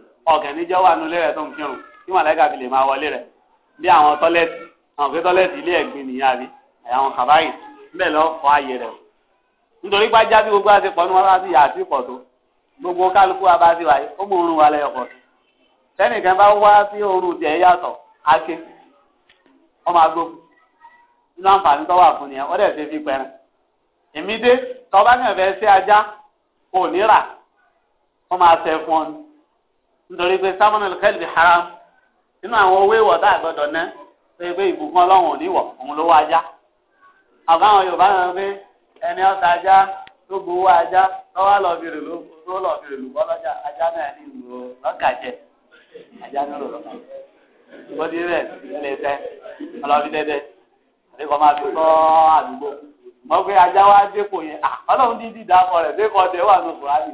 ọ̀gàn níjọ́ wà nulẹ̀ rẹ̀ tó ń kírun tí màláìka fi lè máa wọlé rẹ̀ bí àwọn tọ́lẹ́tì àwọn òfin tọ́lẹ́tì ilé ẹ̀gbin nìyá rí àwọn kàbáyì ńbẹ̀ lọ fọ ààyè rẹ̀ nítorí gbájá bí gbogbo àti pọ̀ ní wọn bá ti yà sí pọ̀ tó gbogbo kálukú wa bá ti wáyé ó mú oorun wa lẹ́yọ̀ pọ̀ tó sẹ́nìkan bá wá sí oorun tiẹ̀ yàtọ̀ ake ọmọ agbó nínú àǹfààní tó wà fún nìyẹn ó dẹ̀ ṣe fi pẹ́rẹ́ èmi tọ́ bá ní ọ̀fẹ́ sí ajá kò rà ó máa ṣẹ fún ọ ni nítorí pé sámúnà kẹlbi haram nínú àwọn owó ìwọ tá a gbọ́dọ̀ ná pé pé ìbùkún Ọlọ́run ò ní wọ òun lówó ajá àbáwọn Yorùbá náà pé ẹni ọta ajá tó gbowó ajá tọwọ lọ fi rèlú tó lọ fi rèlú bọ lọjà ajá náà ní ìlú lọkàjẹ ajá náà lọkàjẹ ìbọdí rẹ ilé tẹ ọlọfi dẹdẹ àdékọ máa fi kọ àdúgbò mọ pé ajá wa dépò yẹn Ọlọ́run dídí dáàbọ rẹ dépò ọdẹ wà ní Kùránì.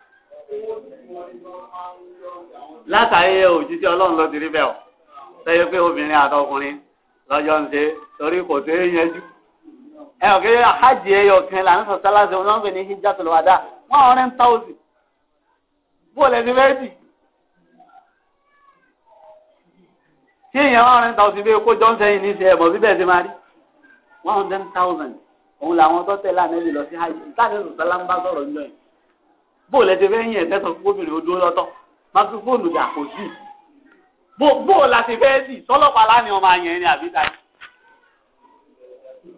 látàrí òjíṣẹ́ ọlọ́run ló ti rí bẹ́ẹ̀ o sẹ́yìn pé obìnrin àtọkùnrin lọ́jọ́ ń ṣe torí kò ṣe yẹjú. ẹ ò kéré hajj ẹyọ kan là sọ sálásẹ wọn lọ́nbẹ̀ ní hijjatul wada one hundred thousand bó lẹ ti fẹ́ẹ́ dì. tí èèyàn one hundred thousand bí kó jọ́ǹsẹ̀ yìí ní ṣe ẹ̀mọ́ bí bẹ́ẹ̀ ṣe máa rí one hundred thousand òun làwọn tó tẹ̀lé ànẹ́bí lọ sí hajj táà ní sọ̀rọ̀ ńlọ yìí bóò lẹ́tẹ̀ fẹ́ yẹn tẹ́sán gómìnà odó lọ́tọ̀ mákírófóònù dà kò sí bóò la ti fẹ́ sì sọ́lọ́pàá láni ọmọ àyẹn ni àbí ta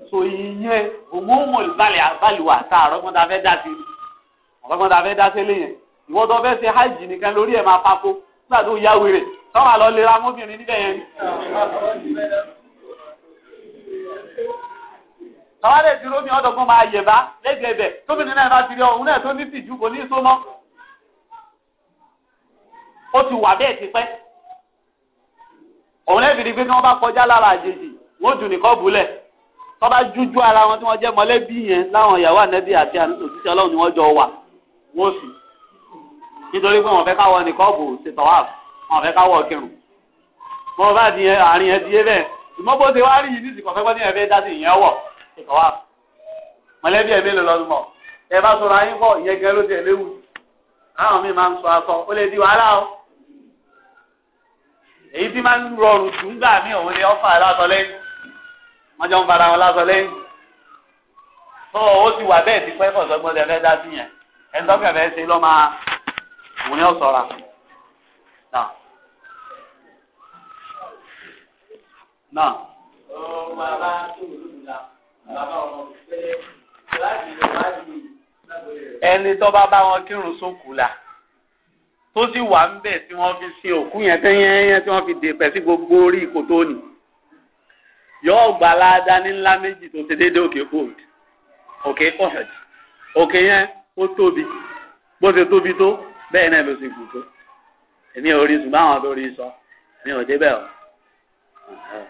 so ìyẹn òmùmù ìbàlẹ̀ àbálùwà tá àrọ́gbọ́n ta fẹ́ dá sí àrọ́gbọ́n ta fẹ́ dá sí léyìn ìwọ́n tó fẹ́ ṣe hajj nìkan lórí ẹ̀ máa pako nígbà tó yá wèrè tọ́wọ́ àlọ́ lera mọ́bìnrin níbẹ̀ yẹn ni tàwa lè dúró mi ọ̀dọ̀gbọ́n máa yẹ̀ bá lẹ́gbẹ̀ẹ́ bẹ̀ tóbìnrin náà bá ti rí ọ̀hún náà tó ní tìjú kò ní í sómọ́. ó ti wà bẹ́ẹ̀ ti pẹ́. òun lẹ́bi ni pé tí wọ́n bá kọjá lára àjèjì wọ́n jù nìkan bulẹ̀. tó bá jújú ara wọn tí wọ́n jẹ́ mọ̀lẹ́bí yẹn láwọn ìyàwó ànẹ́bí àti òṣìṣẹ́ ọlọ́run ni wọ́n jọ wà wọ́n sì. nítorí pé wọ́n fẹ́ káwọ nìkan bò ṣe tọ́wà wọ́n fẹ́ káwọ kírun. mo bá di àárín ẹ di ẹ bẹ́ẹ̀ ìmọ̀ bó wá rí yìí ní ìsìnkọ̀ fẹ́ gbọ́ ní ẹ̀fẹ́ dá sí ìyẹn wọ̀ ìkọ́ wa mọ̀lẹ́bí ẹ̀ mélòó lọ́dún mọ̀ ẹ bá sọ̀rọ̀ ayé pọ̀ ìyẹn gẹ́gẹ́ ló ti ẹ̀ léwu àwọn míì máa ń sọ aṣọ ó lè di wàhálà o èyí tí máa ń rọrùn tù ń gbà mí òun ni ọ̀fà aláṣọ lẹ́yìn wọ́n jọ ń bara wọn láṣọ lẹ́yìn tó o ti wà bẹ́ẹ̀ ti pẹ́ fọ̀sọ́gbọ́n tẹ fẹ́ dá sí yẹn ẹni tó kẹfẹ́ ṣe lọ́ máa òun ni ó sọ̀ra. náà. ọ̀rọ̀ ẹni tó bá bá wọn kírun sókù la tó sì wà ń bẹ̀ tí wọ́n fi sin òkú yẹn tẹ́yẹ́yẹ́ tí wọ́n fi dèpẹ̀ sí gbogbo orí ìkòtó ni yóò gbà láàdá ní ńlá méjì tó ṣe déédéé òkè old òkè ọ̀hẹ̀d òkè yẹn ó tóbi bó ṣe tóbi tó bẹ́ẹ̀ náà ló sì gùn tó èmi ò rí sùn báwọn tó rí sọ mi ò débẹ̀ o.